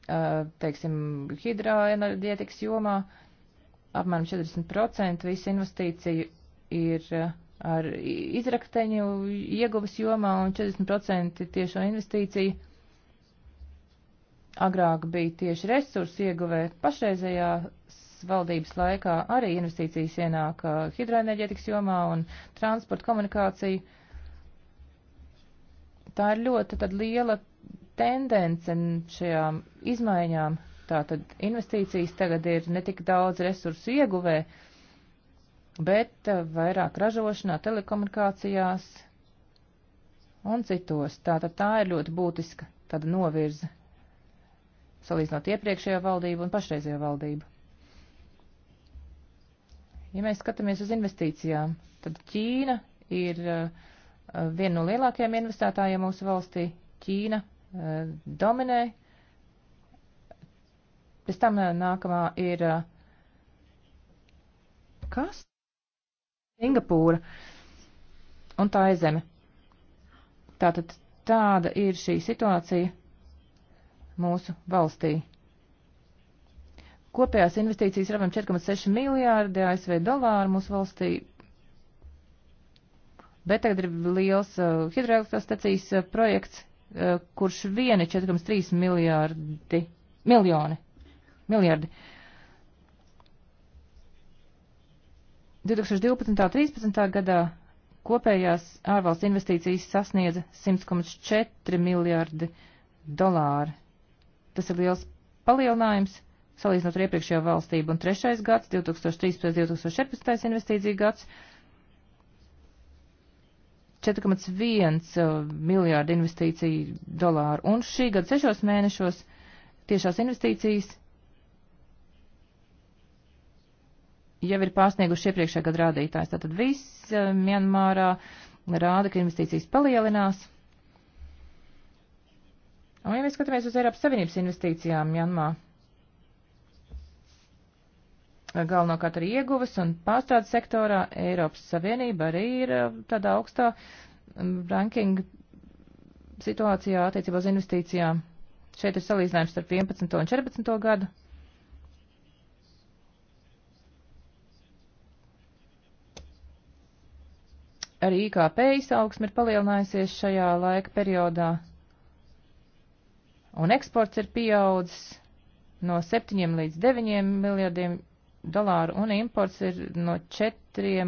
Eh, teiksim, hidroenerģētikas jomā apmēram 40% visu investīciju ir eh, ar izrakteņu ieguvas jomā un 40% tiešo investīciju agrāk bija tieši resursu ieguvē. Pašreizējā valdības laikā arī investīcijas ienāk eh, hidroenerģētikas jomā un transporta komunikāciju. Tā ir ļoti tad liela tendence šajām izmaiņām. Tātad investīcijas tagad ir ne tik daudz resursu ieguvē, bet eh, vairāk ražošanā, telekomunikācijās un citos. Tātad tā ir ļoti būtiska tāda novirze, salīdzinot iepriekšējo valdību un pašreizējo valdību. Ja mēs skatāmies uz investīcijām, tad Ķīna ir eh, viena no lielākajām investētājiem mūsu valstī. Ķīna Eh, dominē. Pēc tam eh, nākamā ir eh, kas? Singapūra un tā ir zeme. Tātad tāda ir šī situācija mūsu valstī. Kopējās investīcijas ir apmēram 4,6 miljārdi ASV dolāru mūsu valstī, bet tagad ir liels uh, hidroelektrostacijas uh, projekts Eh, kurš viena 4,3 miljārdi, miljoni, miljardi. 2012. un 2013. gadā kopējās ārvalstu investīcijas sasniedza 100,4 miljārdi dolāri. Tas ir liels palielinājums salīdzinot ar iepriekšējo valstību. Un trešais gads, 2013. un 2014. investīcija gads, 4,1 uh, miljārdu investīciju dolāru. Un šī gada sešos mēnešos tiešās investīcijas jau ir pārsnieguši iepriekšējā gada rādītājs. Tātad viss uh, Mianmārā rāda, ka investīcijas palielinās. Un ja mēs skatāmies uz Eiropas Savienības investīcijām Mianmā, galvenokārt arī ieguves un pārstrādes sektorā. Eiropas Savienība arī ir eh, tādā augstā mm, rankinga situācijā attiecībā uz investīcijām. Šeit ir salīdzinājums starp 11. un 14. gadu. Arī IKP izaugsme ir palielinājusies šajā laika periodā, un eksports ir pieaudzis no 7 līdz 9 miljardiem dolāru un imports ir no 4 eh,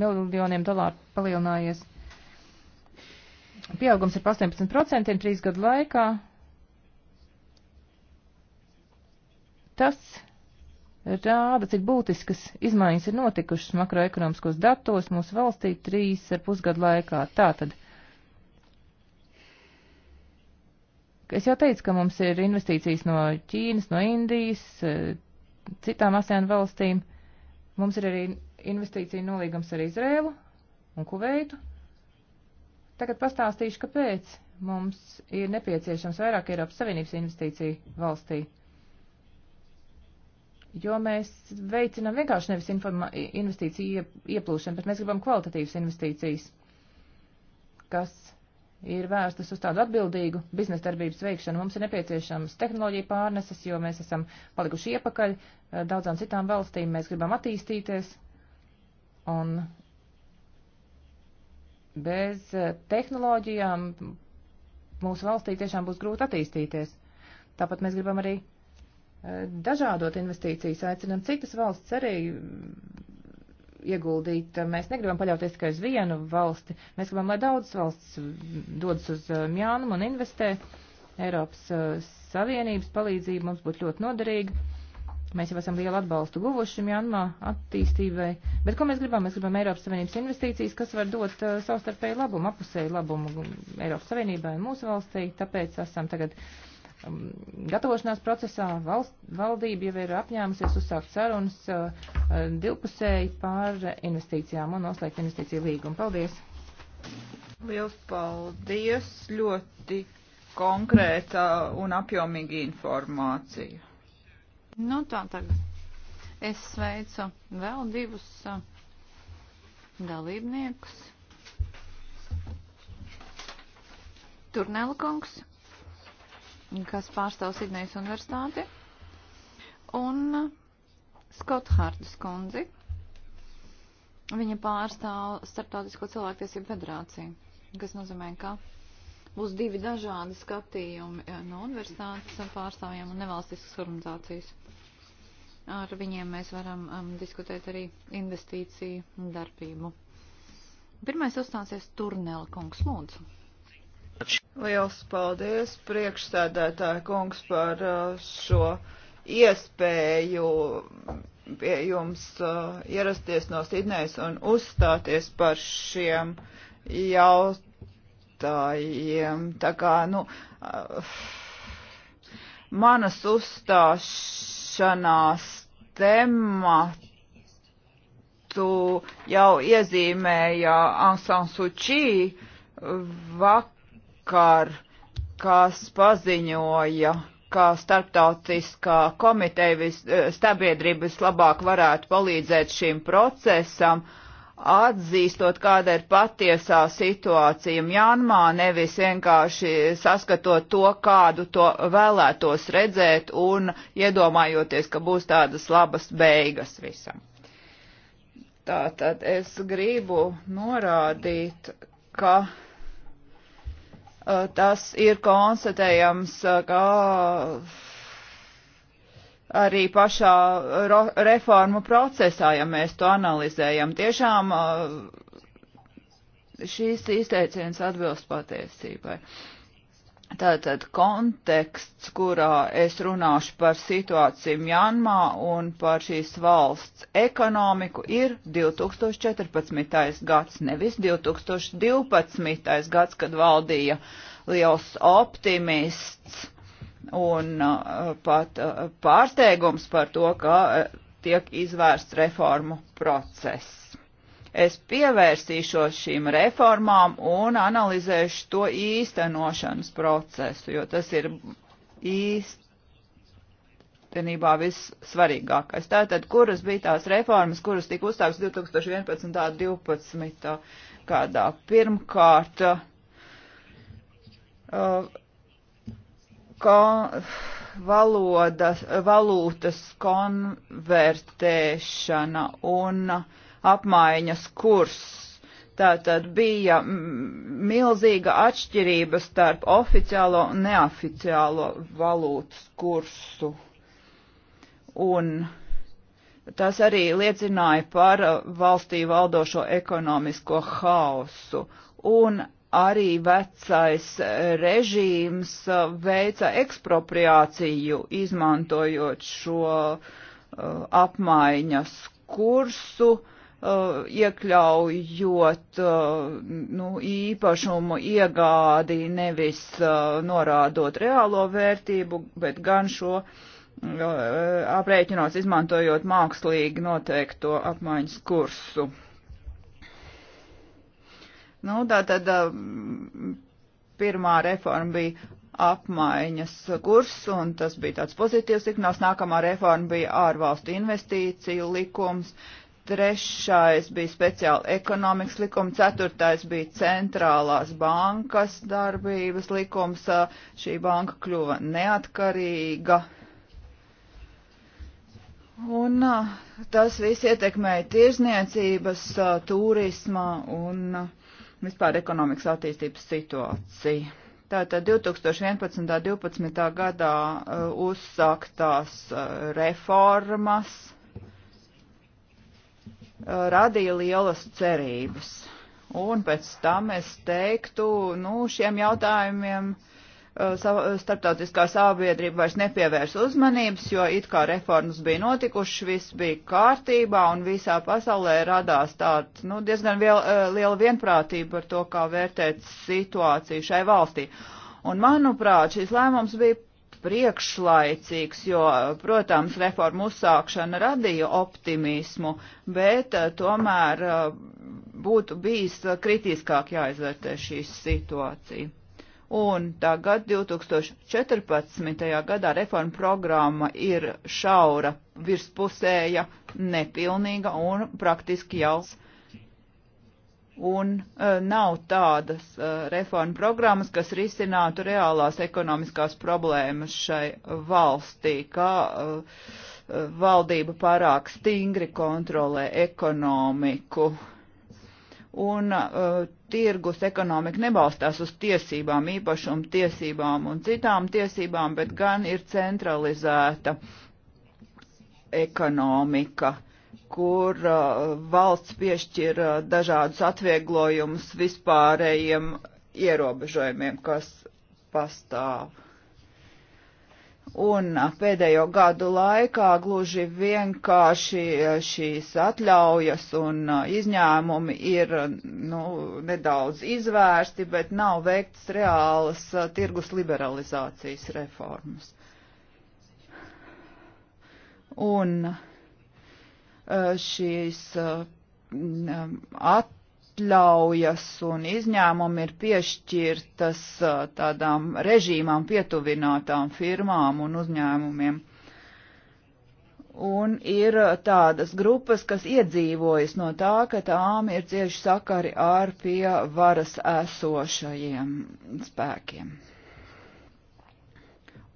miljoniem dolāru palielinājies. Pieaugums ir pa 18% trīs gadu laikā. Tas rāda, cik būtiskas izmaiņas ir notikušas makroekonomiskos datos mūsu valstī trīs ar pusgadu laikā. Tātad Es jau teicu, ka mums ir investīcijas no Ķīnas, no Indijas, eh, citām ASEAN valstīm. Mums ir arī investīcija nolīgums ar Izrēlu un Kuveitu. Tagad pastāstīšu, kāpēc mums ir nepieciešams vairāk Eiropas Savienības investīciju valstī. Jo mēs veicinām vienkārši nevis investīciju ieplūšanu, bet mēs gribam kvalitatīvas investīcijas, kas ir vērstas uz tādu atbildīgu biznesa darbības veikšanu. Mums ir nepieciešams tehnoloģija pārneses, jo mēs esam palikuši iepakaļ eh, daudzām citām valstīm, mēs gribam attīstīties. Un bez eh, tehnoloģijām mūsu valstī tiešām būs grūti attīstīties. Tāpat mēs gribam arī eh, dažādot investīcijas, aicinam citas valsts arī ieguldīt. Mēs negribam paļauties tikai uz vienu valsti. Mēs gribam, lai daudz valsts dodas uz eh, Mjānumu un investē. Eiropas eh, Savienības palīdzība mums būtu ļoti noderīga. Mēs jau esam lielu atbalstu guvuši Mjanmā attīstībai, bet ko mēs gribam? Mēs gribam Eiropas Savienības investīcijas, kas var dot uh, savstarpēju labumu, apusēju labumu Eiropas Savienībai un mūsu valstī, tāpēc esam tagad uh, Um, gatavošanās procesā. Valst, valdība jau ir apņēmusies uzsākt sarunas uh, uh, divpusēji pār investīcijām un noslēgt investīciju līgumu. Paldies! Liels paldies! Ļoti konkrēta un apjomīga informācija. Nu tā tagad. Es sveicu vēl divus uh, dalībniekus. Turnelkungs kas pārstāv Sidnejas universitāti, un Skotthārdas kundzi. Viņa pārstāv Startautisko cilvēktiesību federāciju, kas nozīmē, ka būs divi dažādi skatījumi no universitātes pārstāvjiem un nevalstiskas organizācijas. Ar viņiem mēs varam um, diskutēt arī investīciju darbību. Pirmais uzstāsies Turnela kungs lūdzu. Liels paldies priekšsēdētāja kungs par uh, šo iespēju pie jums uh, ierasties no Sidnejas un uzstāties par šiem jautājiem. Tā kā, nu, uh, manas uzstāšanās temats tu jau iezīmēja Ansan Suči vak vakar, kas paziņoja, ka starptautiskā komiteja sabiedrības eh, labāk varētu palīdzēt šim procesam, atzīstot, kāda ir patiesā situācija Mjanmā, nevis vienkārši saskatot to, kādu to vēlētos redzēt un iedomājoties, ka būs tādas labas beigas visam. Tātad es gribu norādīt, ka Uh, tas ir konstatējams, uh, ka arī pašā reformu procesā, ja mēs to analizējam. Tiešām uh, šīs izteiciens atbilst patiesībai. Uh, Tātad konteksts, kurā es runāšu par situāciju Mjanmā un par šīs valsts ekonomiku, ir 2014. gads, nevis 2012. gads, kad valdīja liels optimists un uh, pat uh, pārsteigums par to, ka uh, tiek izvērsts reformu process. Es pievērsīšos šīm reformām un analizēšu to īstenošanas procesu, jo tas ir īstenībā vissvarīgākais. Tātad, kuras bija tās reformas, kuras tika uzstāks 2011. un 2012. gadā? Pirmkārt, uh, ka uh, valodas, valūtas konvertēšana un uh, apmaiņas kurs. Tātad bija milzīga atšķirība starp oficiālo un neoficiālo valūtas kursu. Un tas arī liecināja par uh, valstī valdošo ekonomisko haosu. Un arī vecais režīms uh, veica ekspropriāciju, izmantojot šo uh, apmaiņas kursu. Uh, Uh, iekļaujot uh, nu, īpašumu iegādi, nevis uh, norādot reālo vērtību, bet gan šo aprēķinos izmantojot mākslīgi noteikto apmaiņas kursu. Nu, tā tad um, pirmā reforma bija apmaiņas kurs, un tas bija tāds pozitīvs signāls. Nākamā reforma bija ārvalstu investīciju likums. Uh, trešais bija speciāla ekonomikas likuma, ceturtais bija centrālās bankas darbības likums, šī banka kļuva neatkarīga. Un tas viss ietekmēja tirzniecības, turisma un vispār ekonomikas attīstības situāciju. Tātad 2011. un 2012. gadā uzsāktās reformas radīja lielas cerības. Un pēc tam es teiktu, nu, šiem jautājumiem e, starptautiskā sabiedrība vairs nepievērs uzmanības, jo it kā reformas bija notikušas, viss bija kārtībā un visā pasaulē radās tāds, nu, diezgan viel, e, liela vienprātība par to, kā vērtēt situāciju šai valstī. Un, manuprāt, šis lēmums bija priekšlaicīgs, jo, protams, reformu uzsākšana radīja optimismu, bet eh, tomēr eh, būtu bijis eh, kritiskāk jāizvērtē šī situācija. Un tagad 2014. gadā reforma programma ir šaura, virspusēja, nepilnīga un praktiski jau un uh, nav tādas uh, e, reformu programmas, kas risinātu reālās ekonomiskās problēmas šai valstī, kā uh, valdība pārāk stingri kontrolē ekonomiku. Un uh, tirgus ekonomika nebalstās uz tiesībām, īpašumu tiesībām un citām tiesībām, bet gan ir centralizēta ekonomika. Uh, kur uh, valsts piešķir uh, dažādus atvieglojumus vispārējiem ierobežojumiem, kas pastāv. Un uh, pēdējo gadu laikā gluži vienkārši šīs atļaujas un izņēmumi ir nu, nedaudz izvērsti, bet nav veikts reālas tirgus liberalizācijas reformas. Un uh, Eh, šīs eh, eh, atļaujas un izņēmumi ir piešķirtas tādām režīmām pietuvinātām firmām un uzņēmumiem. Un ir tādas grupas, kas iedzīvojas no tā, ka tām ir cieši sakari ar pie varas esošajiem spēkiem.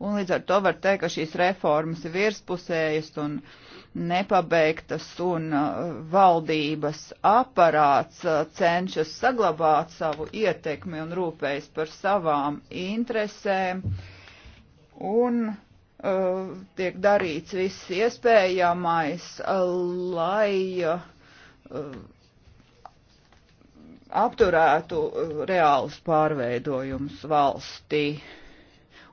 Un līdz ar to var teikt, ka šīs reformas ir virspusējas un uh, nepabeigtas un uh, valdības aparāts uh, cenšas saglabāt savu ietekmi un rūpējas par savām interesēm. Un uh, tiek darīts viss iespējamais, lai uh, apturētu uh, reālus pārveidojumus valstī. Uh,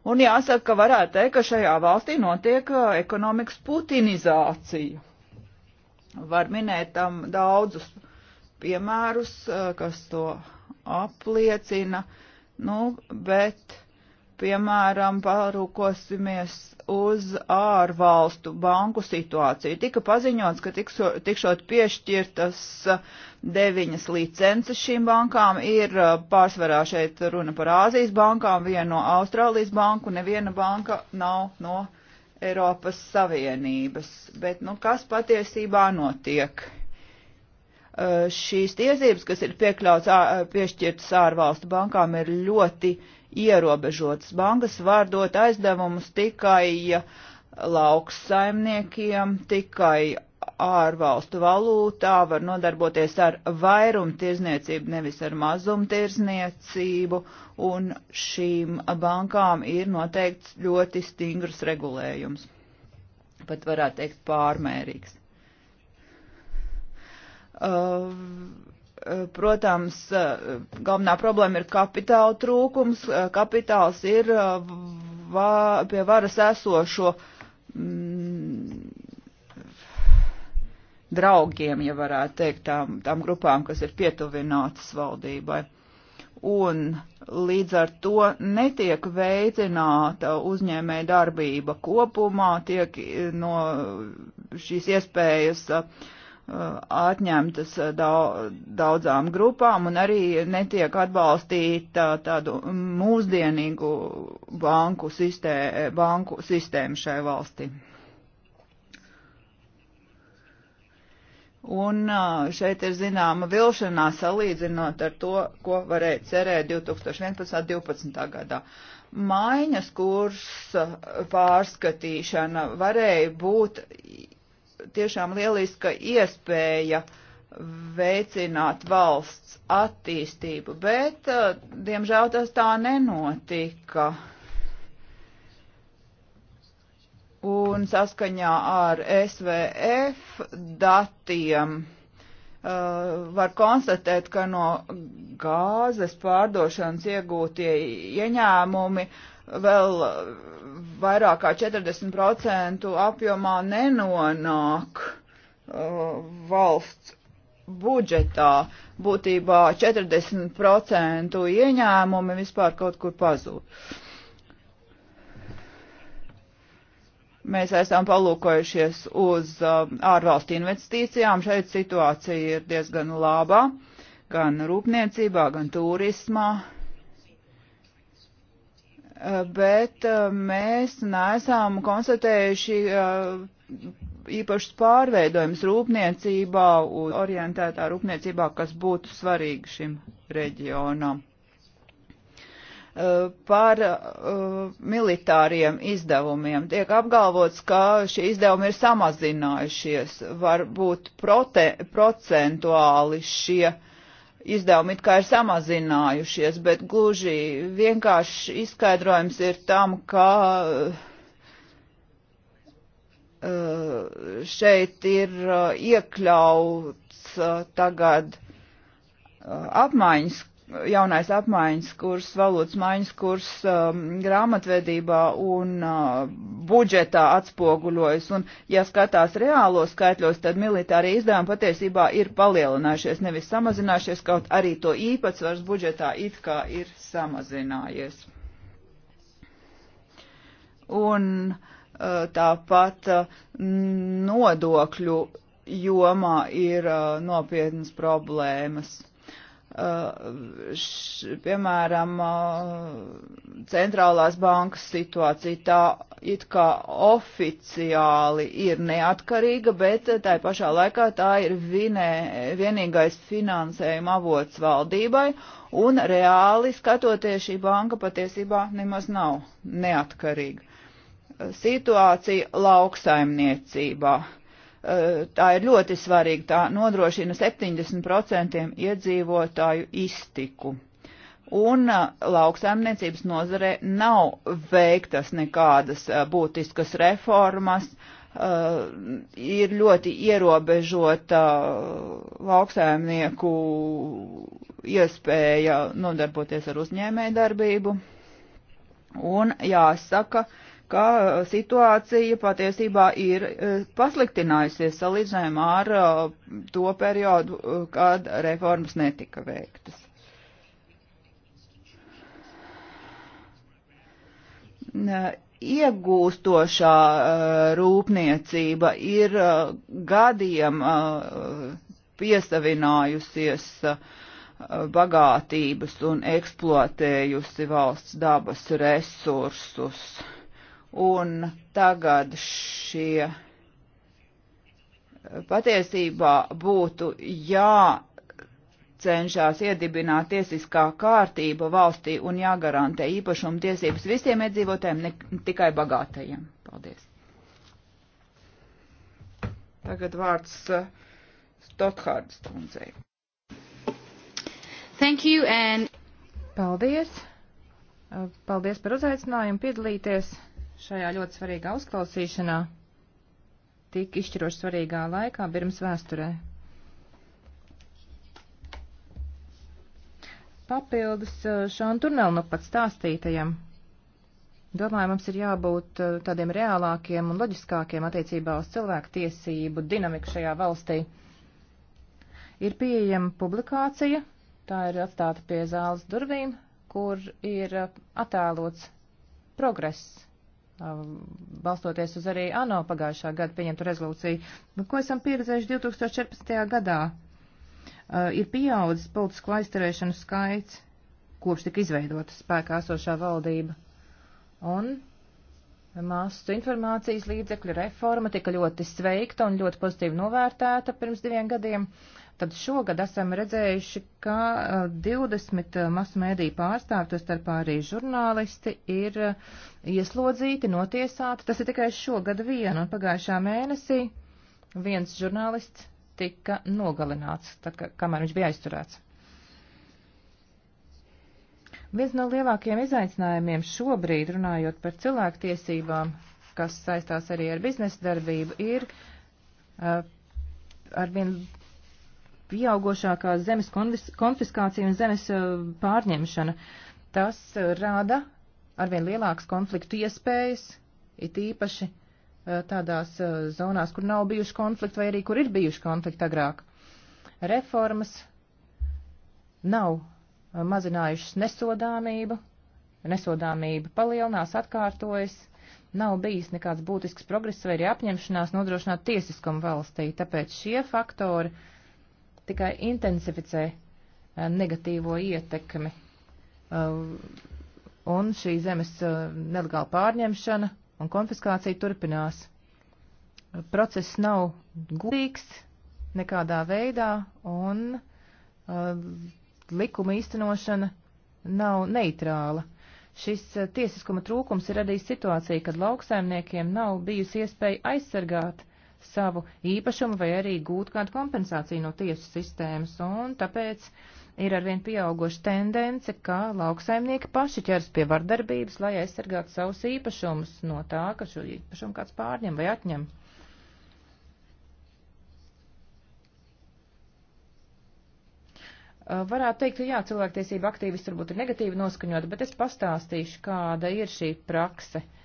Un jāsaka, ka varētu teikt, ka šajā valstī notiek ekonomikas putinizācija. Var minēt tam daudzus piemērus, kas to apliecina, nu, bet, piemēram, parūkosimies uz ārvalstu banku situāciju. Tika paziņots, ka tikso, tikšot piešķirtas uh, deviņas licences šīm bankām. Ir uh, pārsvarā šeit runa par Āzijas bankām, viena no Austrālijas banku, neviena banka nav no Eiropas Savienības. Bet, nu, kas patiesībā notiek? Uh, šīs tiesības, kas ir piekļauts, piešķirtas ārvalstu bankām, ir ļoti ierobežotas. Bankas var dot aizdevumus tikai lauksaimniekiem, tikai ārvalstu valūtā, var nodarboties ar vairumtirzniecību, nevis ar mazumtirzniecību, un šīm bankām ir noteikts ļoti stingrs regulējums, pat varētu teikt pārmērīgs. Uh, protams, uh, galvenā problēma ir kapitāla trūkums. Uh, kapitāls ir uh, va, pie varas esošo mm, draugiem, ja varētu teikt, tām, tām grupām, kas ir pietuvinātas valdībai. Un līdz ar to netiek veicināta uzņēmē darbība kopumā, tiek no šīs iespējas uh, atņemtas uh, daudzām grupām un arī netiek atbalstīta tādu mūsdienīgu banku sistēmu, banku sistēmu šai valstī. Un šeit ir zināma vilšanās salīdzinot ar to, ko varēja cerēt 2011.12. gadā. Maiņas kursa pārskatīšana varēja būt tiešām lieliska iespēja veicināt valsts attīstību, bet, diemžēl, tas tā nenotika. Uh, un saskaņā ar SVF datiem uh, var konstatēt, ka no gāzes pārdošanas iegūtie ieņēmumi vēl vairāk kā 40% apjomā nenonāk uh, valsts budžetā. Būtībā 40% ieņēmumi vispār kaut kur pazūd. Uh, Mēs esam palūkojušies uz um, ārvalstu investīcijām. Šeit situācija ir diezgan labā, gan rūpniecībā, gan turismā. Uh, bet uh, mēs neesam konstatējuši uh, īpašas pārveidojumas rūpniecībā, orientētā rūpniecībā, kas būtu svarīgi šim reģionam. Eh, par eh, militāriem izdevumiem. Tiek apgalvots, ka šie izdevumi ir samazinājušies, varbūt prote, procentuāli šie izdevumi it kā ir samazinājušies, bet gluži vienkārši izskaidrojums ir tam, ka eh, šeit ir iekļauts tagad apmaiņas jaunais apmaiņas kurs, valūtas maiņas kurs um, grāmatvedībā un uh, budžetā atspoguļojas. Un, ja skatās reālos skaitļos, tad militārie izdevumi patiesībā ir palielinājušies, nevis samazinājušies, kaut arī to īpatsvars budžetā it kā ir samazinājies. Un uh, tāpat uh, nodokļu jomā ir uh, nopietnas problēmas š, piemēram, centrālās bankas situācija tā it kā oficiāli ir neatkarīga, bet tā pašā laikā tā ir vinē, vienīgais finansējuma avots valdībai, un reāli skatoties šī banka patiesībā nemaz nav neatkarīga. Situācija lauksaimniecībā Eh, tā ir ļoti svarīga. Tā nodrošina 70% iedzīvotāju iztiku. Un eh, lauksaimniecības nozare nav veiktas nekādas eh, būtiskas reformas, ir ļoti ierobežota lauksaimnieku iespēja nodarboties ar uzņēmējdarbību. Un jāsaka, uh, ka eh, situācija patiesībā ir eh, pasliktinājusies salīdzinājumā ar eh, to periodu, kad reformas netika veiktas. Iegūstošā rūpniecība ir gadiem piesavinājusies bagātības un eksploatējusi valsts dabas resursus un tagad šie eh, patiesībā būtu jācenšas iedibināt tiesiskā kārtība valstī un jāgarantē īpašuma tiesības visiem iedzīvotājiem, ne tikai bagātajiem. Paldies. Tagad vārds eh, Stothardas kundzei. Thank you and. Paldies. Eh, paldies par uzaicinājumu piedalīties šajā ļoti svarīgā uzklausīšanā tik izšķiroši svarīgā laikā Birmas vēsturē. Papildus eh, šām turnēlu nu pat stāstītajam. Domāju, mums ir jābūt eh, tādiem reālākiem un loģiskākiem attiecībā uz cilvēku tiesību dinamiku šajā valstī. Ir pieejama publikācija, tā ir atstāta pie zāles durvīm, kur ir eh, attēlots progress balstoties uz arī ANO pagājušā gada pieņemtu rezolūciju, nu, ko esam pieredzējuši 2014. gadā, ir pieaudzis politisko aizturēšanu skaits, kopš tika izveidota spēkā esošā valdība. Un masu informācijas līdzekļu reforma tika ļoti sveikta un ļoti pozitīvi novērtēta pirms diviem gadiem. Uh, tad šogad esam redzējuši, ka 20 uh, uh, masmēdīju pārstāvju, to starpā arī žurnālisti, ir uh, ieslodzīti, notiesāti. Tas ir tikai šogad vien, un pagājušā mēnesī viens žurnālists tika nogalināts, tad, ka, kamēr viņš bija aizturēts. Viens no lielākajiem izaicinājumiem šobrīd, runājot par cilvēktiesībām, kas saistās arī ar biznesa darbību, ir uh, arvien pieaugošākā zemes konfiskācija un zemes eh, pārņemšana. Tas eh, rada arvien lielākas konfliktu iespējas, it īpaši eh, tādās zonās, kur nav bijuši konflikti vai arī kur ir bijuši konflikti agrāk. Reformas nav mazinājušas nesodāmību, nesodāmība palielinās, atkārtojas, nav bijis nekāds būtisks progress vai arī apņemšanās nodrošināt tiesiskumu valstī, tāpēc šie faktori uh, tikai intensificē eh, negatīvo ietekmi. Eh, un šī zemes eh, nelegāla pārņemšana un konfiskācija turpinās. Process nav gudrīgs nekādā veidā, un likuma īstenošana nav neitrāla. Šis tiesiskuma trūkums ir radījis situāciju, kad lauksaimniekiem nav bijusi iespēja aizsargāt savu īpašumu vai arī gūt kādu kompensāciju no tiesu sistēmas. Un tāpēc ir arvien pieauguša tendence, ka lauksaimnieki paši ķers pie vardarbības, lai aizsargātu savus īpašumus no tā, ka šo īpašumu kāds pārņem vai atņem. varētu teikt, ka jā, cilvēktiesība aktīvisti varbūt ir negatīvi noskaņoti, bet es pastāstīšu, kāda ir šī prakse. Uh,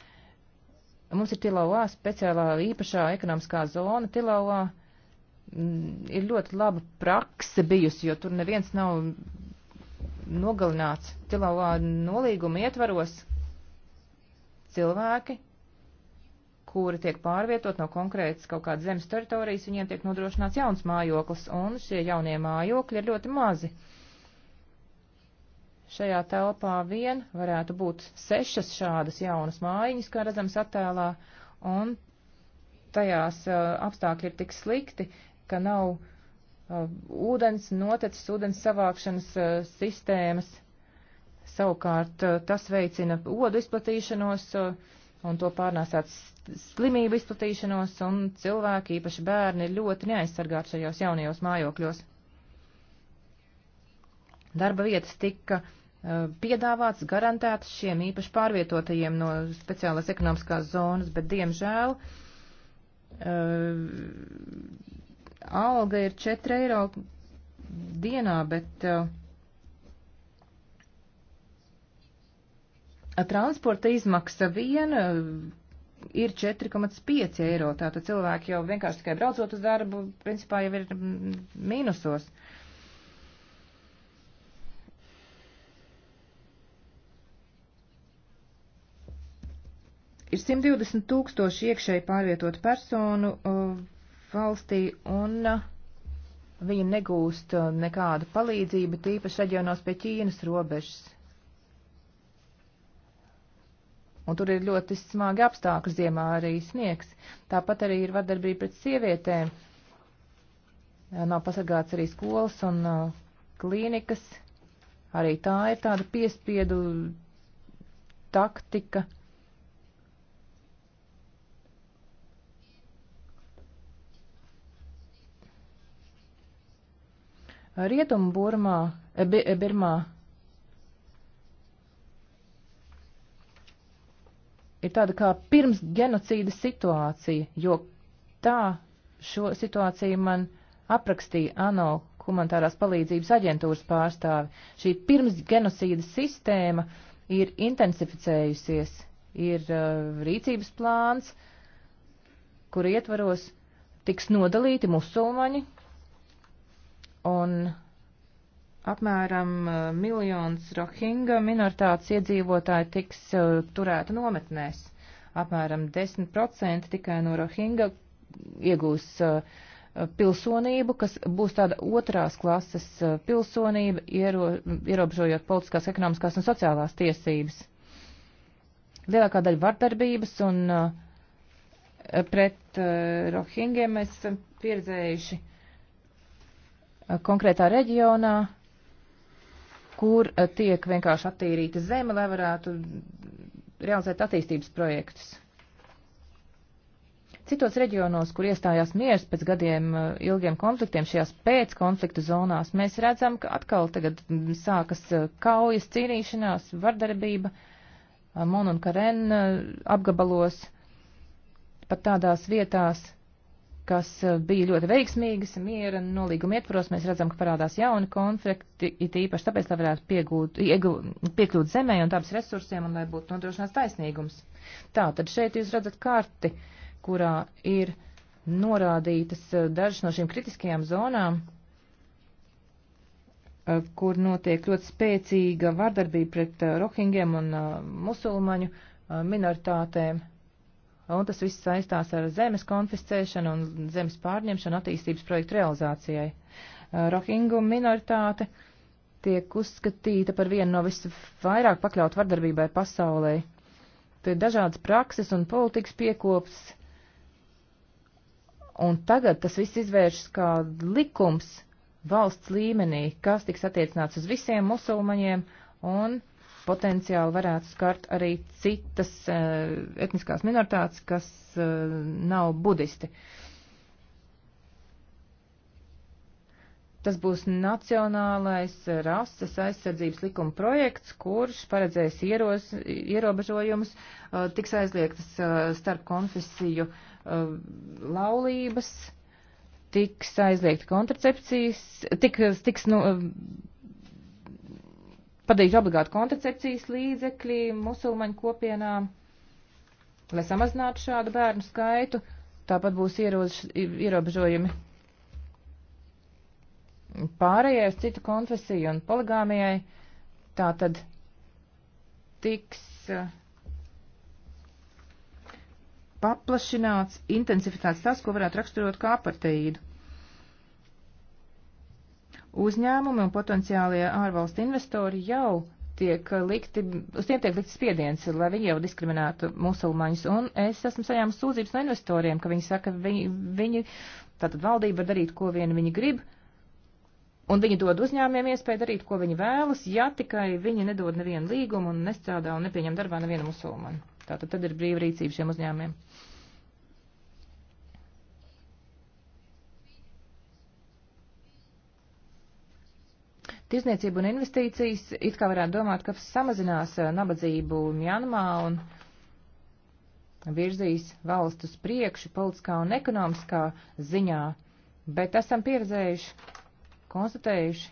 Mums ir Tilauā speciālā īpašā ekonomiskā zona Tilauā. Mm, ir ļoti laba prakse bijusi, jo tur neviens nav nogalināts. Tilauā nolīguma ietvaros cilvēki, kuri tiek pārvietot no konkrētas kaut kādas zemes teritorijas, viņiem tiek nodrošināts jauns mājoklis, un šie jaunie mājokļi ir ļoti mazi. Uh, šajā telpā vien varētu būt sešas šādas jaunas mājiņas, kā redzams attēlā, un tajās uh, apstākļi ir tik slikti, ka nav uh, ūdens, notecis ūdens savākšanas uh, sistēmas. Savukārt uh, tas veicina odu izplatīšanos uh, un to pārnēsāt slimību izplatīšanos, un cilvēki, īpaši bērni, ir ļoti neaizsargāti šajos jaunajos mājokļos. Darba vietas tika uh, Eh, piedāvāts, garantēts šiem īpaši pārvietotajiem no speciālās ekonomiskās zonas, bet diemžēl uh, alga ir 4 eiro dienā, bet uh, transporta izmaksa viena ir 4,5 eiro, tātad cilvēki jau vienkārši tikai braucot uz darbu, principā jau ir mm, mīnusos. Uh, Ir 120 tūkstoši iekšēji pārvietotu personu uh, valstī un uh, viņi negūst uh, nekādu palīdzību, tīpaši reģionos pie Ķīnas robežas. Un tur ir ļoti smagi apstākļi ziemā arī sniegs. Tāpat arī ir vardarbība pret sievietēm. Nav pasargāts arī skolas un uh, klīnikas. Arī tā ir tāda piespiedu taktika. Uh, Rietumu Burmā, eh, bi, eh, Birmā ir tāda kā pirms genocīda situācija, jo tā šo situāciju man aprakstīja ANO humanitārās palīdzības aģentūras pārstāvi. Šī pirms genocīda sistēma ir intensificējusies, ir uh, rīcības plāns, kur ietvaros tiks nodalīti musulmaņi un apmēram eh, miljons rohinga minoritātes iedzīvotāji tiks eh, turēti nometnēs. Apmēram 10% tikai no rohinga iegūs eh, pilsonību, kas būs tāda otrās klases pilsonība, iero, ierobežojot politiskās, ekonomiskās un sociālās tiesības. Lielākā daļa vardarbības un pret rohingiem mēs esam pieredzējuši uh, Eh, konkrētā reģionā, kur eh, tiek vienkārši attīrīta zeme, lai varētu realizēt attīstības projektus. Citos reģionos, kur iestājās miers pēc gadiem eh, ilgiem konfliktiem, šajās pēckonfliktu zonās, mēs redzam, ka atkal tagad mm, sākas kaujas, cīnīšanās, vardarbība Mon un Karen apgabalos, pat tādās vietās, kas eh, bija ļoti veiksmīgas, miera nolīguma ietvaros. Mēs redzam, ka parādās jauni konflikti, it īpaši tāpēc, lai varētu piegūt, iegu, piekļūt zemē un tāpēc resursiem un lai būtu nodrošināts taisnīgums. Tā, tad šeit jūs redzat karti, kurā ir norādītas eh, dažas no šīm kritiskajām zonām, eh, kur notiek ļoti spēcīga vardarbība pret rohingiem un musulmaņu minoritātēm un tas viss saistās ar zemes konfiscēšanu un zemes pārņemšanu attīstības projektu realizācijai. Rohingu minoritāte tiek uzskatīta par vienu no visvairāk pakļaut vardarbībai pasaulē. Te ir dažādas prakses un politikas piekops, un tagad tas viss izvēršas kā likums valsts līmenī, kas tiks attiecināts uz visiem musulmaņiem, un potenciāli varētu skart arī citas eh, etniskās minoritātes, kas eh, nav budisti. Tas būs nacionālais rases aizsardzības likuma projekts, kurš paredzēs ieroz, ierobežojumus, eh, tiks aizliegtas starp konfesiju laulības, tiks aizliegta kontracepcijas, tik, tiks nu, padarīt obligāti kontracepcijas līdzekļi musulmaņu kopienām, lai samazinātu šādu bērnu skaitu. Tāpat būs ierož, ierobežojumi pārējai uz citu konfesiju un poligāmijai. Tā tad tiks eh, paplašināts, intensificēts tas, ko varētu raksturot kā aparteīdu uzņēmumi un potenciālie ārvalstu investori jau tiek likti, uz tiem tiek likts spiediens, lai viņi jau diskriminētu musulmaņus. Un es esmu saņēmis sūdzības no investoriem, ka viņi saka, viņi, viņi tātad valdība var darīt, ko vien viņi grib, un viņi dod uzņēmiem iespēju darīt, ko viņi vēlas, ja tikai viņi nedod nevienu līgumu un nestrādā un nepieņem darbā nevienu musulmanu. Tātad tad ir brīva rīcība šiem uzņēmiem. Uh, Tirzniecība un investīcijas it kā varētu domāt, ka samazinās eh, nabadzību Mjanmā un virzīs valstus priekšu politiskā un ekonomiskā ziņā, bet esam pieredzējuši, konstatējuši,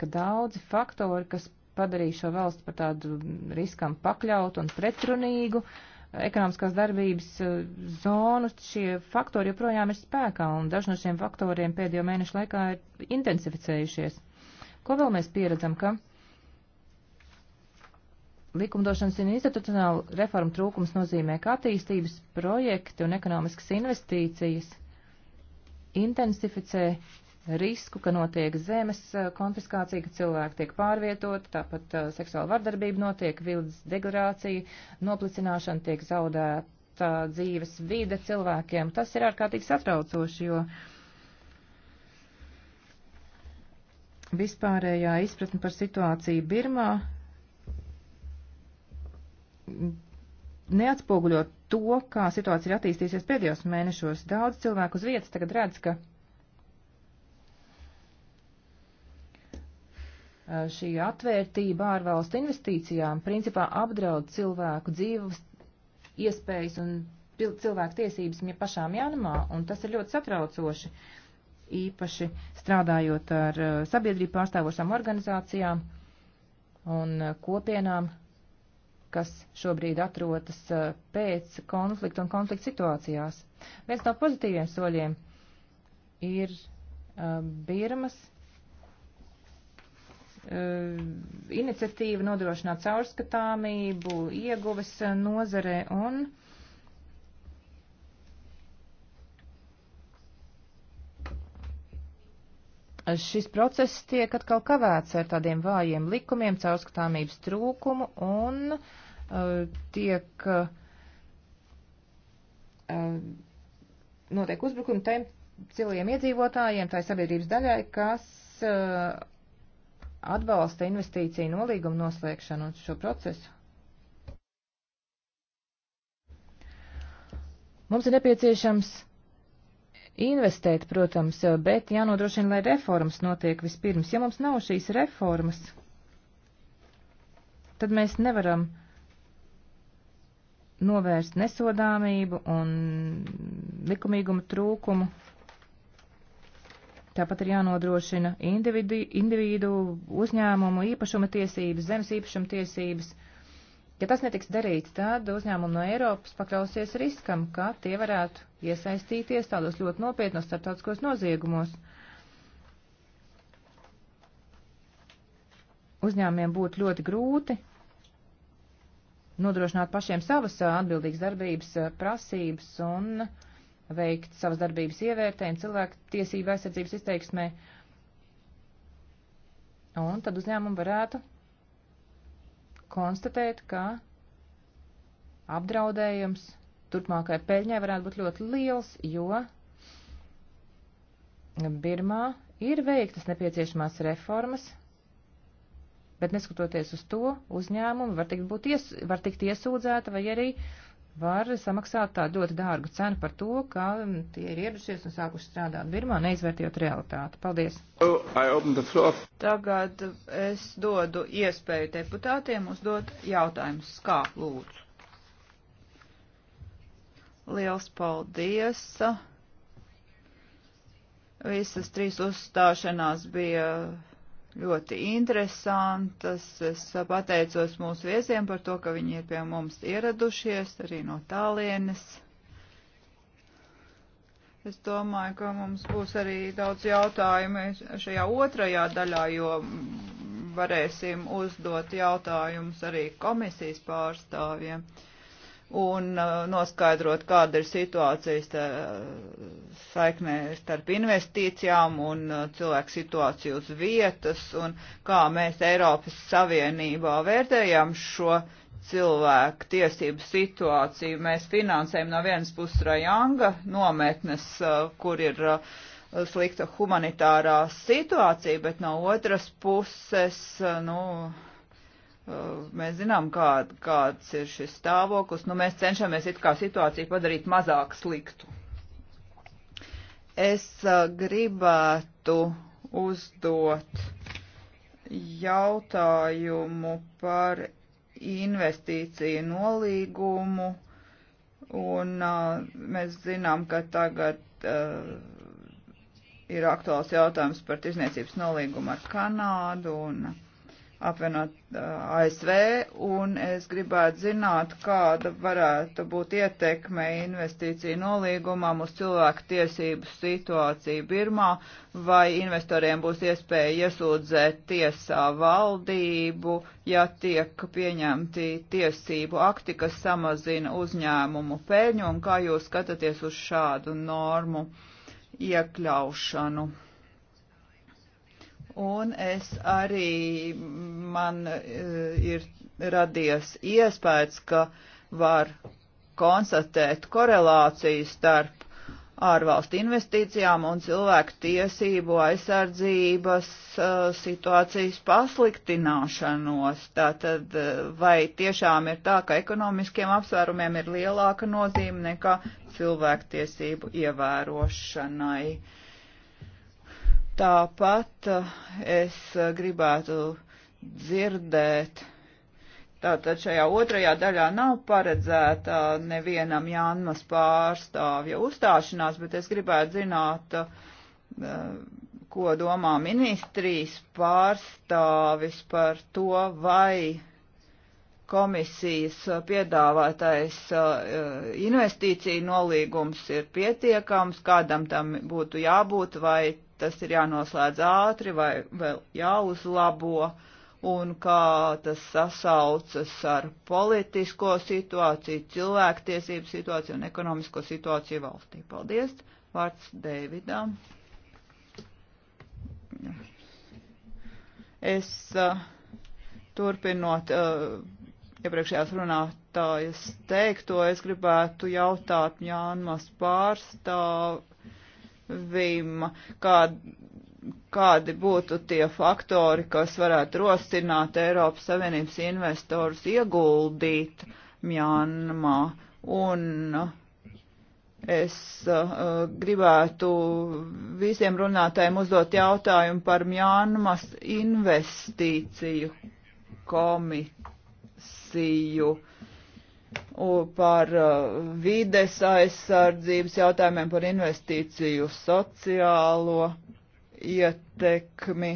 ka daudzi faktori, kas padarīja šo valstu par tādu riskam pakļautu un pretrunīgu, uh, ekonomiskās darbības eh, zonas, šie faktori joprojām ir spēkā, un daži no šiem faktoriem pēdējo mēnešu laikā ir intensificējušies. Ko vēl mēs pieredzam, ka likumdošanas un institucionāla reforma trūkums nozīmē, ka attīstības projekti un ekonomiskas investīcijas intensificē risku, ka notiek zemes eh, konfiskācija, ka cilvēki tiek pārvietoti, tāpat uh, seksuāla vardarbība notiek, vildes degradācija, noplicināšana tiek zaudēta dzīves vide cilvēkiem. Tas ir ārkārtīgi satraucoši, jo vispārējā izpratne par situāciju Birmā neatspoguļo to, kā situācija ir attīstīsies pēdējos mēnešos. Daudz cilvēku uz vietas tagad redz, ka Eh, šī atvērtība ārvalstu investīcijām principā apdraud cilvēku dzīves iespējas un cilvēku tiesības ja pašām jānamā, un tas ir ļoti satraucoši, īpaši strādājot ar eh, sabiedrību pārstāvošām organizācijām un eh, kopienām, kas šobrīd atrodas pēc konflikta un konflikta situācijās. Viens no pozitīviem soļiem ir Birmas Eh, iniciatīva nodrošināt caurskatāmību ieguves eh, nozarē un Šis process tiek atkal kavēts ar tādiem vājiem likumiem, caurskatāmības trūkumu un uh, tiek uh, notiek uzbrukumi tiem cilvēkiem iedzīvotājiem, tā ir sabiedrības daļai, kas uh, atbalsta investīciju nolīgumu noslēgšanu un šo procesu. Mums ir nepieciešams investēt, protams, bet jānodrošina, lai reformas notiek vispirms. Ja mums nav šīs reformas, tad mēs nevaram novērst nesodāmību un likumīgumu trūkumu Tāpat ir jānodrošina individu, individu uzņēmumu īpašuma tiesības, zemes īpašuma tiesības. Ja tas netiks darīts, tad uzņēmumi no Eiropas pakļausies riskam, ka tie varētu iesaistīties tādos ļoti nopietnos starptautiskos noziegumos. Uzņēmumiem būtu ļoti grūti nodrošināt pašiem savas atbildīgas darbības prasības un uh, veikt savas darbības ievērtējumu cilvēku tiesību aizsardzības izteiksmē. Un tad uzņēmumi varētu konstatēt, ka apdraudējums turpmākajai peļņai varētu būt ļoti liels, jo Birmā ir veiktas nepieciešamās reformas, bet neskatoties uz to, uzņēmumi var tikt, būt ies, var tikt iesūdzēta vai arī uh, var samaksāt tādu ļoti dārgu cenu par to, ka tie ir ieradušies un sākuši strādāt Birmā, neizvērtējot realitāti. Paldies! Oh, Tagad es dodu iespēju deputātiem uzdot jautājumus. Kā lūdzu? Liels paldies! Visas trīs uzstāšanās bija ļoti interesantas. Es pateicos mūsu viesiem par to, ka viņi ir pie mums ieradušies arī no tālienes. Es domāju, ka mums būs arī daudz jautājumu šajā otrajā daļā, jo varēsim uzdot jautājumus arī komisijas pārstāvjiem. Ja un uh, noskaidrot, kāda ir situācija saiknē starp investīcijām un uh, cilvēku situāciju uz vietas, un kā mēs Eiropas Savienībā vērtējam šo cilvēku tiesību situāciju. Mēs finansējam no vienas puses Rajanga nometnes, uh, kur ir slikta humanitārā situācija, bet no otras puses, nu, Eh, mēs zinām, kā, kāds ir šis stāvoklis. Nu, mēs cenšamies it kā situāciju padarīt mazāk sliktu. Es eh, gribētu uzdot jautājumu par investīciju nolīgumu, un eh, mēs zinām, ka tagad ir aktuāls jautājums par tirzniecības nolīgumu ar Kanādu un apvienot ASV, un es gribētu zināt, kāda varētu būt ietekme investīciju nolīgumam uz cilvēku tiesību situāciju Birmā, vai investoriem būs iespēja iesūdzēt tiesā valdību, ja tiek pieņemti tiesību akti, kas samazina uzņēmumu peļņu, un kā jūs skatāties uz šādu normu iekļaušanu. Un es arī man eh, ir radies iespējas, ka var konstatēt korelāciju starp ārvalstu investīcijām un cilvēku tiesību aizsardzības eh, situācijas pasliktināšanos. Tātad eh, vai tiešām ir tā, ka ekonomiskiem apsvērumiem ir lielāka nozīme nekā cilvēku tiesību ievērošanai? Uh, Tāpat eh, es eh, gribētu dzirdēt. Tātad šajā otrajā daļā nav paredzēta nevienam Jānmas pārstāvja uzstāšanās, bet es gribētu zināt, eh, ko domā ministrijas pārstāvis par to, vai komisijas piedāvātais investīcija nolīgums ir pietiekams, kādam tam būtu jābūt, vai tas ir jānoslēdz ātri vai vēl jāuzlabo un kā tas sasaucas ar politisko situāciju, cilvēktiesību situāciju un ekonomisko situāciju valstī. Paldies! Vārds Deividam. Es uh, turpinot uh, iepriekšējās runātājas teikto, es gribētu jautāt Jānmas pārstāv Vim, kā, kādi būtu tie faktori, kas varētu rosināt Eiropas Savienības investorus ieguldīt Mjanmā. Un es uh, gribētu visiem runātājiem uzdot jautājumu par Mjanmas investīciju komisiju par uh, vides aizsardzības jautājumiem, par investīciju sociālo ietekmi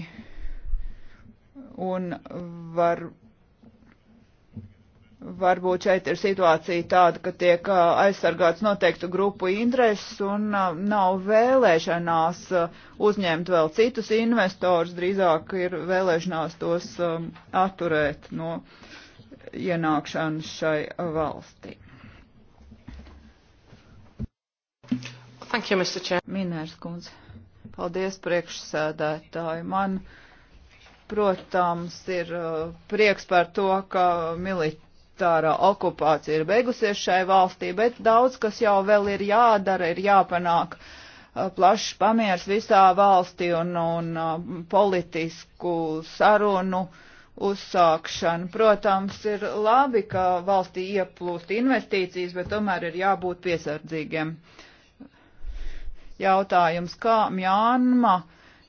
un var, varbūt šeit ir situācija tāda, ka tiek uh, aizsargāts noteiktu grupu intereses un uh, nav vēlēšanās uzņemt vēl citus investors, drīzāk ir vēlēšanās tos um, atturēt no. Uh, ienākšanu šai valstī. Thank you, Mr. Chair. Minērs kundze. Paldies priekšsēdētāji. Man, protams, ir uh, prieks par to, ka militārā okupācija ir beigusies šai valstī, bet daudz, kas jau vēl ir jādara, ir jāpanāk uh, plašs pamiers visā valstī un, un uh, politisku sarunu. Uh, uzsākšanu. Protams, ir labi, ka valstī ieplūst investīcijas, bet tomēr ir jābūt piesardzīgiem. Jautājums, kā Mjānma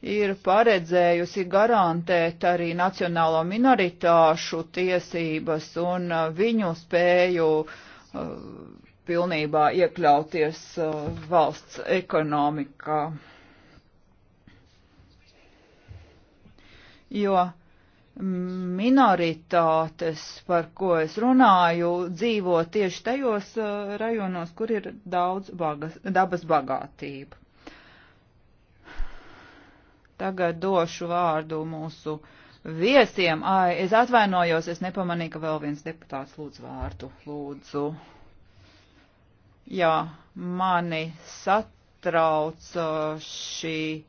ir paredzējusi garantēt arī nacionālo minoritāšu tiesības un viņu spēju uh, pilnībā iekļauties uh, valsts ekonomikā. Jo minoritātes, par ko es runāju, dzīvo tieši tajos uh, rajonos, kur ir daudz bagas, dabas bagātība. Tagad došu vārdu mūsu viesiem. Ai, es atvainojos, es nepamanīju, ka vēl viens deputāts lūdz vārdu. Lūdzu. Jā, mani satrauc uh, šī.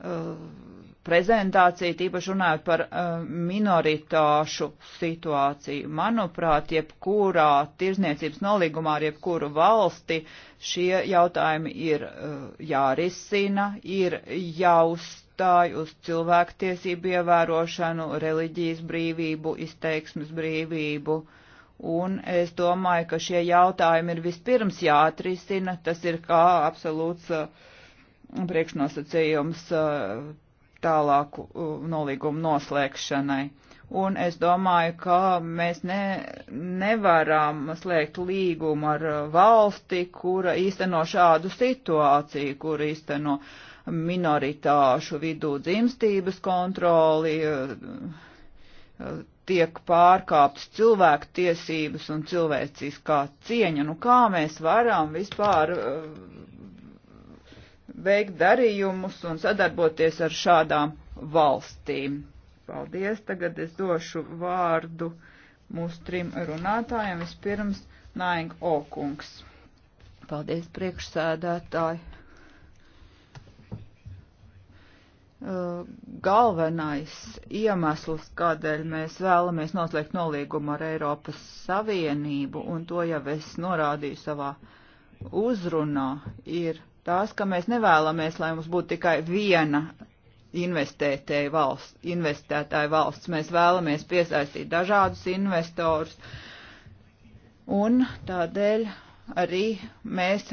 Uh, prezentāciju, tīpaši runājot par uh, minoritāšu situāciju. Manuprāt, jebkurā tirzniecības nolīgumā ar jebkuru valsti šie jautājumi ir uh, jārisina, ir jāuzstāj uz cilvēktiesību ievērošanu, reliģijas brīvību, izteiksmes brīvību. Un es domāju, ka šie jautājumi ir vispirms jāatrisina, tas ir kā absolūts uh, priekšnosacījums uh, tālāku nolīgumu noslēgšanai. Un es domāju, ka mēs ne, nevaram slēgt līgumu ar uh, valsti, kura īsteno šādu situāciju, kura īsteno minoritāšu vidū dzimstības kontroli, uh, uh, tiek pārkāptas cilvēku tiesības un cilvēciskā cieņa. Nu kā mēs varam vispār veikt darījumus un sadarboties ar šādām valstīm. Paldies, tagad es došu vārdu mūsu trim runātājiem. Vispirms Naing Okungs. Paldies, priekšsēdētāji. Uh, galvenais iemesls, kādēļ mēs vēlamies noslēgt nolīgumu ar Eiropas Savienību, un to jau es norādīju savā uzrunā, ir tās, ka mēs nevēlamies, lai mums būtu tikai viena investētēja valsts, investētāja valsts. Mēs vēlamies piesaistīt dažādus investors. Un tādēļ arī mēs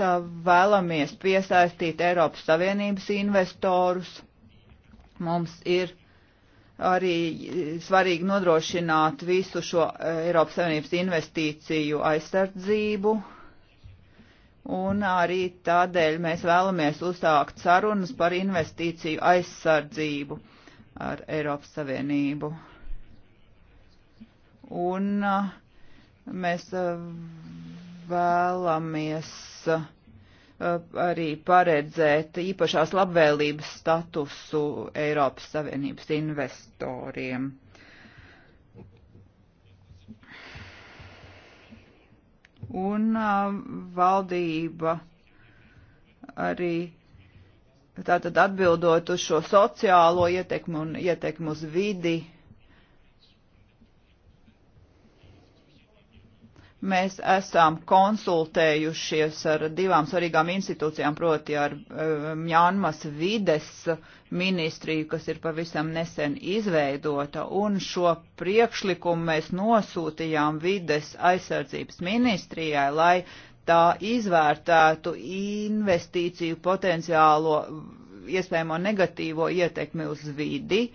vēlamies piesaistīt Eiropas Savienības investorus. Mums ir arī svarīgi nodrošināt visu šo Eiropas Savienības investīciju aizsardzību, un arī tādēļ mēs vēlamies uzsākt sarunas par investīciju aizsardzību ar Eiropas Savienību. Un uh, mēs uh, vēlamies uh, arī paredzēt īpašās labvēlības statusu Eiropas Savienības investoriem. un valdība arī tātad atbildot uz šo sociālo ietekmi un ietekmi uz vidi Mēs esam konsultējušies ar divām svarīgām institūcijām, proti ar eh, Mjānmas um, vides ministriju, kas ir pavisam nesen izveidota, un šo priekšlikumu mēs nosūtījām vides aizsardzības ministrijai, lai tā izvērtētu investīciju potenciālo iespējamo negatīvo ietekmi uz vidi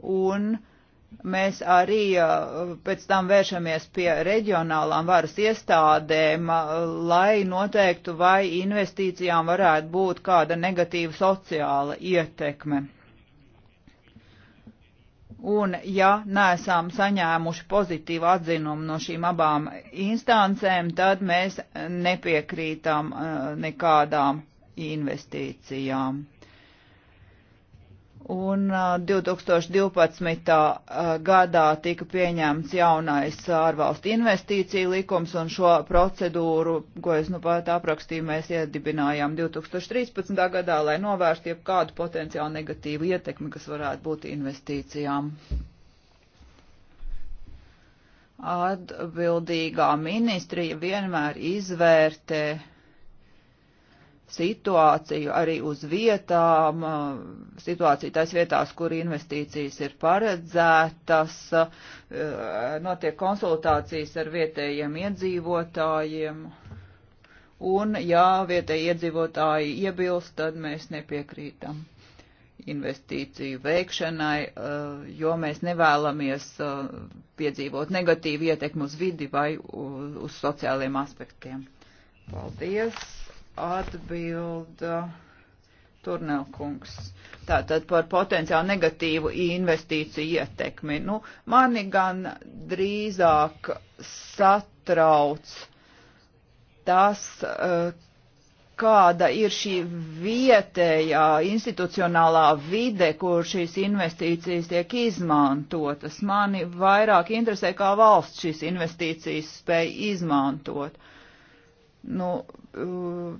un uh, Mēs arī uh, pēc tam vēršamies pie reģionālām varas iestādēm, uh, lai noteiktu, vai investīcijām varētu būt kāda negatīva sociāla ietekme. Un, ja neesam saņēmuši pozitīvu atzinumu no šīm abām instancēm, tad mēs nepiekrītam uh, nekādām investīcijām. Un 2012. gadā tika pieņemts jaunais ārvalstu investīciju likums, un šo procedūru, ko es nu pat aprakstīju, mēs iedibinājām 2013. gadā, lai novērstu jebkādu potenciālu negatīvu ietekmi, kas varētu būt investīcijām. Atbildīgā ministrija vienmēr izvērtē situāciju arī uz vietām, situāciju tās vietās, kur investīcijas ir paredzētas, notiek konsultācijas ar vietējiem iedzīvotājiem, un ja vietēji iedzīvotāji iebilst, tad mēs nepiekrītam investīciju veikšanai, jo mēs nevēlamies piedzīvot negatīvu ietekmu uz vidi vai uz sociāliem aspektiem. Paldies! atbilda Turnelkungs. Tātad par potenciāli negatīvu investīciju ietekmi. Nu, mani gan drīzāk satrauc tas, eh, kāda ir šī vietējā institucionālā vide, kur šīs investīcijas tiek izmantotas. Mani vairāk interesē, kā valsts šīs investīcijas spēj izmantot. Uh, Nu, eh,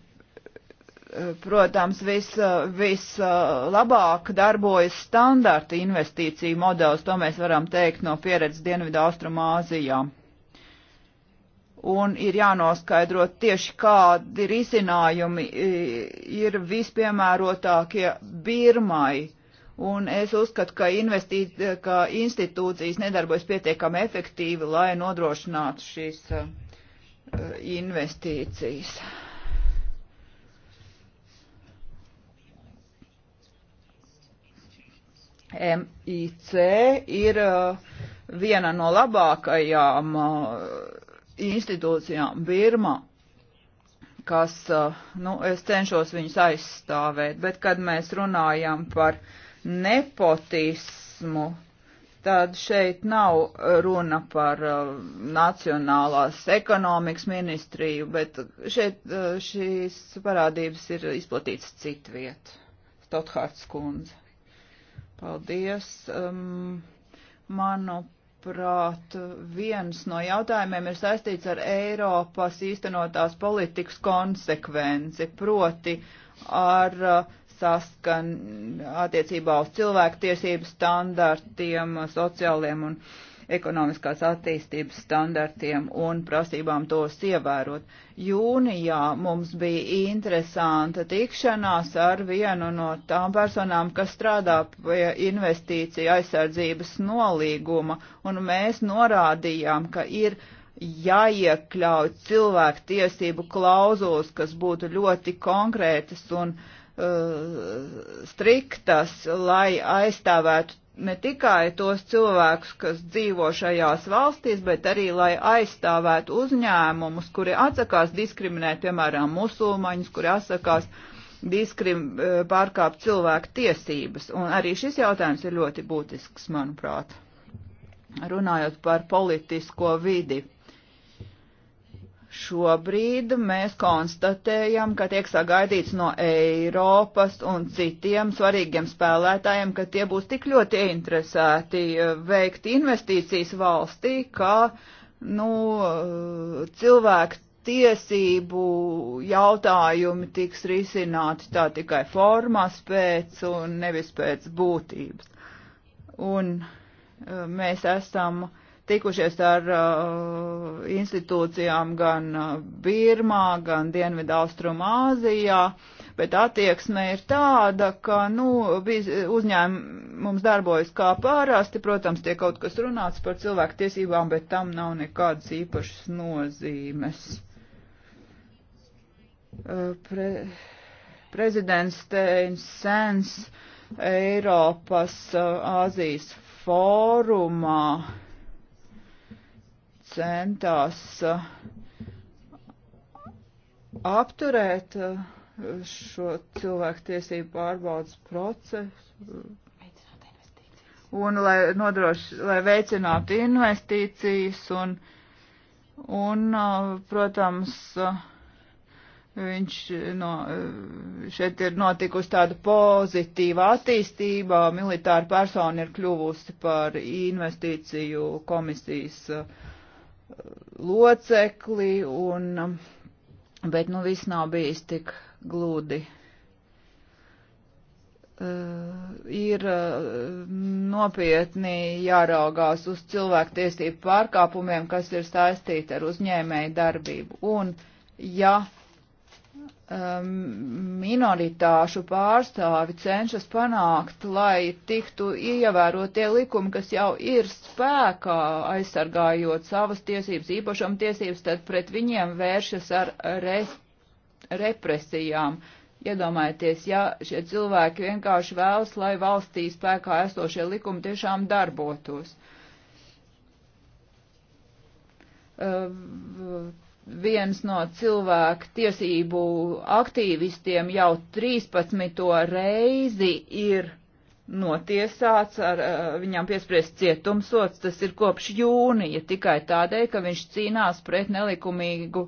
eh, protams, vislabāk vis eh, darbojas standarta investīciju modelis, to mēs varam teikt no pieredzes Dienvidu Austrumāzijā. Un ir jānoskaidro tieši, kādi risinājumi ir vispiemērotākie Birmai. Un es uzskatu, ka, investīt, ka institūcijas nedarbojas pietiekami efektīvi, lai nodrošinātu šīs uh, investīcijas. MIC ir uh, viena no labākajām uh, institūcijām Birmā, kas, uh, nu, es cenšos viņus aizstāvēt, bet kad mēs runājam par nepotismu, Tad šeit nav runa par uh, nacionālās ekonomikas ministriju, bet šeit uh, šīs parādības ir izplatītas citviet. Stothards kundze. Paldies. Um, manuprāt, viens no jautājumiem ir saistīts ar Eiropas īstenotās politikas konsekvenci, proti ar uh, saskan attiecībā uz cilvēktiesību standartiem, sociāliem un ekonomiskās attīstības standartiem un prasībām tos ievērot. Jūnijā mums bija interesanta tikšanās ar vienu no tām personām, kas strādā pie investīcija aizsardzības nolīguma, un mēs norādījām, ka ir jāiekļauj cilvēku tiesību klauzulas, kas būtu ļoti konkrētas un uh, Uh, striktas, lai aizstāvētu ne tikai tos cilvēkus, kas dzīvo šajās valstīs, bet arī, lai aizstāvētu uzņēmumus, kuri atsakās diskriminēt, piemēram, musulmaņus, kuri atsakās diskrim, uh, pārkāpt cilvēku tiesības. Un arī šis jautājums ir ļoti būtisks, manuprāt, runājot par politisko vidi. Šobrīd mēs konstatējam, ka tiek sagaidīts no Eiropas un citiem svarīgiem spēlētājiem, ka tie būs tik ļoti interesēti eh, veikt investīcijas valstī, ka nu, eh, cilvēku tiesību jautājumi tiks risināti tā tikai formas pēc un nevis pēc būtības. Un eh, mēs esam uh, tikušies ar uh, institūcijām gan uh, Birmā, gan Dienvidu Austrum Āzijā, bet attieksme ir tāda, ka, nu, uzņēmums darbojas kā pārāsti, protams, tiek kaut kas runāts par cilvēku tiesībām, bet tam nav nekādas īpašas nozīmes. Uh, pre prezidents Steinsens Eiropas uh, Āzijas fórumā centās uh, apturēt uh, šo cilvēktiesību pārbaudas procesu. Un lai, nodroš, lai veicinātu investīcijas un, un uh, protams, viņš no, šeit ir notikusi tāda pozitīva attīstība, militāra persona ir kļuvusi par investīciju komisijas uh, locekli, un, bet nu viss nav bijis tik glūdi. Uh, eh, ir uh, nopietni jāraugās uz cilvēktiesību pārkāpumiem, kas ir saistīti ar uzņēmēju darbību. Un, ja Um, minoritāšu pārstāvi cenšas panākt, lai tiktu ievērotie likumi, kas jau ir spēkā, aizsargājot savas tiesības, īpašam tiesības, tad pret viņiem vēršas ar re, represijām. Iedomājieties, ja šie cilvēki vienkārši vēlas, lai valstī spēkā esošie likumi tiešām darbotos. Uh, viens no cilvēku tiesību aktīvistiem jau 13. reizi ir notiesāts, ar, eh, viņam piespriezt cietumsots, tas ir kopš jūnija tikai tādēļ, ka viņš cīnās pret nelikumīgu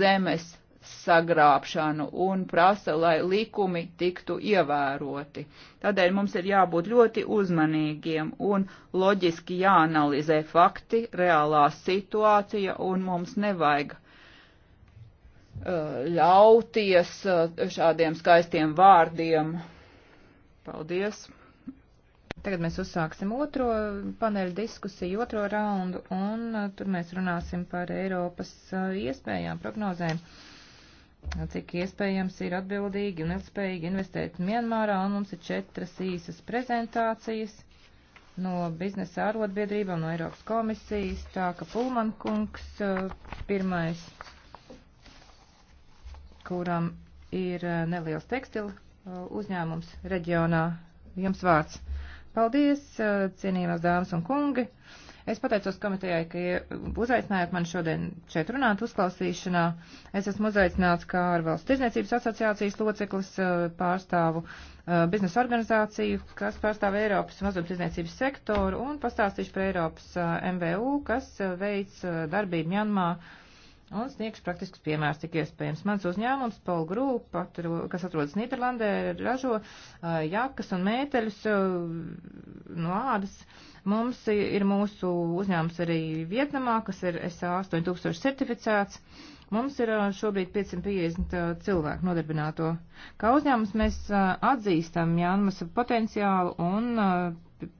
zemes sagrābšanu un prasa, lai likumi tiktu ievēroti. Tādēļ mums ir jābūt ļoti uzmanīgiem un loģiski jāanalizē fakti, reālā situācija, un mums nevajag Eh, ļauties eh, šādiem skaistiem vārdiem. Paldies! Tagad mēs uzsāksim otro paneļu diskusiju, otro raundu, un eh, tur mēs runāsim par Eiropas iespējām, prognozēm cik iespējams ir atbildīgi un ilgspējīgi investēt Mienmārā, un mums ir četras īsas prezentācijas no biznesa ārotbiedrībām, no Eiropas komisijas, tā ka Pulman kungs pirmais kuram ir eh, neliels tekstila eh, uzņēmums reģionā. Jums vārds. Paldies, eh, cienījumās dāmas un kungi. Es pateicos komitejai, ka uzaicinājāt mani šodien šeit runāt uzklausīšanā. Es esmu uzaicināts kā ārvalstu tirzniecības asociācijas loceklis, pārstāvu biznesa organizāciju, kas pārstāv Eiropas mazumtirdzniecības sektoru un pastāstīšu par Eiropas MVU, kas veids darbību Janmā un sniegšu praktiskus piemērus, cik iespējams. Mans uzņēmums, Paul Group, kas atrodas Nīderlandē, ražo jakas un mēteļus no ādas. Mums ir mūsu uzņēmums arī Vietnamā, kas ir SA 8000 certificēts. Mums ir šobrīd 550 cilvēku nodarbināto. Kā uzņēmums mēs atzīstam Jānmas potenciālu un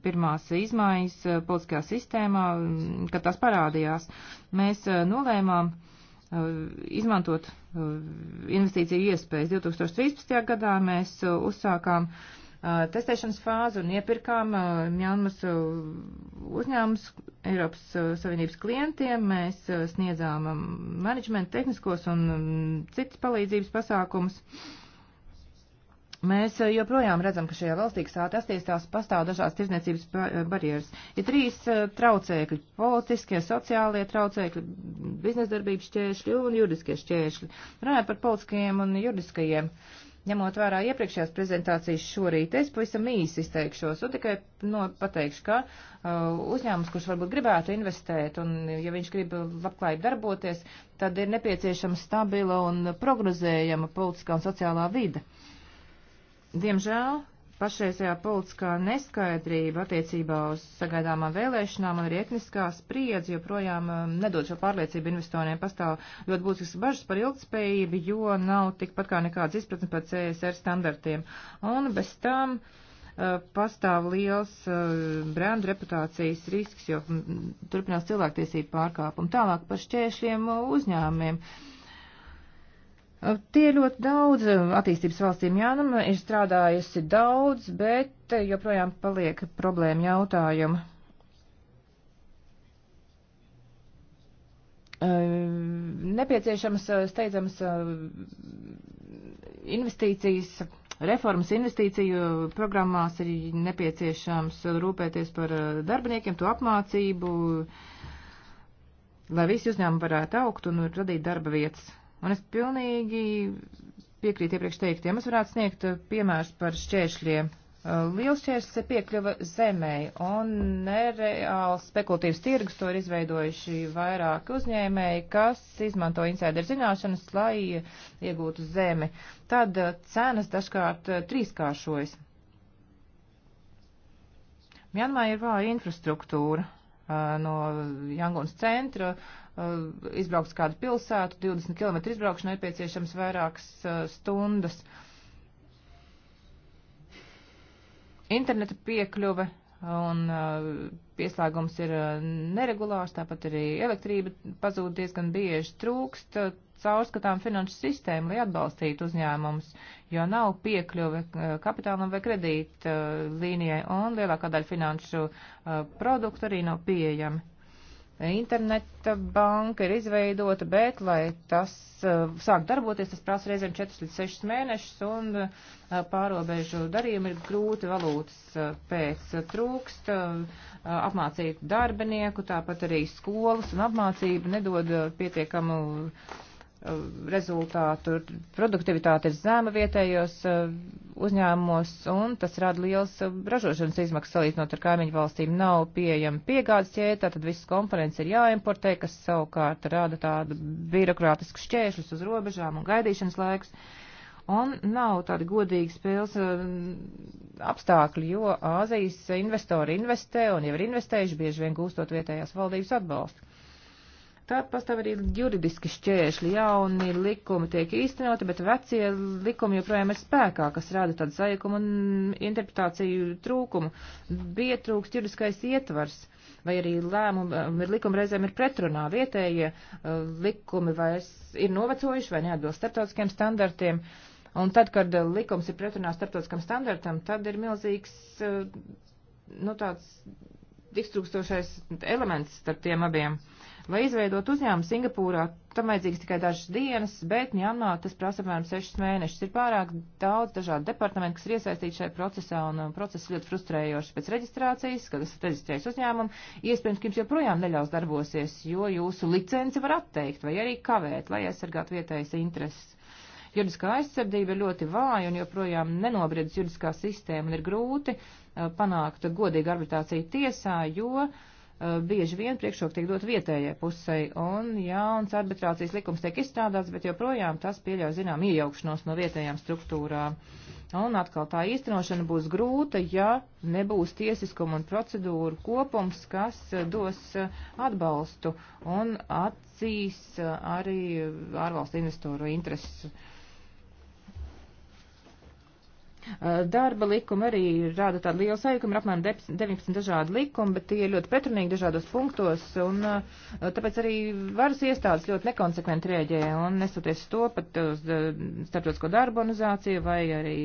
pirmās izmaiņas politiskajā sistēmā, kad tās parādījās. Mēs nolēmām uh, Uh, izmantot uh, investīciju iespējas. 2013. gadā mēs uh, uzsākām testēšanas fāzi un iepirkām Mjānmas uzņēmums Eiropas Savienības klientiem. Mēs sniedzām menedžmenta um, tehniskos un um, citas palīdzības pasākumus. Uh, Mēs eh, joprojām redzam, ka šajā valstī, kas attīstās, pastāv dažās tirdzniecības eh, barjeras. Ir trīs eh, traucēkļi - politiskie, sociālie traucēkļi, biznesdarbības šķēršļi un juridiskie šķēršļi. Runājot par politiskajiem un juridiskajiem, ņemot vērā iepriekšējās prezentācijas šorīt, es pavisam īsi izteikšos un tikai no, pateikšu, ka uh, uzņēmums, kurš varbūt gribētu investēt un ja viņš grib labklājīgi darboties, tad ir nepieciešama stabila un prognozējama politiskā un sociālā vide. Uh, Diemžēl pašreizējā politiskā neskaidrība attiecībā uz sagaidāmām vēlēšanām un arī etniskā spriedze joprojām um, nedod šo pārliecību investoriem. Pastāv ļoti būtisks bažas par ilgtspējību, jo nav tikpat kā nekādas izpratnes par CSR standartiem. Un bez tam uh, pastāv liels uh, brendu reputācijas risks, jo mm, turpinās cilvēktiesību pārkāpumu. Tālāk par šķēršļiem uzņēmumiem. Uh, Tie ļoti daudz attīstības valstīm Jānam nu, ir strādājusi daudz, bet joprojām paliek problēma jautājumu. Nepieciešams steidzams investīcijas, reformas investīciju programmās ir nepieciešams rūpēties par darbiniekiem, to apmācību, lai visi uzņēmumi varētu augt un radīt darba vietas. Un es pilnīgi piekrītu iepriekš teiktiem. Es varētu sniegt eh, piemērus par šķēršļiem. Eh, liels šķērslis ir piekļuva zemē un nereāls spekulatīvs tirgus, to ir izveidojuši vairāki uzņēmēji, kas izmanto insider zināšanas, lai eh, iegūtu zemi. Tad cenas dažkārt trīskāršojas. Mjanmā ir vāja infrastruktūra no Jangunas centra Uh, izbraukt uz kādu pilsētu, 20 km izbraukšana nepieciešams vairākas uh, stundas. Interneta piekļuve un uh, pieslēgums ir neregulārs, tāpat arī elektrība pazūd diezgan bieži trūkst caurskatām finanšu sistēmu, lai atbalstītu uzņēmumus, jo nav piekļuve kapitālam vai kredīt līnijai, un lielākā daļa finanšu produktu arī nav pieejami interneta banka ir izveidota, bet, lai tas uh, sāk darboties, tas prasa reizēm 4 līdz 6 mēnešus, un uh, pārobežu darījumi ir grūti valūtas uh, pēc uh, trūkst, uh, apmācīt darbinieku, tāpat arī skolas un apmācība nedod uh, pietiekamu Eh, rezultātu. Produktivitāte ir zema vietējos eh, uzņēmumos, un tas rada liels eh, ražošanas izmaksas salīdzinot ar kaimiņu valstīm. Nav pieejama piegādes ķēta, tad visas komponents ir jāimportē, kas savukārt rada tādu birokrātisku šķēršļus uz robežām un gaidīšanas laiks. Un nav tādi godīgi spēles apstākļi, jo Āzijas investori investē un jau ir investējuši, bieži vien gūstot vietējās valdības atbalstu. Tad pastāv arī juridiski šķēršļi. Jauni likumi tiek īstenoti, bet vecie likumi joprojām ir spēkā, kas rada tādu sajukumu un interpretāciju trūkumu. Bija trūkst juridiskais ietvars, vai arī lēmumi, um, likumi reizēm ir pretrunā. Vietējie uh, likumi vairs ir novecojuši vai neatbilst starptautiskiem standartiem. Un tad, kad uh, likums ir pretrunā starptautiskam standartam, tad ir milzīgs, uh, nu tāds, iztrūkstošais elements starp tiem abiem. Uh, Lai izveidot uzņēmumu Singapūrā, tam vajadzīgs tikai dažas dienas, bet Mjanmā tas prasa apmēram 6 mēnešus. Ir pārāk daudz dažādu departamentu, kas ir iesaistīti šajā procesā, un um, process ļoti frustrējošs pēc reģistrācijas, kad esat reģistrējis uzņēmumu. Iespējams, ka jums joprojām neļaus darbosies, jo jūsu licenci var atteikt vai arī kavēt, lai aizsargātu vietējas intereses. Juridiskā aizsardzība ir ļoti vāja un joprojām nenobriedz juridiskā sistēma un ir grūti uh, panākt godīgu arbitrāciju tiesā, jo uh, Eh, bieži vien priekšrok tiek dot vietējai pusei, un jauns arbitrācijas likums tiek izstrādāts, bet joprojām tas pieļauj zinām iejaukšanos no vietējām struktūrām. Un atkal tā īstenošana būs grūta, ja nebūs tiesiskuma un procedūru kopums, kas eh, dos eh, atbalstu un atzīs arī ārvalstu investoru intereses. Darba likuma arī rāda tādu lielu sajukumu, ir apmēram 19 dažādi likumi, bet tie ir ļoti pretrunīgi dažādos punktos, un tāpēc arī varas iestādes ļoti nekonsekventi rēģē, un nesoties to pat uz starptautisko darbu organizāciju vai arī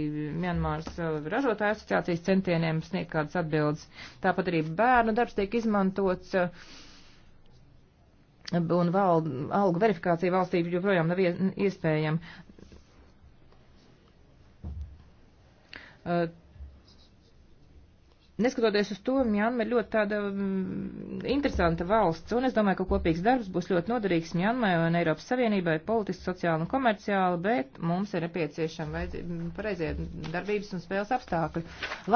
Mianmāras ražotāju asociācijas centieniem sniegt kādas atbildes. Tāpat arī bērnu darbs tiek izmantots un valdu, algu verifikācija valstī joprojām nav iespējama. Eh, neskatoties uz to, Mjanma ir ļoti tāda m, mm, interesanta valsts, un es domāju, ka kopīgs darbs būs ļoti noderīgs Mjanmai un Eiropas Savienībai politiski, sociāli un komerciāli, bet mums ir nepieciešama mm, pareizie darbības un spēles apstākļi.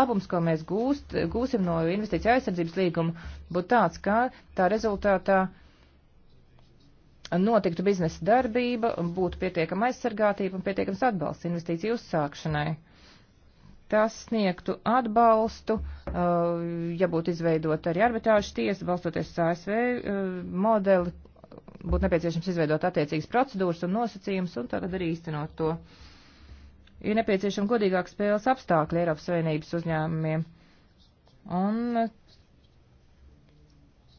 Labums, ko mēs gūst, gūsim no investīcija aizsardzības līguma, būtu tāds, ka tā rezultātā notiktu biznesa darbība, būtu pietiekama aizsargātība un pietiekams atbalsts investīciju uzsākšanai tas sniegtu atbalstu, uh, ja būtu izveidot arī arbitrāžu tiesu, balstoties uz ASV uh, modeli, būtu nepieciešams izveidot attiecīgas procedūras un nosacījumus un tad arī īstenot to. Ir nepieciešama godīgāka spēles apstākļa Eiropas Savienības uzņēmumiem. Un uh,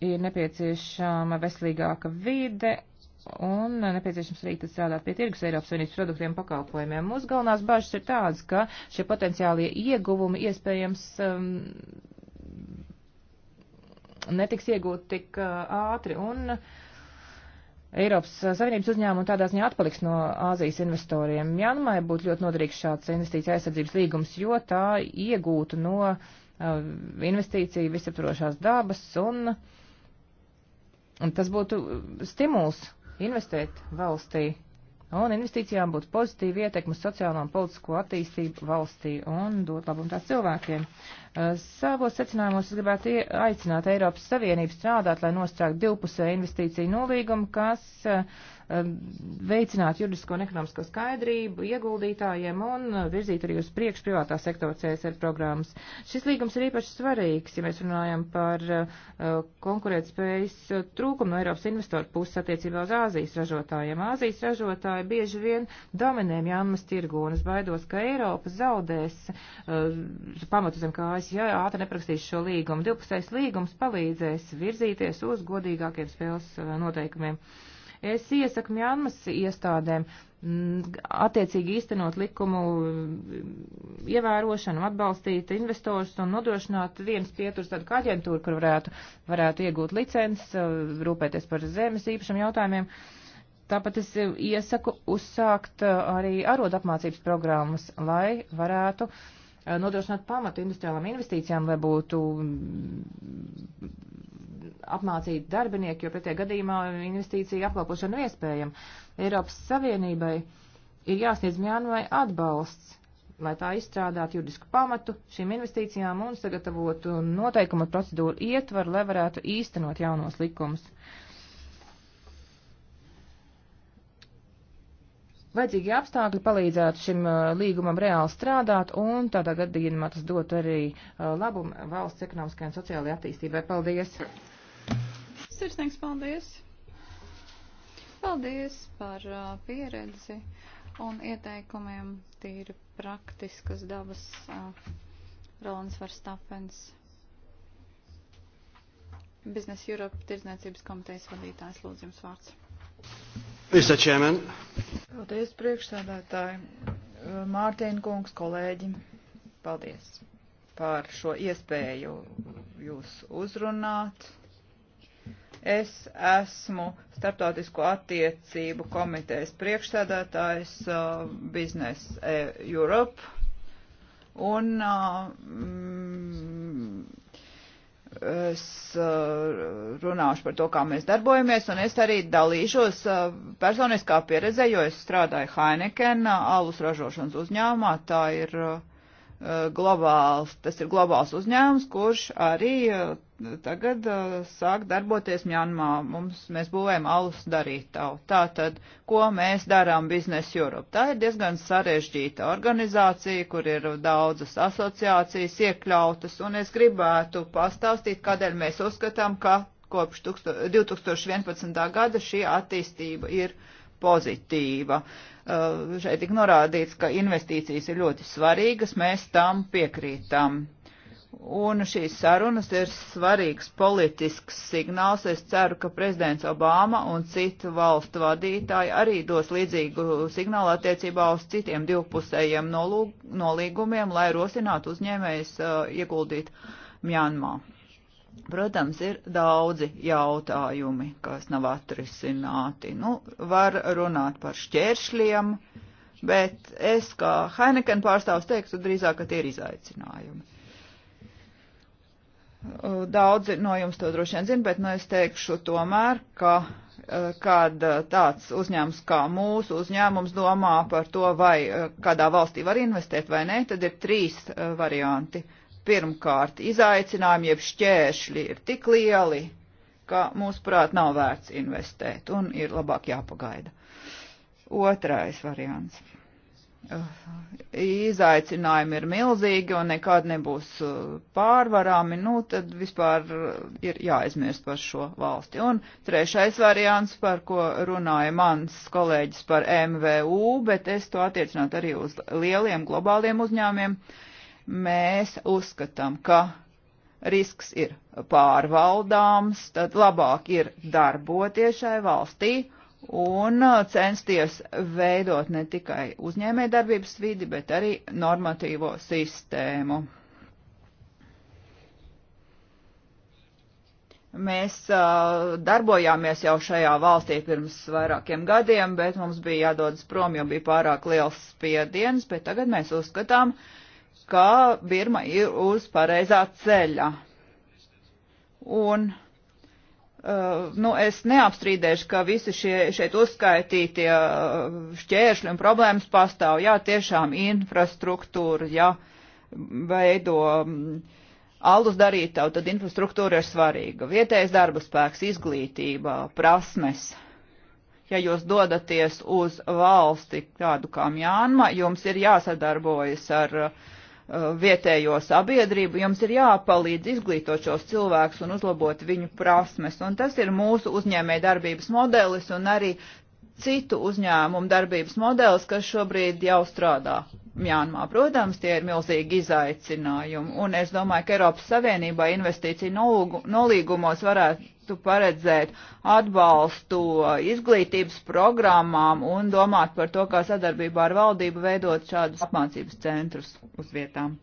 ir nepieciešama veselīgāka vide un nepieciešams arī tad strādāt pie tirgus Eiropas Savienības produktiem pakalpojumiem. Mūsu galvenās bažas ir tādas, ka šie potenciālie ieguvumi iespējams um, netiks iegūti tik uh, ātri un uh, Eiropas Savienības uzņēmumi tādā ziņā atpaliks no Āzijas investoriem. Janmai būtu ļoti noderīgs šāds investīcija aizsardzības līgums, jo tā iegūtu no uh, investīciju visaptrošās dabas un, un tas būtu stimuls investēt valstī. Un investīcijām būtu pozitīva ietekme uz sociālo un politisko attīstību valstī un dot labumu tās cilvēkiem. Eh, savos secinājumos es gribētu aicināt Eiropas Savienību strādāt, lai nostrāktu divpusēju investīciju nolīgumu, kas eh, veicinātu juridisko un ekonomisko skaidrību ieguldītājiem un eh, virzītu arī uz priekšu privātā sektora CSR programmas. Šis līgums ir īpaši svarīgs, ja mēs runājam par konkurētspējas trūkumu no Eiropas investoru puses attiecībā uz Āzijas ražotājiem. Āzijas ražotāji bieži vien dominē jāmas tirgu, un es baidos, ka Eiropa zaudēs pamatu zem kājas cietumos, ja ātri neprakstīs šo līgumu. Divpusējs līgums palīdzēs virzīties uz godīgākiem spēles uh, noteikumiem. Es iesaku Mjānmas iestādēm mm, attiecīgi īstenot likumu mm, ievērošanu, atbalstīt investorus un nodrošināt viens pieturs tādu kā aģentūru, kur varētu, varētu iegūt licences, uh, rūpēties par zemes īpašam jautājumiem. Tāpat es iesaku uzsākt uh, arī arodu apmācības programmas, lai varētu uh, nodrošināt pamatu industriālām investīcijām, lai būtu mm, apmācīti darbinieki, jo pretējā gadījumā investīcija apkalpošana nav iespējama. Eiropas Savienībai ir jāsniedz Mjanmai atbalsts, lai tā izstrādātu juridisku pamatu šīm investīcijām un sagatavotu noteikumu procedūru ietvaru, lai varētu īstenot jaunos likumus. Uh, Vajadzīgi apstākļi palīdzētu šim līgumam reāli strādāt, un tādā gadījumā tas dotu arī labumu valsts ekonomiskajai un sociālajai attīstībai. Paldies! Sirsnīgs paldies! Paldies par pieredzi un ieteikumiem tīri praktiskas dabas uh, Rolands Verstapens. Biznes Europe tirdzniecības komitejas vadītājs lūdzu jums vārds. Mr. Chairman. Paldies, priekšsādātāji. Mārtiņa kungs, kolēģi, paldies par šo iespēju jūs uzrunāt. Es esmu Startautisko attiecību komitejas priekšsēdētājs uh, Business uh, Europe. Un uh, mm, es uh, runāšu par to, kā mēs darbojamies, un es arī dalīšos uh, personiskā pieredzē, jo es strādāju Heineken uh, alus ražošanas uzņēmumā. Tā ir uh, Eh, globāls, tas ir globāls uzņēmums, kurš arī eh, tagad eh, sāk darboties Mjanmā. Mums, mēs būvējam alus darītavu. Tātad, ko mēs darām Biznes Europe? Tā ir diezgan sarežģīta organizācija, kur ir daudzas asociācijas iekļautas, un es gribētu pastāstīt, kādēļ mēs uzskatām, ka kopš 2011. gada šī attīstība ir pozitīva. Uh, Eh, šeit tik norādīts, ka investīcijas ir ļoti svarīgas, mēs tam piekrītam. Un šīs sarunas ir svarīgs politisks signāls. Es ceru, ka prezidents Obama un citu valstu vadītāji arī dos līdzīgu signālu attiecībā uz citiem divpusējiem nolūg, nolīgumiem, lai rosinātu uzņēmējus uh, eh, ieguldīt Mjanmā. Protams, ir daudzi jautājumi, kas nav atrisināti. Nu, var runāt par šķēršļiem, bet es kā Heineken pārstāvs teiktu drīzāk, ka tie ir izaicinājumi. Daudzi no jums to droši vien zina, bet nu, es teikšu tomēr, ka eh, kad eh, tāds uzņēmums kā mūsu uzņēmums domā par to, vai eh, kādā valstī var investēt vai nē, tad ir trīs varianti Pirmkārt, izaicinājumi jeb šķēršļi ir tik lieli, ka mūsuprāt nav vērts investēt un ir labāk jāpagaida. Otrais variants. Izaicinājumi ir milzīgi un nekad nebūs uh, pārvarāmi, nu tad vispār uh, ir jāaizmirst par šo valsti. Un trešais variants, par ko runāja mans kolēģis par MVU, bet es to attiecinātu arī uz lieliem globāliem uzņēmiem. Uh, mēs uzskatām, ka risks ir pārvaldāms, tad labāk ir darboties šai valstī un censties veidot ne tikai uzņēmē darbības vidi, bet arī normatīvo sistēmu. Mēs uh, darbojāmies jau šajā valstī pirms vairākiem gadiem, bet mums bija jādodas prom, jo bija pārāk liels spiediens, bet tagad mēs uzskatām, uh, ka Birma ir uz pareizā ceļa. Un Uh, nu, es neapstrīdēšu, ka visi šie šeit uzskaitītie uh, šķēršļi un problēmas pastāv. Jā, tiešām infrastruktūra, jā, veido um, alus darītavu, tad infrastruktūra ir svarīga. Vietējais darba spēks, izglītība, prasmes. Ja jūs dodaties uz valsti kādu kā Mjānma, jums ir jāsadarbojas ar uh, Uh, vietējo sabiedrību, jums ir jāpalīdz izglītot šos cilvēkus un uzlabot viņu prasmes. Un tas ir mūsu uzņēmē darbības modelis un arī citu uzņēmumu darbības modelis, kas šobrīd jau strādā Mjānmā. Protams, tie ir milzīgi izaicinājumi, un es domāju, ka Eiropas Savienībā investīcija nolīgumos varētu paredzēt atbalstu izglītības programmām un domāt par to, kā sadarbībā ar valdību veidot šādus apmācības centrus uz vietām.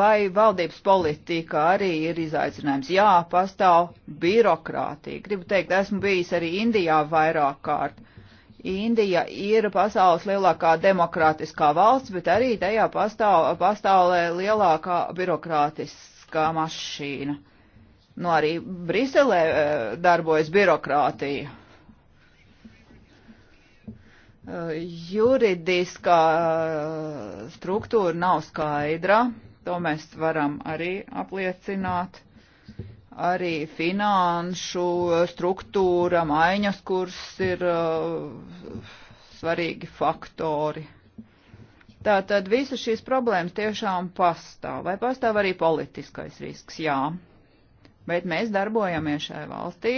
Vai valdības politika arī ir izaicinājums? Jā, pastāv birokrātija. Gribu teikt, esmu bijis arī Indijā vairāk kārt. Uh, Indija ir pasaules lielākā demokrātiskā valsts, bet arī tajā pastāv, pastāvē lielākā birokrātiskā mašīna. Nu, arī Briselē e, darbojas birokrātija e, juridiskā e, struktūra nav skaidra, to mēs varam arī apliecināt arī finanšu struktūra, maiņas kurs ir uh, svarīgi faktori. Tātad visas šīs problēmas tiešām pastāv. Vai pastāv arī politiskais risks? Jā. Bet mēs darbojamies šajā valstī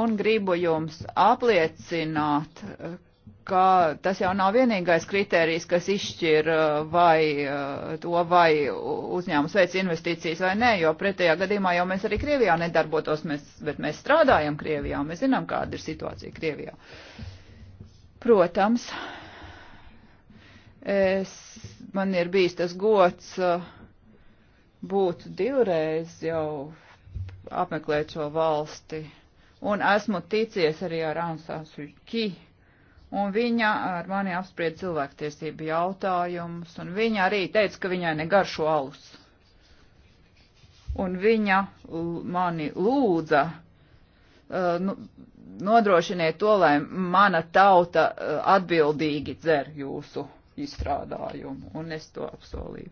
un gribu jums apliecināt, ka tas jau nav vienīgais kriterijs, kas izšķir uh, vai uh, to, vai uzņēmums veic investīcijas vai nē, jo pretējā gadījumā jau mēs arī Krievijā nedarbotos, mēs, bet mēs strādājam Krievijā, mēs zinām, kāda ir situācija Krievijā. Protams, es, man ir bijis tas gods uh, būt divreiz jau apmeklēt šo valsti, un esmu ticies arī ar Ansāsu Ķi un viņa ar mani apspried cilvēktiesību jautājumus, un viņa arī teica, ka viņai negaršo alus. Un viņa mani lūdza, uh, nu, nodrošiniet to, lai mana tauta uh, atbildīgi dzer jūsu izstrādājumu, un es to apsolīju.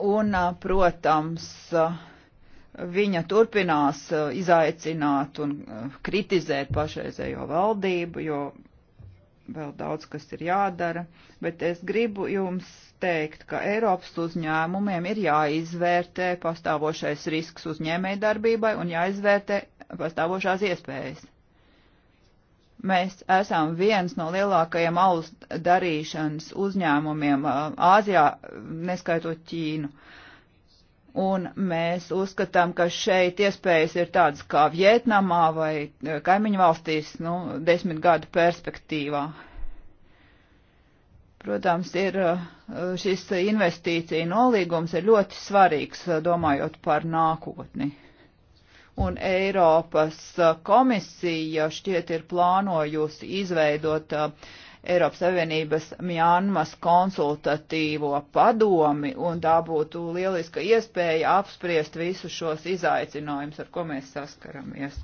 Un, uh, protams, uh, viņa turpinās eh, izaicināt un eh, kritizēt pašreizējo valdību, jo vēl daudz kas ir jādara, bet es gribu jums teikt, ka Eiropas uzņēmumiem ir jāizvērtē pastāvošais risks uzņēmēji darbībai un jāizvērtē pastāvošās iespējas. Mēs esam viens no lielākajiem alus darīšanas uzņēmumiem eh, Āzijā, neskaitot Ķīnu. Uh, Un mēs uzskatām, ka šeit iespējas ir tādas kā Vietnamā vai eh, kaimiņu valstīs, nu, desmit gadu perspektīvā. Protams, ir eh, šis investīcija nolīgums ir ļoti svarīgs, eh, domājot par nākotni. Un Eiropas komisija šķiet ir plānojusi izveidot uh, Eiropas Savienības Mjānmas konsultatīvo padomi, un tā būtu lieliska iespēja apspriest visus šos izaicinājumus, ar ko mēs saskaramies.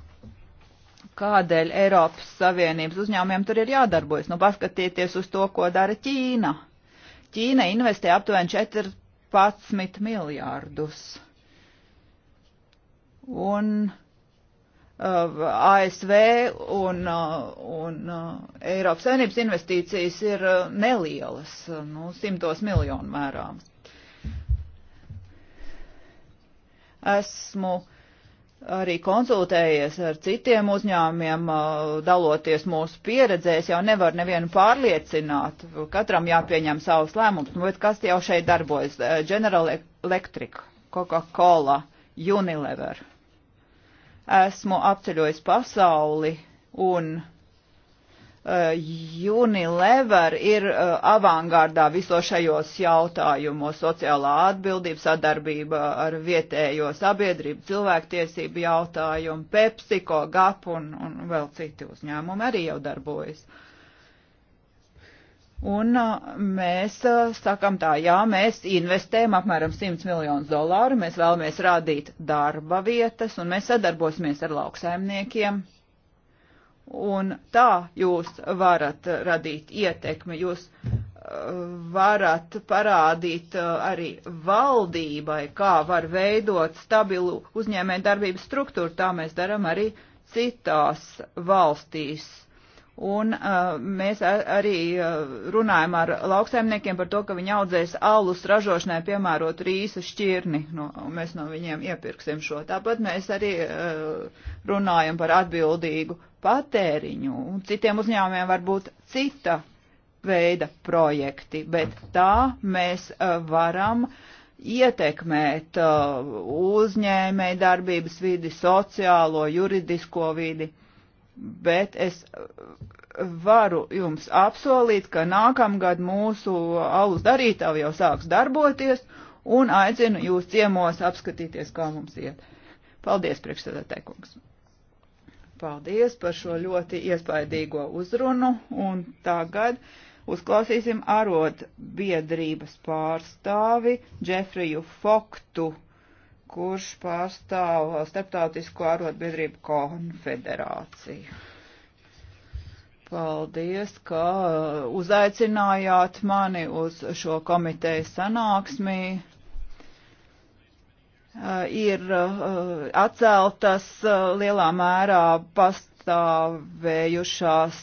Kādēļ Eiropas Savienības uzņēmumiem tur ir jādarbojas? Nu, paskatieties uz to, ko dara Ķīna. Ķīna investē aptuveni 14 miljārdus. Un Uh, ASV un, uh, un uh, Eiropas Savienības investīcijas ir nelielas, nu, simtos miljonu mērā. Esmu arī konsultējies ar citiem uzņēmumiem, daloties mūsu pieredzēs, jau nevar nevienu pārliecināt. Katram jāpieņem savs lēmums, bet kas jau šeit darbojas? General Electric, Coca-Cola, Unilever. Uh, esmu apceļojis pasauli un uh, Unilever ir uh, avangārdā viso šajos jautājumos - sociālā atbildība, sadarbība ar vietējo sabiedrību, cilvēktiesību jautājumu, PepsiCo, GAP un, un vēl citi uzņēmumi arī jau darbojas. Uh, Un mēs sakam tā, jā, mēs investējam apmēram 100 miljonus dolāru, mēs vēlamies rādīt darba vietas, un mēs sadarbosimies ar lauksaimniekiem. Un tā jūs varat radīt ietekmi, jūs varat parādīt arī valdībai, kā var veidot stabilu uzņēmē darbības struktūru, tā mēs daram arī citās valstīs Un uh, mēs ar, arī uh, runājam ar lauksaimniekiem par to, ka viņi audzēs alus ražošanai piemērot rīsu šķirni. Nu, mēs no viņiem iepirksim šo. Tāpat mēs arī uh, runājam par atbildīgu patēriņu. Un citiem uzņēmumiem var būt cita veida projekti, bet tā mēs uh, varam ietekmēt uh, uzņēmēju darbības vidi, sociālo, juridisko vidi. Uh, bet es varu jums apsolīt, ka nākamgad mūsu alus darītāvi jau sāks darboties un aicinu jūs ciemos apskatīties, kā mums iet. Paldies, priekšsēdētāj kungs! Paldies par šo ļoti iespaidīgo uzrunu un tagad uzklausīsim arotbiedrības pārstāvi Džefriju Foktu kurš pārstāv Starptautisko arotbiedrību konfederāciju. Paldies, ka uh, uzaicinājāt mani uz šo komiteju sanāksmī. Uh, ir uh, atceltas lielā mērā pastāvējušās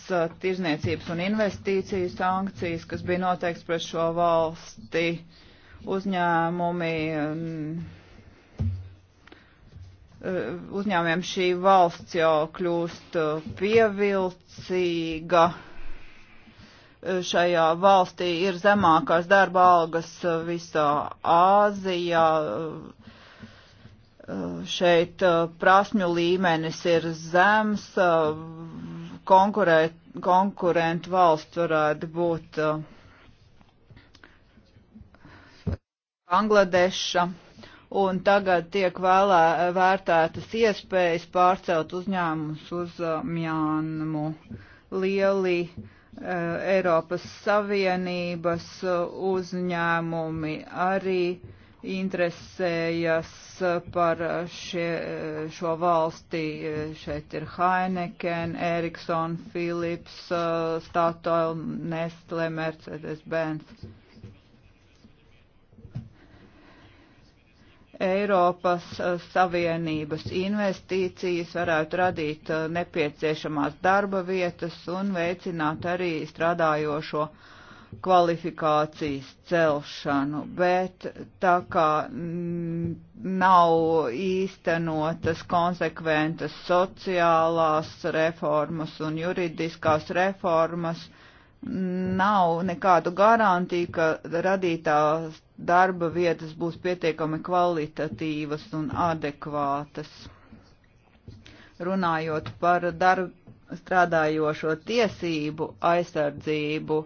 tirzniecības un investīciju sankcijas, kas bija noteikts pret šo valsti uzņēmumi um, uzņēmiem šī valsts jau kļūst uh, pievilcīga. Uh, šajā valstī ir zemākās darba algas uh, visā Āzijā. Šeit prasmju līmenis ir zems, konkurēt, konkurentu valsts varētu būt Bangladeša. Uh, un tagad tiek vēlē, vērtētas iespējas pārcelt uzņēmumus uz uh, Mjānmu. Lieli uh, Eiropas Savienības uh, uzņēmumi arī interesējas uh, par šie, šo valstī. Šeit ir Heineken, Ericsson, Philips, Statoil, Nestle, Mercedes-Benz. Eiropas eh, Savienības investīcijas varētu radīt eh, nepieciešamās darba vietas un veicināt arī strādājošo kvalifikācijas celšanu, bet tā kā nav īstenotas konsekventas sociālās reformas un juridiskās reformas, nav nekādu garantiju, ka radītās darba vietas būs pietiekami kvalitatīvas un adekvātas. Runājot par darb, strādājošo tiesību aizsardzību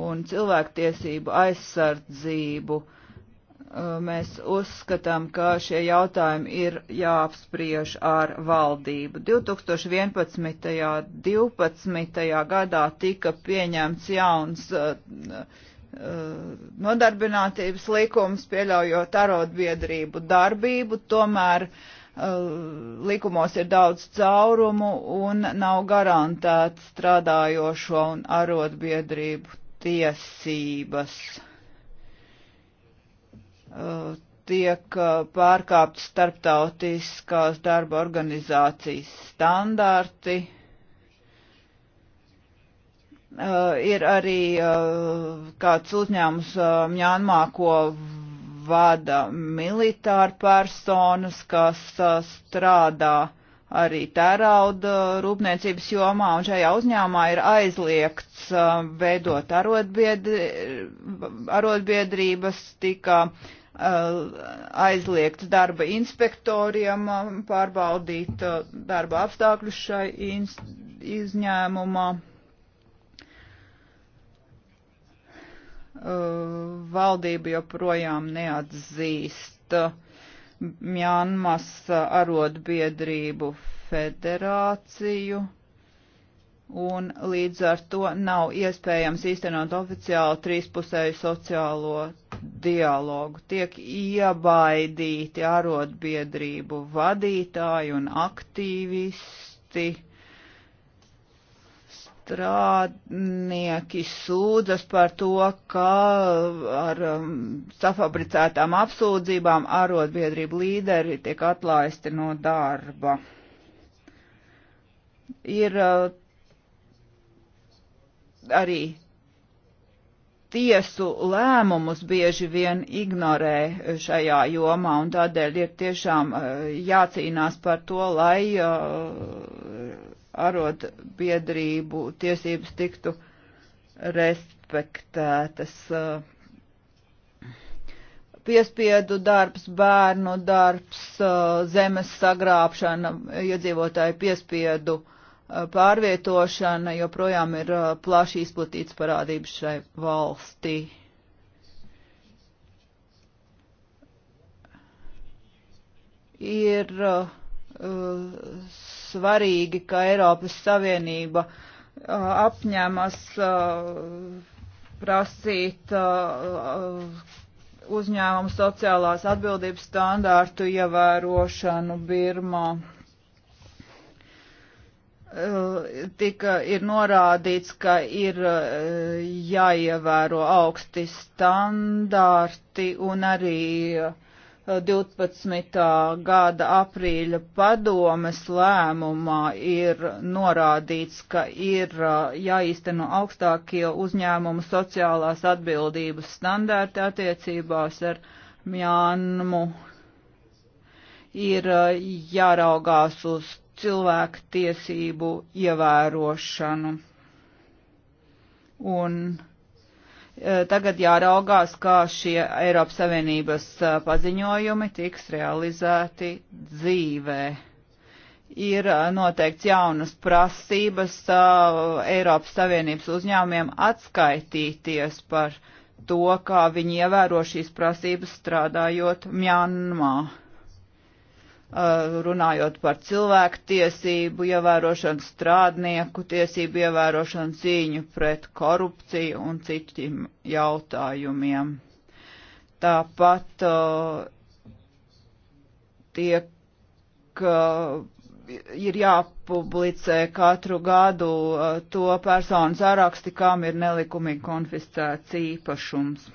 un cilvēktiesību aizsardzību, uh, Uh, mēs uzskatām, ka šie jautājumi ir jāapspriež ar valdību. 2011. un 2012. gadā tika pieņemts jauns uh, uh, nodarbinātības likums, pieļaujot arotbiedrību darbību, tomēr likumos ir daudz caurumu un nav garantēts strādājošo un arotbiedrību tiesības. Uh, tiek uh, pārkāpt starptautiskās darba organizācijas standarti. Uh, ir arī kāds uzņēmums Mjānmā, ko vada militāra personas, kas strādā uh, arī tērauda rūpniecības jomā, un šajā uzņēmumā ir aizliegts uh, veidot arotbiedri, arotbiedrības, tika uh, aizliegts darba inspektoriem um, pārbaudīt uh, darba apstākļus šai izņēmumā. Valdība joprojām neatzīst uh, Mjanmas arotbiedrību federāciju, un līdz ar to nav iespējams īstenot oficiālu trīspusēju sociālo dialogu. Tiek iebaidīti arotbiedrību vadītāji un aktīvisti strādnieki sūdzas par to, ka uh, ar um, safabricētām apsūdzībām arotbiedrību līderi tiek atlaisti no darba. Ir uh, arī tiesu lēmumus bieži vien ignorē šajā jomā, un tādēļ ir tiešām uh, jācīnās par to, lai arotbiedrību tiesības tiktu respektētas. Piespiedu darbs, bērnu darbs, zemes sagrābšana, iedzīvotāju piespiedu pārvietošana joprojām ir uh, plaši izplatīts parādības šai valstī. ir uh, svarīgi, ka Eiropas Savienība uh, apņemas uh, prasīt uh, uzņēmumu sociālās atbildības standārtu ievērošanu Birmā tika, ir norādīts, ka ir jāievēro augsti standarti un arī uh, 12. gada aprīļa padomes lēmumā ir norādīts, ka ir uh, jāīsteno augstākie uzņēmumu sociālās atbildības standarti attiecībās ar Mjānmu. Ir uh, jāraugās uz cilvēku tiesību ievērošanu. Un Eh, tagad jāraugās, kā šie Eiropas Savienības eh, paziņojumi tiks realizēti dzīvē. Ir eh, noteikts jaunas prasības Eiropas Savienības uzņēmumiem atskaitīties par to, kā viņi ievēro šīs prasības strādājot Mjanmā Eh, runājot par cilvēku tiesību ievērošanu, strādnieku tiesību ievērošanu, cīņu pret korupciju un citiem jautājumiem. Tāpat eh, tiek, eh, ir jāpublicē katru gadu to personu saraksti, kam ir nelikumīgi konfiscēts īpašums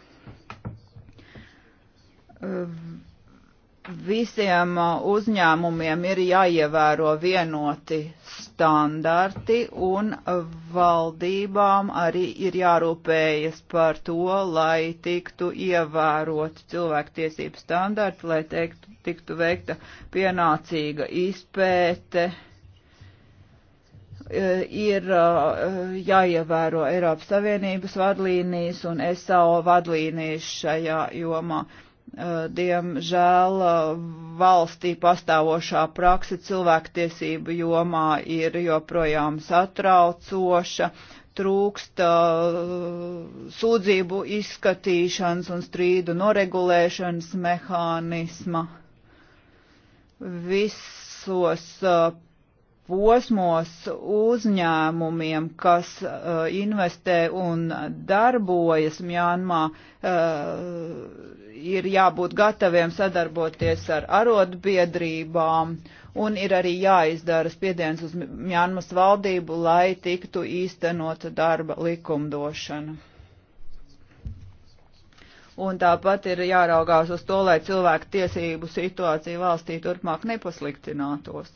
visiem uh, uzņēmumiem ir jāievēro vienoti standarti un valdībām arī ir jārūpējas par to, lai tiktu ievērot cilvēktiesību standarti, lai teiktu, tiktu veikta pienācīga izpēte. E, ir uh, jāievēro Eiropas Savienības vadlīnijas un SAO vadlīnijas šajā jomā. Eh, diemžēl eh, valstī pastāvošā praksa cilvēktiesību jomā ir joprojām satraucoša, trūkst eh, sūdzību izskatīšanas un strīdu noregulēšanas mehānisma. Visos posmos uzņēmumiem, kas uh, investē un darbojas Mjānmā, uh, eh, ir jābūt gataviem sadarboties ar arotbiedrībām un ir arī jāizdara spiediens uz Mjānmas valdību, lai tiktu īstenota darba likumdošana. Un tāpat ir jāraugās uz to, lai cilvēku tiesību situācija valstī turpmāk nepasliktinātos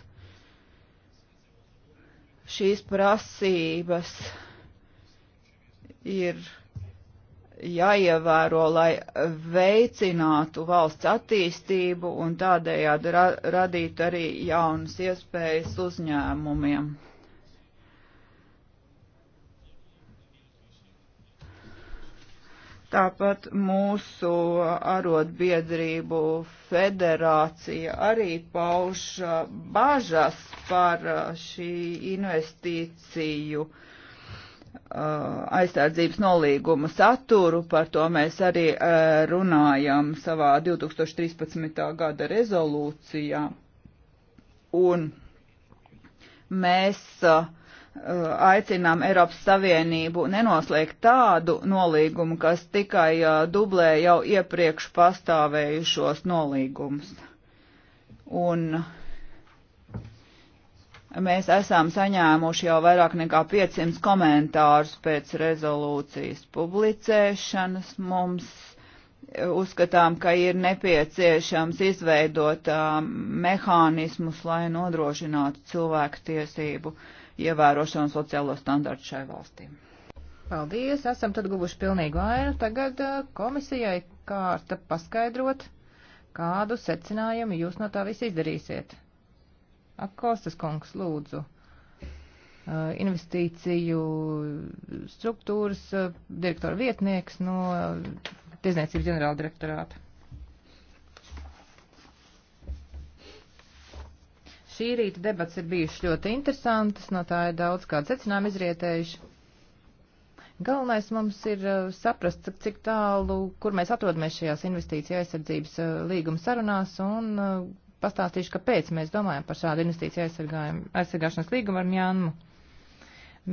šīs prasības ir jāievēro, lai veicinātu valsts attīstību un tādējādi ra radītu arī jaunas iespējas uzņēmumiem. Tāpat mūsu arotbiedrību federācija arī pauž uh, bažas par uh, šī investīciju uh, aizsardzības nolīguma saturu, par to mēs arī runājam savā 2013. gada rezolūcijā. Un mēs uh, Uh, aicinām Eiropas Savienību nenoslēgt tādu nolīgumu, kas tikai uh, dublē jau iepriekš pastāvējušos nolīgumus. Un mēs esam saņēmuši jau vairāk nekā 500 komentārus pēc rezolūcijas publicēšanas. Mums uh, uzskatām, ka ir nepieciešams izveidot uh, mehānismus, lai nodrošinātu cilvēku tiesību uh, ievērošanu sociālo standartu šai valstī. Paldies, esam tad guvuši pilnīgu ainu. Tagad eh, komisijai kārta paskaidrot, kādu secinājumu jūs no tā visu izdarīsiet. Akostas kungs, lūdzu eh, investīciju struktūras eh, direktora vietnieks no Tiesniecības ģenerāla direktorāta. Šī rīta debats ir bijušas ļoti interesantas, no tā ir daudz kāds secinājumi izrietējuši. Galvenais mums ir uh, saprast, cik tālu, kur mēs atrodamies šajās investīcija aizsardzības uh, līguma sarunās un uh, pastāstīšu, kāpēc mēs domājam par šādu investīciju aizsargāšanas līgumu ar Mjānmu.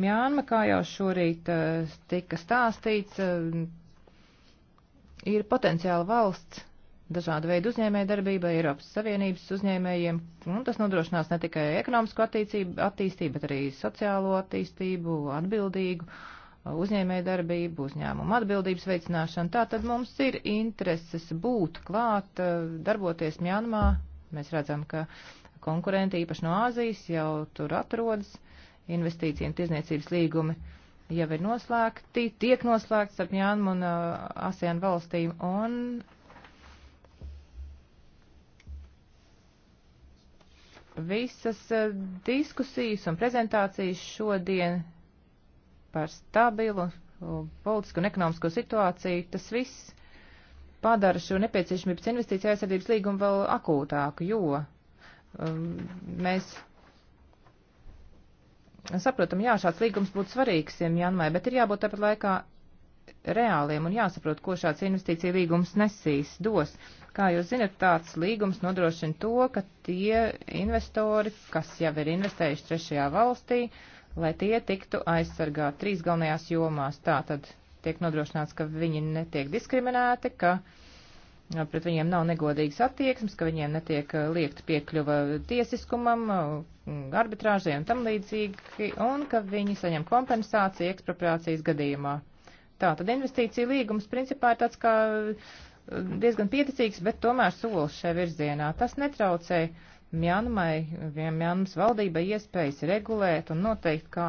Mjānma, kā jau šorīt tika stāstīts, ir potenciāla valsts, dažādu veidu uzņēmēju darbība Eiropas Savienības uzņēmējiem, un tas nodrošinās ne tikai ekonomisko attīstību, attīstību bet arī sociālo attīstību, atbildīgu uh, uzņēmēju darbību, uzņēmumu atbildības veicināšanu. Tātad mums ir intereses būt klāt, uh, darboties Mjanmā. Mēs redzam, ka konkurenti īpaši no Āzijas jau tur atrodas, investīcija un tirzniecības līgumi jau ir noslēgti, tiek noslēgts ar Mjanmu un uh, ASEAN valstīm, un visas e, diskusijas un prezentācijas šodien par stabilu politisku un ekonomisko situāciju, tas viss padara šo nepieciešamības investīciju aizsardzības līgumu vēl akūtāku, jo um, mēs saprotam, jā, šāds līgums būtu svarīgs janvai, bet ir jābūt tāpat laikā reāliem un jāsaprot, ko šāds investīcija līgums nesīs, dos. Uh, Kā jūs zinat, tāds līgums nodrošina to, ka tie investori, kas jau ir investējuši trešajā valstī, lai tie tiktu aizsargāti trīs galvenajās jomās. Tā tad tiek nodrošināts, ka viņi netiek diskriminēti, ka uh, pret viņiem nav negodīgas attieksmes, ka viņiem netiek uh, liekta piekļuva tiesiskumam, uh, arbitrāžai un tam līdzīgi, un ka viņi saņem kompensāciju ekspropriācijas gadījumā. Tā tad investīcija līgums principā ir tāds kā diezgan pieticīgs, bet tomēr solis šajā virzienā. Tas netraucē Mjanmai, Mjanmas valdībai iespējas regulēt un noteikt, kā,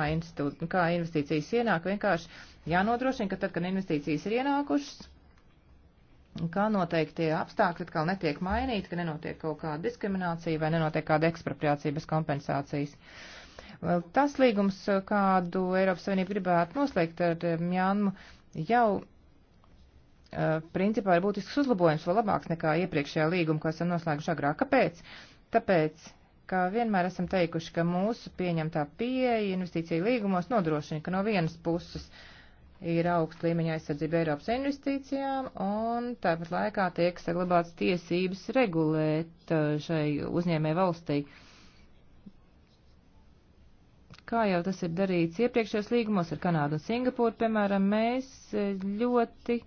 kā investīcijas ienāk. Vienkārši jānodrošina, ka tad, kad investīcijas ir ienākušas, kā noteikti apstākļi atkal netiek mainīti, ka nenotiek kaut kāda diskriminācija vai nenotiek kāda ekspropriācija bez kompensācijas. Tas līgums, kādu Eiropas Savienība gribētu noslēgt ar Mjanmu, jau Eh, principā ir būtisks uzlabojums, vēl labāks nekā iepriekšējā līguma, ko esam noslēguši agrāk. Kāpēc? Tāpēc, ka vienmēr esam teikuši, ka mūsu pieņemtā pieeja investīcija līgumos nodrošina, ka no vienas puses ir augsta līmeņa aizsardzība Eiropas investīcijām, un tāpat laikā tiek saglabāts tiesības regulēt eh, šai uzņēmē valstī. Kā jau tas ir darīts iepriekšējos līgumos ar Kanādu un Singapūru, piemēram, mēs eh, ļoti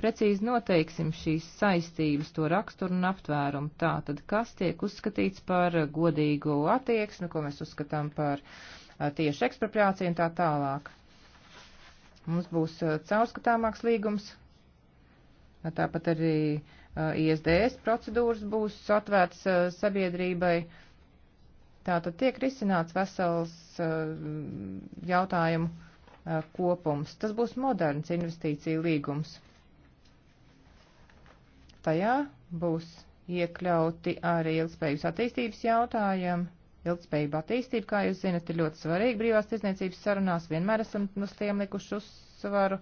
Precīzi noteiksim šīs saistības, to raksturu un aptvērumu. Tā tad, kas tiek uzskatīts par godīgu attieksmi, ko mēs uzskatām par tieši ekspropriāciju un tā tālāk. Mums būs caurskatāmāks līgums, tāpat arī ISDS procedūras būs atvērtas sabiedrībai. Tātad tiek risināts vesels jautājumu kopums. Tas būs moderns investīcija līgums tajā būs iekļauti arī ilgspējības attīstības jautājumi. Ilgspējība attīstība, kā jūs zinat, ir ļoti svarīga brīvās tirdzniecības sarunās, vienmēr esam uz tiem likuši uzsvaru.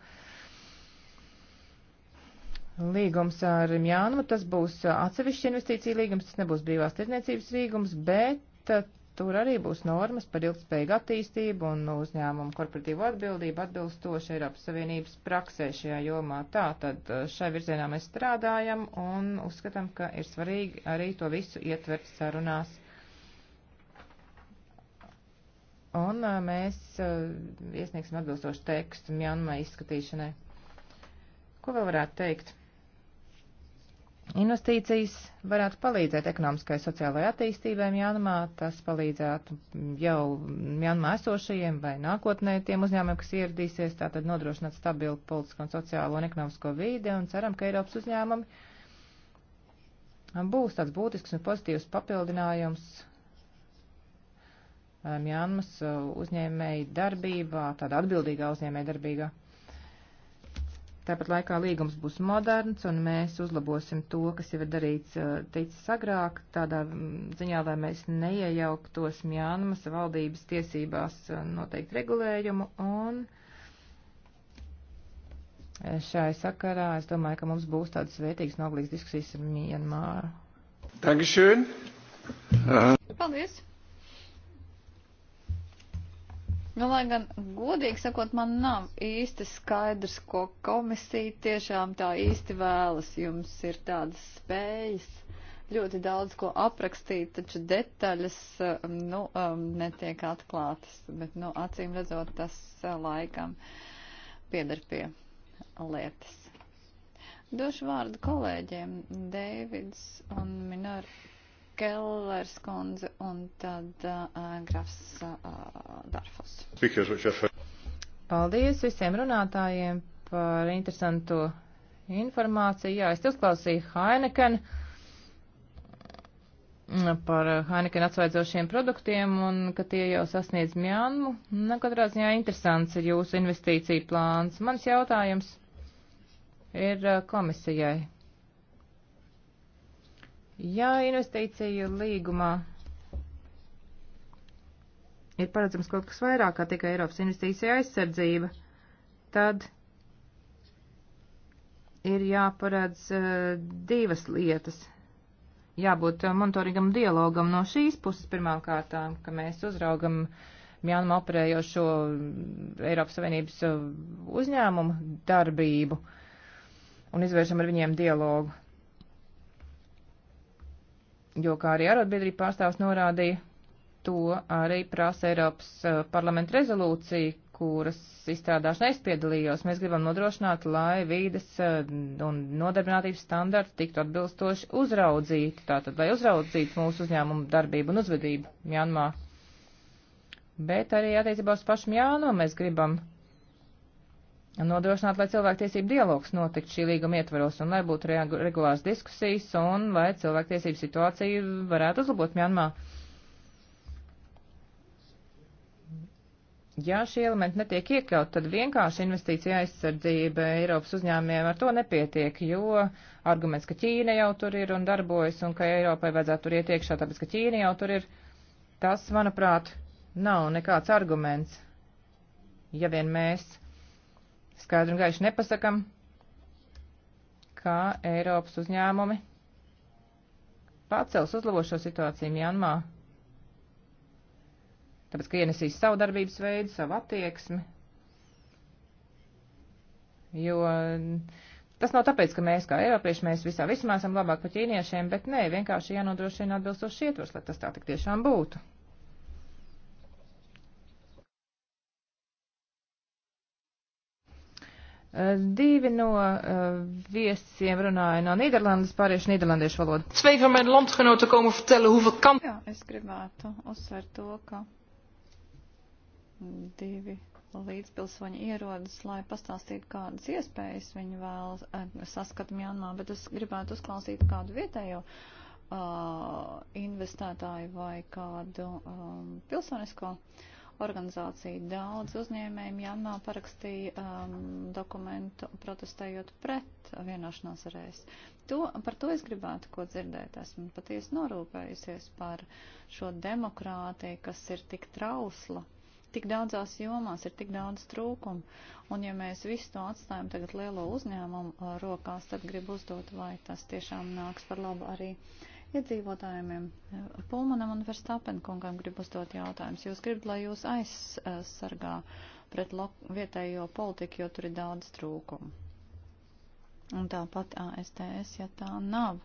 Līgums ar Mjānmu, tas būs atsevišķi investīcija līgums, tas nebūs brīvās tirdzniecības līgums, bet Tur arī būs normas par ilgspējīgu attīstību un uzņēmumu korporatīvu atbildību atbilstoši Eiropas Savienības praksē šajā jomā. Tā tad eh, šai virzienā mēs strādājam un uzskatām, ka ir svarīgi arī to visu ietvert sarunās. Un eh, mēs eh, iesniegsim atbilstošu tekstu Mjanmai izskatīšanai. Ko vēl varētu teikt? Investīcijas varētu palīdzēt ekonomiskai sociālajai attīstībai Mjanmā, tas palīdzētu jau Mjanmā esošajiem vai nākotnē tiem uzņēmumiem, kas ieradīsies, tātad nodrošināt stabilu politisko un sociālo un ekonomisko vīdi, un ceram, ka Eiropas uzņēmumi būs tāds būtisks un pozitīvs papildinājums eh, Mjanmas eh, uzņēmēji darbībā, tāda atbildīgā uzņēmēja darbība. Tāpat laikā līgums būs moderns, un mēs uzlabosim to, kas jau ir darīts uh, teicis agrāk, tādā mm, ziņā, lai mēs neiejauktos Mjānmas valdības tiesībās uh, noteikt regulējumu, un uh, šai sakarā es domāju, ka mums būs tādas vērtīgas noglīgas diskusijas ar Mjānmāru. Dankeschön! Paldies! Nu, lai gan, godīgi sakot, man nav īsti skaidrs, ko komisija tiešām tā īsti vēlas. Jums ir tādas spējas ļoti daudz ko aprakstīt, taču detaļas um, nu, um, netiek atklātas. Bet, nu, acīm redzot, tas uh, laikam pieder pie lietas. Došu vārdu kolēģiem. Deivids un Minor Kellers kundze un tad uh, grafs uh, Darfos. Paldies visiem runātājiem par interesanto informāciju. Jā, es uzklausīju Heineken par Heineken atsvaidzošiem produktiem un ka tie jau sasniedz Mjānmu. Nu, katrā ziņā interesants ir jūsu investīcija plāns. Mans jautājums ir komisijai. Ja investīciju līgumā ir paredzams kaut kas vairāk kā tikai Eiropas investīcija aizsardzība, tad ir jāparedz uh, divas lietas. Jābūt uh, monitoringam dialogam no šīs puses pirmām kārtām, ka mēs uzraugam Mjānam operējošo mm, Eiropas Savienības eh, uzņēmumu darbību un izvēršam ar viņiem dialogu jo, kā arī arotbiedrība pārstāvs norādīja, to arī prasa Eiropas eh, parlamenta rezolūcija, kuras izstrādāšanā es piedalījos. Mēs gribam nodrošināt, lai vīdes eh, un nodarbinātības standarti tiktu atbilstoši uzraudzīti, tātad, lai uzraudzītu mūsu uzņēmumu darbību un uzvedību Mjanmā. Bet arī attiecībā uz pašu Mjāno mēs gribam uh, nodrošināt, lai cilvēktiesību dialogs notikt šī līguma ietvaros un lai būtu regulārs diskusijas un lai cilvēktiesību situāciju varētu uzlabot Mjanmā. Ja šie elementi netiek iekļaut, tad vienkārši investīcija aizsardzība Eiropas uzņēmiem ar to nepietiek, jo arguments, ka Ķīna jau tur ir un darbojas un ka Eiropai vajadzētu tur iet iekšā, tāpēc ka Ķīna jau tur ir, tas, manuprāt, nav nekāds arguments, ja vien mēs skaidri un gaiši nepasakam, kā Eiropas uzņēmumi pacels uzlabos šo situāciju Mjanmā. Tāpēc, ka ienesīs savu darbības veidu, savu attieksmi. Jo tas nav tāpēc, ka mēs kā Eiropieši, mēs visā vismā esam labāk par ķīniešiem, bet nē, vienkārši jānodrošina atbilstošs ietvers, lai tas tā tik tiešām būtu. Eh, divi no uh, viesiem runāja no Nīderlandes, pāriešu Nīderlandiešu valodu. Twee van mijn landgenoten komen vertellen hoeveel kamp... Jā, es gribētu uzsvērt to, ka divi līdzpilsoņi ierodas, lai pastāstītu, kādas iespējas viņi vēl uh, eh, saskata Mjanmā, bet es gribētu uzklausīt kādu vietējo uh, investētāju vai kādu um, pilsonisko uh, organizācija. Daudz uzņēmējiem janvā parakstīja um, dokumentu protestējot pret vienošanās ar ES. To, par to es gribētu ko dzirdēt. Esmu patiesi norūpējusies par šo demokrātiju, kas ir tik trausla. Tik daudzās jomās ir tik daudz trūkumu, un ja mēs visu to atstājam tagad lielo uzņēmumu uh, rokās, tad gribu uzdot, vai tas tiešām nāks par labu arī uh, iedzīvotājiem. Pulmanam un Verstapenkungam grib uzdot jautājums. Jūs gribat, lai jūs aizsargā pret vietējo politiku, jo tur ir daudz trūkumu. Un tāpat ASTS, ja tā nav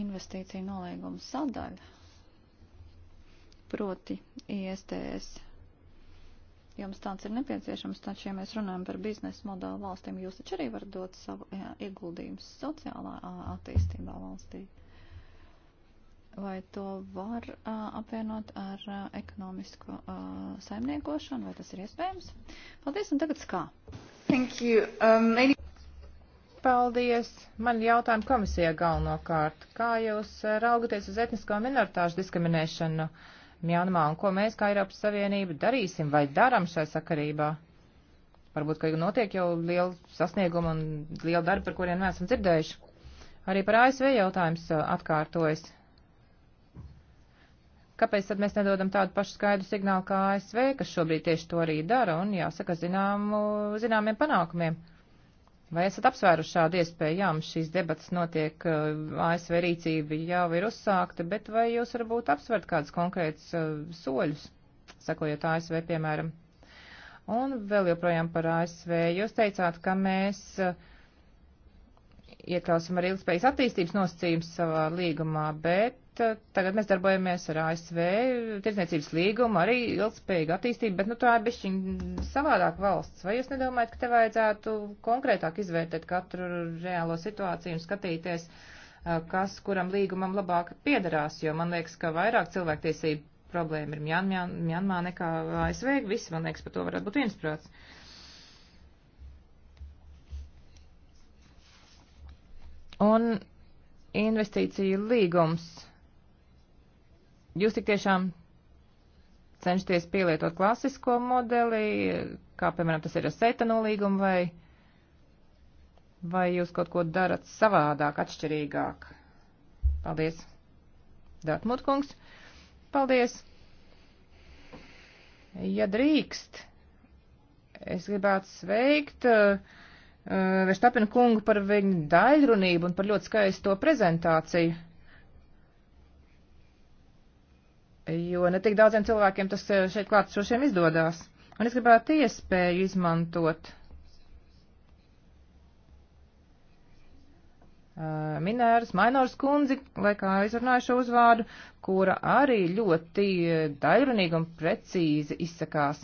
investīcija nolīguma sadaļa, proti ISTS jums tāds ir nepieciešams, taču, ja mēs runājam par biznesa modelu valstīm, jūs taču arī varat dot savu ieguldījumu sociālā attīstībā valstī. Vai to var a, apvienot ar a, ekonomisku a, saimniekošanu, vai tas ir iespējams? Paldies, un tagad skā. Thank you. Um, lady... Paldies! Man jautājumi komisijai galvenokārt. Kā jūs raugaties uz etnisko minoritāšu diskriminēšanu? Uh, Mjanmā un ko mēs kā Eiropas Savienība darīsim vai daram šai sakarībā. Varbūt, ka notiek jau liela sasnieguma un liela darba, par kuriem neesam dzirdējuši. Arī par ASV jautājums uh, atkārtojas. Kāpēc tad mēs nedodam tādu pašu skaidru signālu kā ASV, kas šobrīd tieši to arī dara un jāsaka zināmu, zināmiem panākumiem? Vai esat apsvēruši šādu iespēju? Jā, mums šīs debatas notiek, eh, ASV rīcība jau ir uzsākta, bet vai jūs varbūt apsvērt kādus konkrētus eh, soļus, sakojot ASV piemēram? Un vēl joprojām par ASV. Jūs teicāt, ka mēs eh, iekļausim arī ilgspējas attīstības nosacījums savā līgumā, bet bet tagad mēs darbojamies ar ASV tirdzniecības līgumu, arī ilgspējīgu attīstību, bet nu tā ir bišķiņ savādāk valsts. Vai jūs nedomājat, ka te vajadzētu konkrētāk izvērtēt katru reālo situāciju un skatīties, kas kuram līgumam labāk piederās, jo man liekas, ka vairāk cilvēktiesību problēma ir Mjanmā, Mjanmā nekā ASV, visi, man liekas, par to varētu būt viensprāts. Un investīciju līgums. Jūs tik tiešām cenšaties pielietot klasisko modeli, kā piemēram tas ir ar Seitanu līgumu, vai, vai jūs kaut ko darat savādāk, atšķirīgāk? Paldies, Dārtmut kungs. Paldies. Ja drīkst, es gribētu sveikt uh, eh, Veštapina kungu par viņu daļrunību un par ļoti skaisto prezentāciju. jo ne tik daudziem cilvēkiem tas eh, šeit klātsošiem izdodās. Un es gribētu iespēju izmantot eh, Minēras Mainoras kundzi, lai kā izrunāju šo uzvārdu, kura arī ļoti daļrunīgi un precīzi izsakās.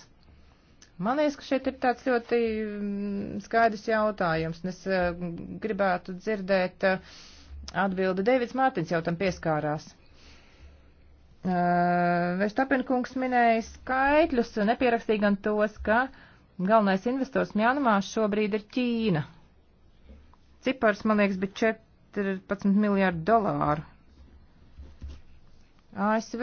Man liekas, ka šeit ir tāds ļoti mm, skaidrs jautājums, un es eh, gribētu dzirdēt atbildi. Deivids Mārtiņš jau tam pieskārās. Eh, Veštapenkungs minēja skaitļus, nepierakstīja gan tos, ka galvenais investors Mjanmā šobrīd ir Ķīna. Cipars, man liekas, bija 14 miljārdu dolāru. ASV,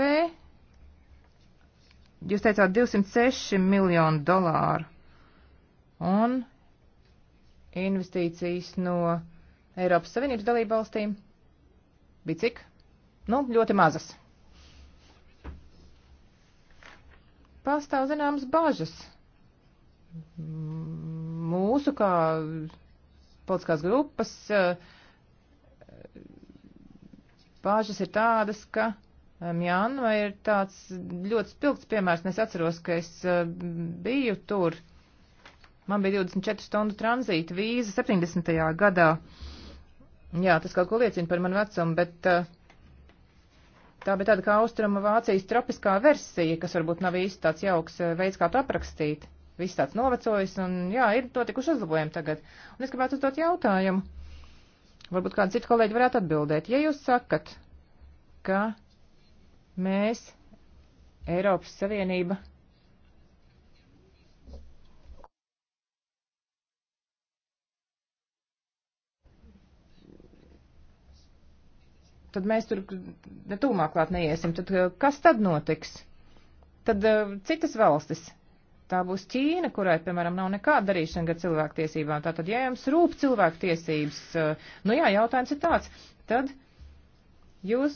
jūs teicāt, 206 miljonu dolāru. Un investīcijas no Eiropas Savienības dalību valstīm bija cik? Nu, ļoti mazas. pastāv zināmas bažas. Mūsu kā politiskās grupas eh, bažas ir tādas, ka eh, Mjānva ir tāds ļoti spilgts piemērs, un es atceros, ka es eh, biju tur. Man bija 24 stundu tranzīta vīza 70. gadā. Jā, tas kaut ko liecina par manu vecumu, bet uh, Tā bija tāda kā austruma Vācijas tropiskā versija, kas varbūt nav īsti tāds jauks eh, veids, kā to aprakstīt. Viss tāds novecojis un jā, ir notikuši uzlabojumi tagad. Un es gribētu uzdot jautājumu. Varbūt kāds cits kolēģi varētu atbildēt. Ja jūs sakat, ka mēs, Eiropas Savienība, tad mēs tur netūmāk klāt neiesim. Tad eh, kas tad notiks? Tad eh, citas valstis. Tā būs Ķīna, kurai, piemēram, nav nekāda darīšana ar cilvēktiesībām. Tātad, ja jums rūp cilvēktiesības, eh, nu jā, jautājums ir tāds, tad jūs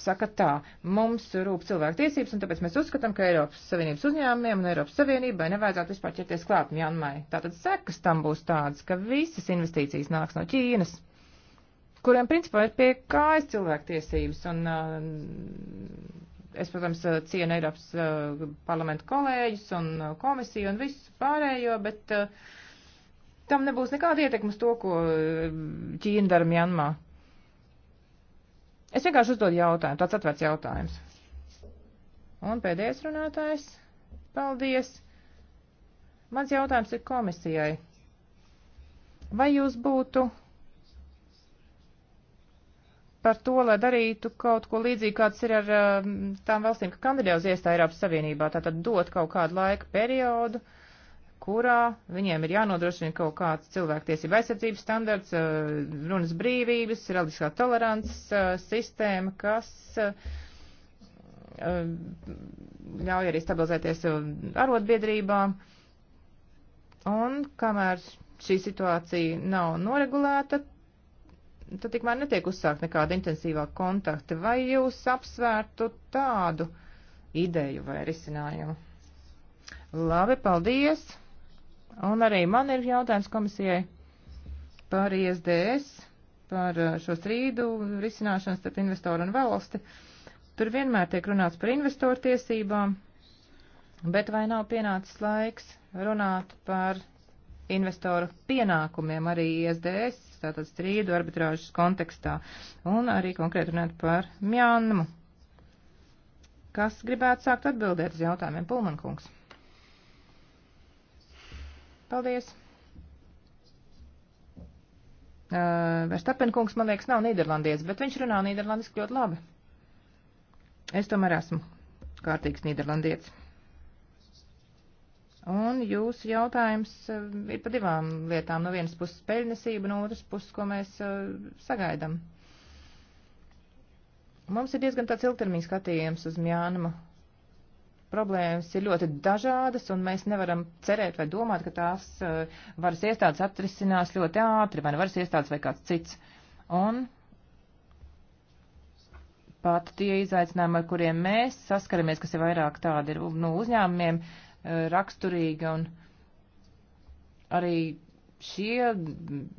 sakat tā, mums rūp cilvēku tiesības, un tāpēc mēs uzskatām, ka Eiropas Savienības uzņēmumiem un Eiropas Savienībai nevajadzētu vispār ķerties klāt nu nu Mjanmai. Tātad sekas tam būs tādas, ka visas investīcijas nāks no Ķīnas kuriem principā ir pie kājas cilvēktiesības. Un, uh, es, protams, uh, cienu Eiropas uh, parlamentu kolēģus un uh, komisiju un visu pārējo, bet uh, tam nebūs nekāda ietekmes to, ko uh, Ķīna dara Mjanmā. Es vienkārši uzdodu jautājumu, tāds atvērts jautājums. Un pēdējais runātājs. Paldies. Mans jautājums ir komisijai. Vai jūs būtu par to, lai darītu kaut ko līdzīgu, kāds ir ar um, tām valstīm, ka kandidē uz iestāju Eiropas Savienībā, tātad dot kaut kādu laika periodu, kurā viņiem ir jānodrošina kaut kāds cilvēktiesība aizsardzības standarts, uh, runas brīvības, reliģiskā tolerances uh, sistēma, kas uh, um, ļauj arī stabilizēties arotbiedrībām. Un kamēr šī situācija nav noregulēta, tad tikmēr netiek uzsākt nekāda intensīvāka kontakta. Vai jūs apsvērtu tādu ideju vai risinājumu? Labi, paldies! Un arī man ir jautājums komisijai par ISDS, par uh, šo strīdu risināšanu starp investoru un valsti. Tur vienmēr tiek runāts par investoru tiesībām, bet vai nav pienācis laiks runāt par investoru pienākumiem arī ISDS, tātad strīdu arbitrāžas kontekstā, un arī konkrēti runāt par Mjānmu. Kas gribētu sākt atbildēt uz jautājumiem, Pulmankungs? Paldies. Uh, Verstapenkungs, man liekas, nav Nīderlandies, bet viņš runā Nīderlandiski ļoti labi. Es tomēr esmu kārtīgs Nīderlandietis. Un jūsu jautājums eh, ir par divām lietām. No vienas puses peļnesība, no otras puses, ko mēs eh, sagaidam. Mums ir diezgan tāds ilgtermiņa skatījums uz Mjānmu. Problēmas ir ļoti dažādas, un mēs nevaram cerēt vai domāt, ka tās eh, varas iestādes atrisinās ļoti ātri, vai ne nu varas iestādes vai kāds cits. Un pat tie izaicinājumi, ar kuriem mēs saskaramies, kas ir vairāk tādi ir nu, uzņēmumiem, uh, Eh, raksturīga un arī šie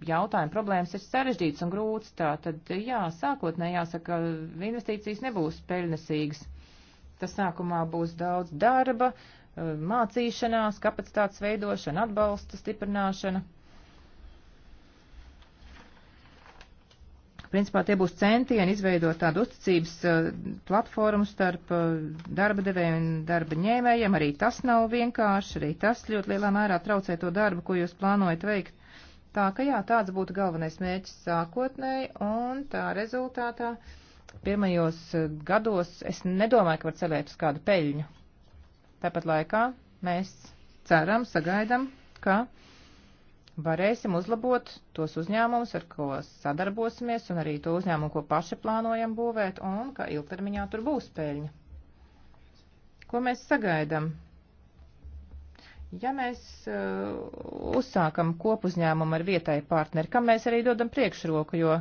jautājumi, problēmas ir sarežģītas un grūtas, tā tad jā, sākotnē jāsaka, investīcijas nebūs peļnesīgas. Tas sākumā būs daudz darba, eh, mācīšanās, kapacitātes veidošana, atbalsta stiprināšana. Principā tie būs centieni izveidot tādu uzticības eh, platformu starp eh, darba devējiem un darba ņēmējiem. Arī tas nav vienkārši, arī tas ļoti lielā mērā traucē to darbu, ko jūs plānojat veikt. Tā ka jā, tāds būtu galvenais mērķis sākotnēji un tā rezultātā pirmajos eh, gados es nedomāju, ka var cerēt uz kādu peļņu. Tāpat laikā mēs ceram, sagaidam, ka uh, varēsim uzlabot tos uzņēmumus, ar ko sadarbosimies, un arī to uzņēmumu, ko paši plānojam būvēt, un ka ilgtermiņā tur būs peļņa. Ko mēs sagaidām? Ja mēs uh, uzsākam kopuzņēmumu ar vietēju partneri, kam mēs arī dodam priekšroku, jo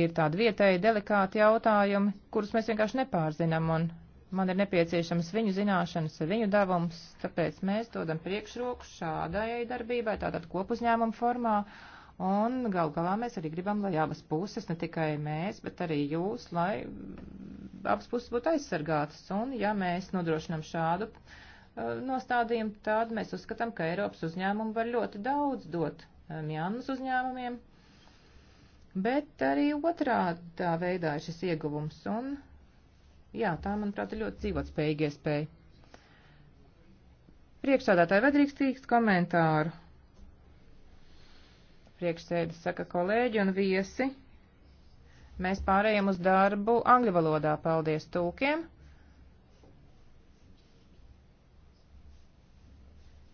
ir tādi vietēji delikāti jautājumi, kurus mēs vienkārši nepārzinām, un Man ir nepieciešams viņu zināšanas, viņu devums, tāpēc mēs dodam priekšroku šādai darbībai, tātad kopuzņēmuma formā. Un gal galā mēs arī gribam, lai abas puses, ne tikai mēs, bet arī jūs, lai abas puses būtu aizsargātas. Un ja mēs nodrošinam šādu uh, nostādījumu, tad mēs uzskatām, ka Eiropas uzņēmumi var ļoti daudz dot uh, Mjānmas um, uzņēmumiem, bet arī otrā tā veidā ir šis ieguvums. Un Jā, tā, manuprāt, ir ļoti dzīvotspējīga iespēja. Priekšsādātāji vedrīkst īkst komentāru. Priekšsēdis saka kolēģi un viesi. Mēs pārējām uz darbu angļu valodā. Paldies tūkiem.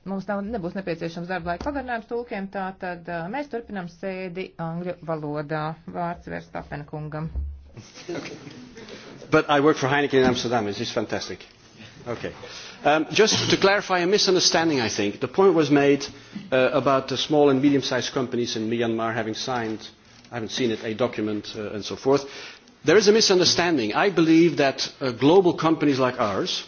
Mums nav, nebūs nepieciešams darba laika pagarinājums tūkiem, tā tad mēs turpinam sēdi angļu valodā. Vārds vērst apenkungam. Okay. but I work for Heineken in Amsterdam. It's just fantastic. Okay. Um, just to clarify a misunderstanding, I think. The point was made uh, about the small and medium-sized companies in Myanmar having signed, I haven't seen it, a document uh, and so forth. There is a misunderstanding. I believe that uh, global companies like ours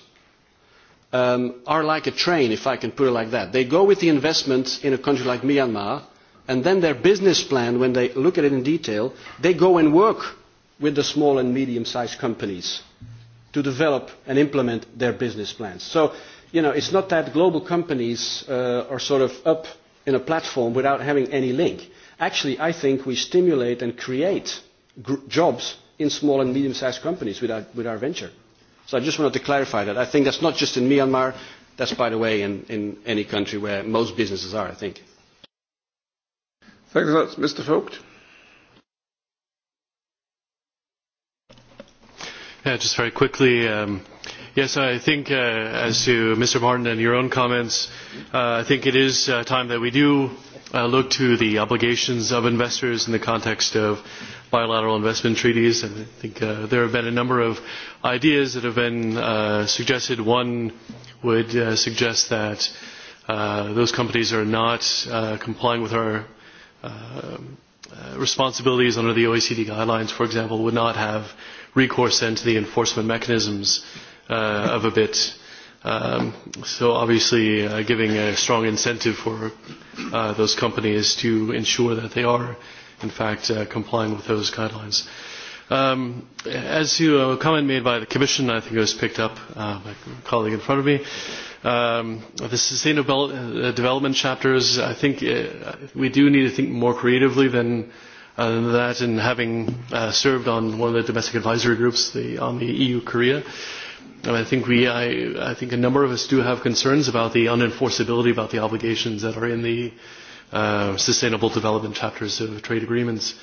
um, are like a train, if I can put it like that. They go with the investment in a country like Myanmar, and then their business plan, when they look at it in detail, they go and work with the small and medium-sized companies to develop and implement their business plans. So, you know, it's not that global companies uh, are sort of up in a platform without having any link. Actually, I think we stimulate and create gr- jobs in small and medium-sized companies with our, with our venture. So I just wanted to clarify that. I think that's not just in Myanmar. That's, by the way, in, in any country where most businesses are, I think. Thanks a lot, Mr. Vogt. Yeah, just very quickly. Um, yes, I think uh, as to Mr. Martin and your own comments, uh, I think it is uh, time that we do uh, look to the obligations of investors in the context of bilateral investment treaties. And I think uh, there have been a number of ideas that have been uh, suggested. One would uh, suggest that uh, those companies are not uh, complying with our uh, uh, responsibilities under the OECD guidelines, for example, would not have recourse then to the enforcement mechanisms uh, of a bit. Um, so obviously uh, giving a strong incentive for uh, those companies to ensure that they are in fact uh, complying with those guidelines. Um, as to a uh, comment made by the Commission, I think it was picked up uh, by a colleague in front of me, um, the sustainable uh, development chapters, I think uh, we do need to think more creatively than uh, and that and having uh, served on one of the domestic advisory groups the, on the EU-Korea, and I think we, I, I think a number of us do have concerns about the unenforceability about the obligations that are in the uh, sustainable development chapters of trade agreements.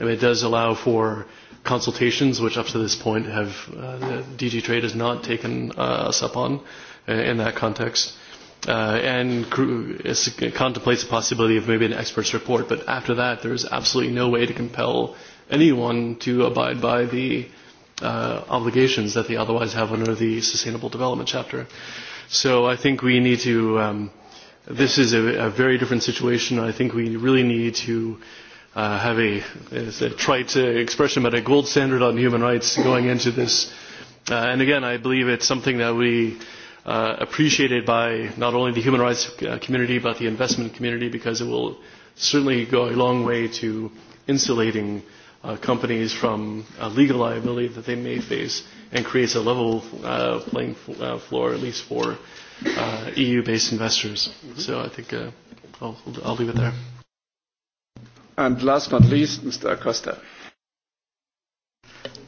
And it does allow for consultations, which up to this point have uh, DG Trade has not taken uh, us up on uh, in that context. Uh, uh, and is, contemplates the possibility of maybe an expert's report. But after that, there is absolutely no way to compel anyone to abide by the uh, obligations that they otherwise have under the Sustainable Development Chapter. So I think we need to. Um, this is a, a very different situation. I think we really need to uh, have a, a trite uh, expression, but a gold standard on human rights going into this. Uh, and again, I believe it's something that we uh, appreciated by not only the human rights uh, community but the investment community because it will certainly go a long way to insulating uh, companies from uh, legal liability that they may face and creates a level uh, playing f- uh, floor at least for uh, EU-based investors. Mm-hmm. So I think uh, I'll, I'll leave it there. And last but not least, Mr. Acosta.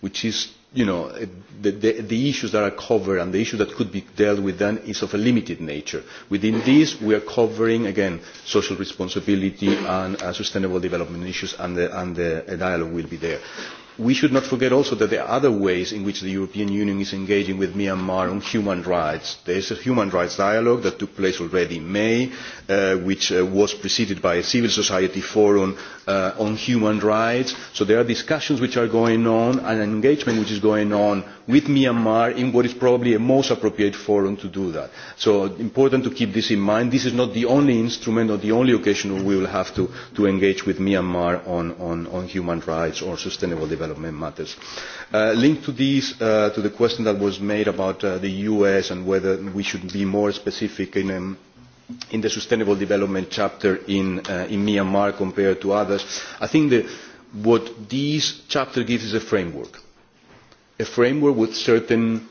which is you know, the, the, the issues that are covered and the issues that could be dealt with then is of a limited nature. Within this, we are covering, again, social responsibility and uh, sustainable development issues, and the, and the a dialogue will be there we should not forget also that there are other ways in which the European Union is engaging with Myanmar on human rights. There is a human rights dialogue that took place already in May, uh, which uh, was preceded by a civil society forum uh, on human rights. So there are discussions which are going on and an engagement which is going on with Myanmar in what is probably a most appropriate forum to do that. So important to keep this in mind. This is not the only instrument or the only occasion we will have to, to engage with Myanmar on, on, on human rights or sustainable development development matters. Uh, linked to this, uh, to the question that was made about uh, the U.S. and whether we should be more specific in um, in the sustainable development chapter in, uh, in Myanmar compared to others, I think that what this chapter gives is a framework. A framework with certain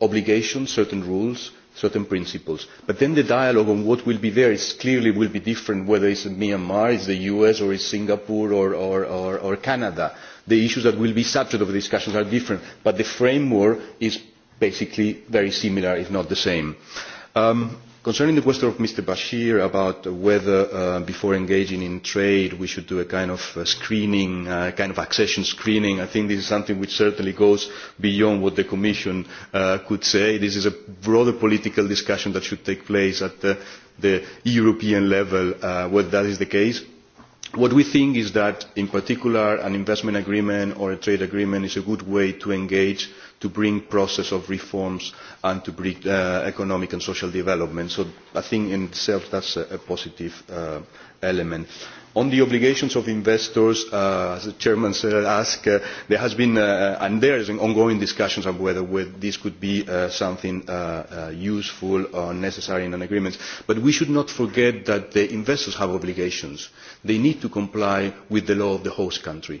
obligations, certain rules, certain principles. But then the dialogue on what will be there is clearly will be different whether it's Myanmar, it's the US, or it's Singapore, or, or, or, or Canada the issues that will be subject of the discussions are different, but the framework is basically very similar, if not the same. Um, concerning the question of Mr. Bashir about whether, uh, before engaging in trade, we should do a kind of uh, screening, uh, kind of accession screening, I think this is something which certainly goes beyond what the Commission uh, could say. This is a broader political discussion that should take place at uh, the European level, uh, whether that is the case What we think is that, in particular, an investment agreement or a trade agreement is a good way to engage, to bring process of reforms and to bring uh, economic and social development. So I think in itself that's a, a positive uh, element. Uh, On the obligations of investors, uh, as the chairman said, asked, uh, there has been uh, and there is an ongoing discussions on whether this could be uh, something uh, uh, useful or necessary in an agreement. But we should not forget that the investors have obligations. They need to comply with the law of the host country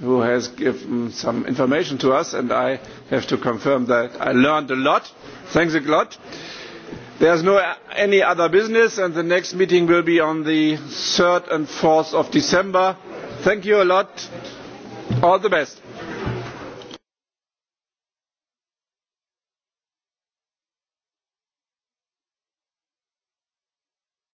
who has given some information to us, and I have to confirm that I learned a lot. Thanks a lot. There is no uh, any other business, and the next meeting will be on the 3rd and 4th of December. Thank you a lot. All the best.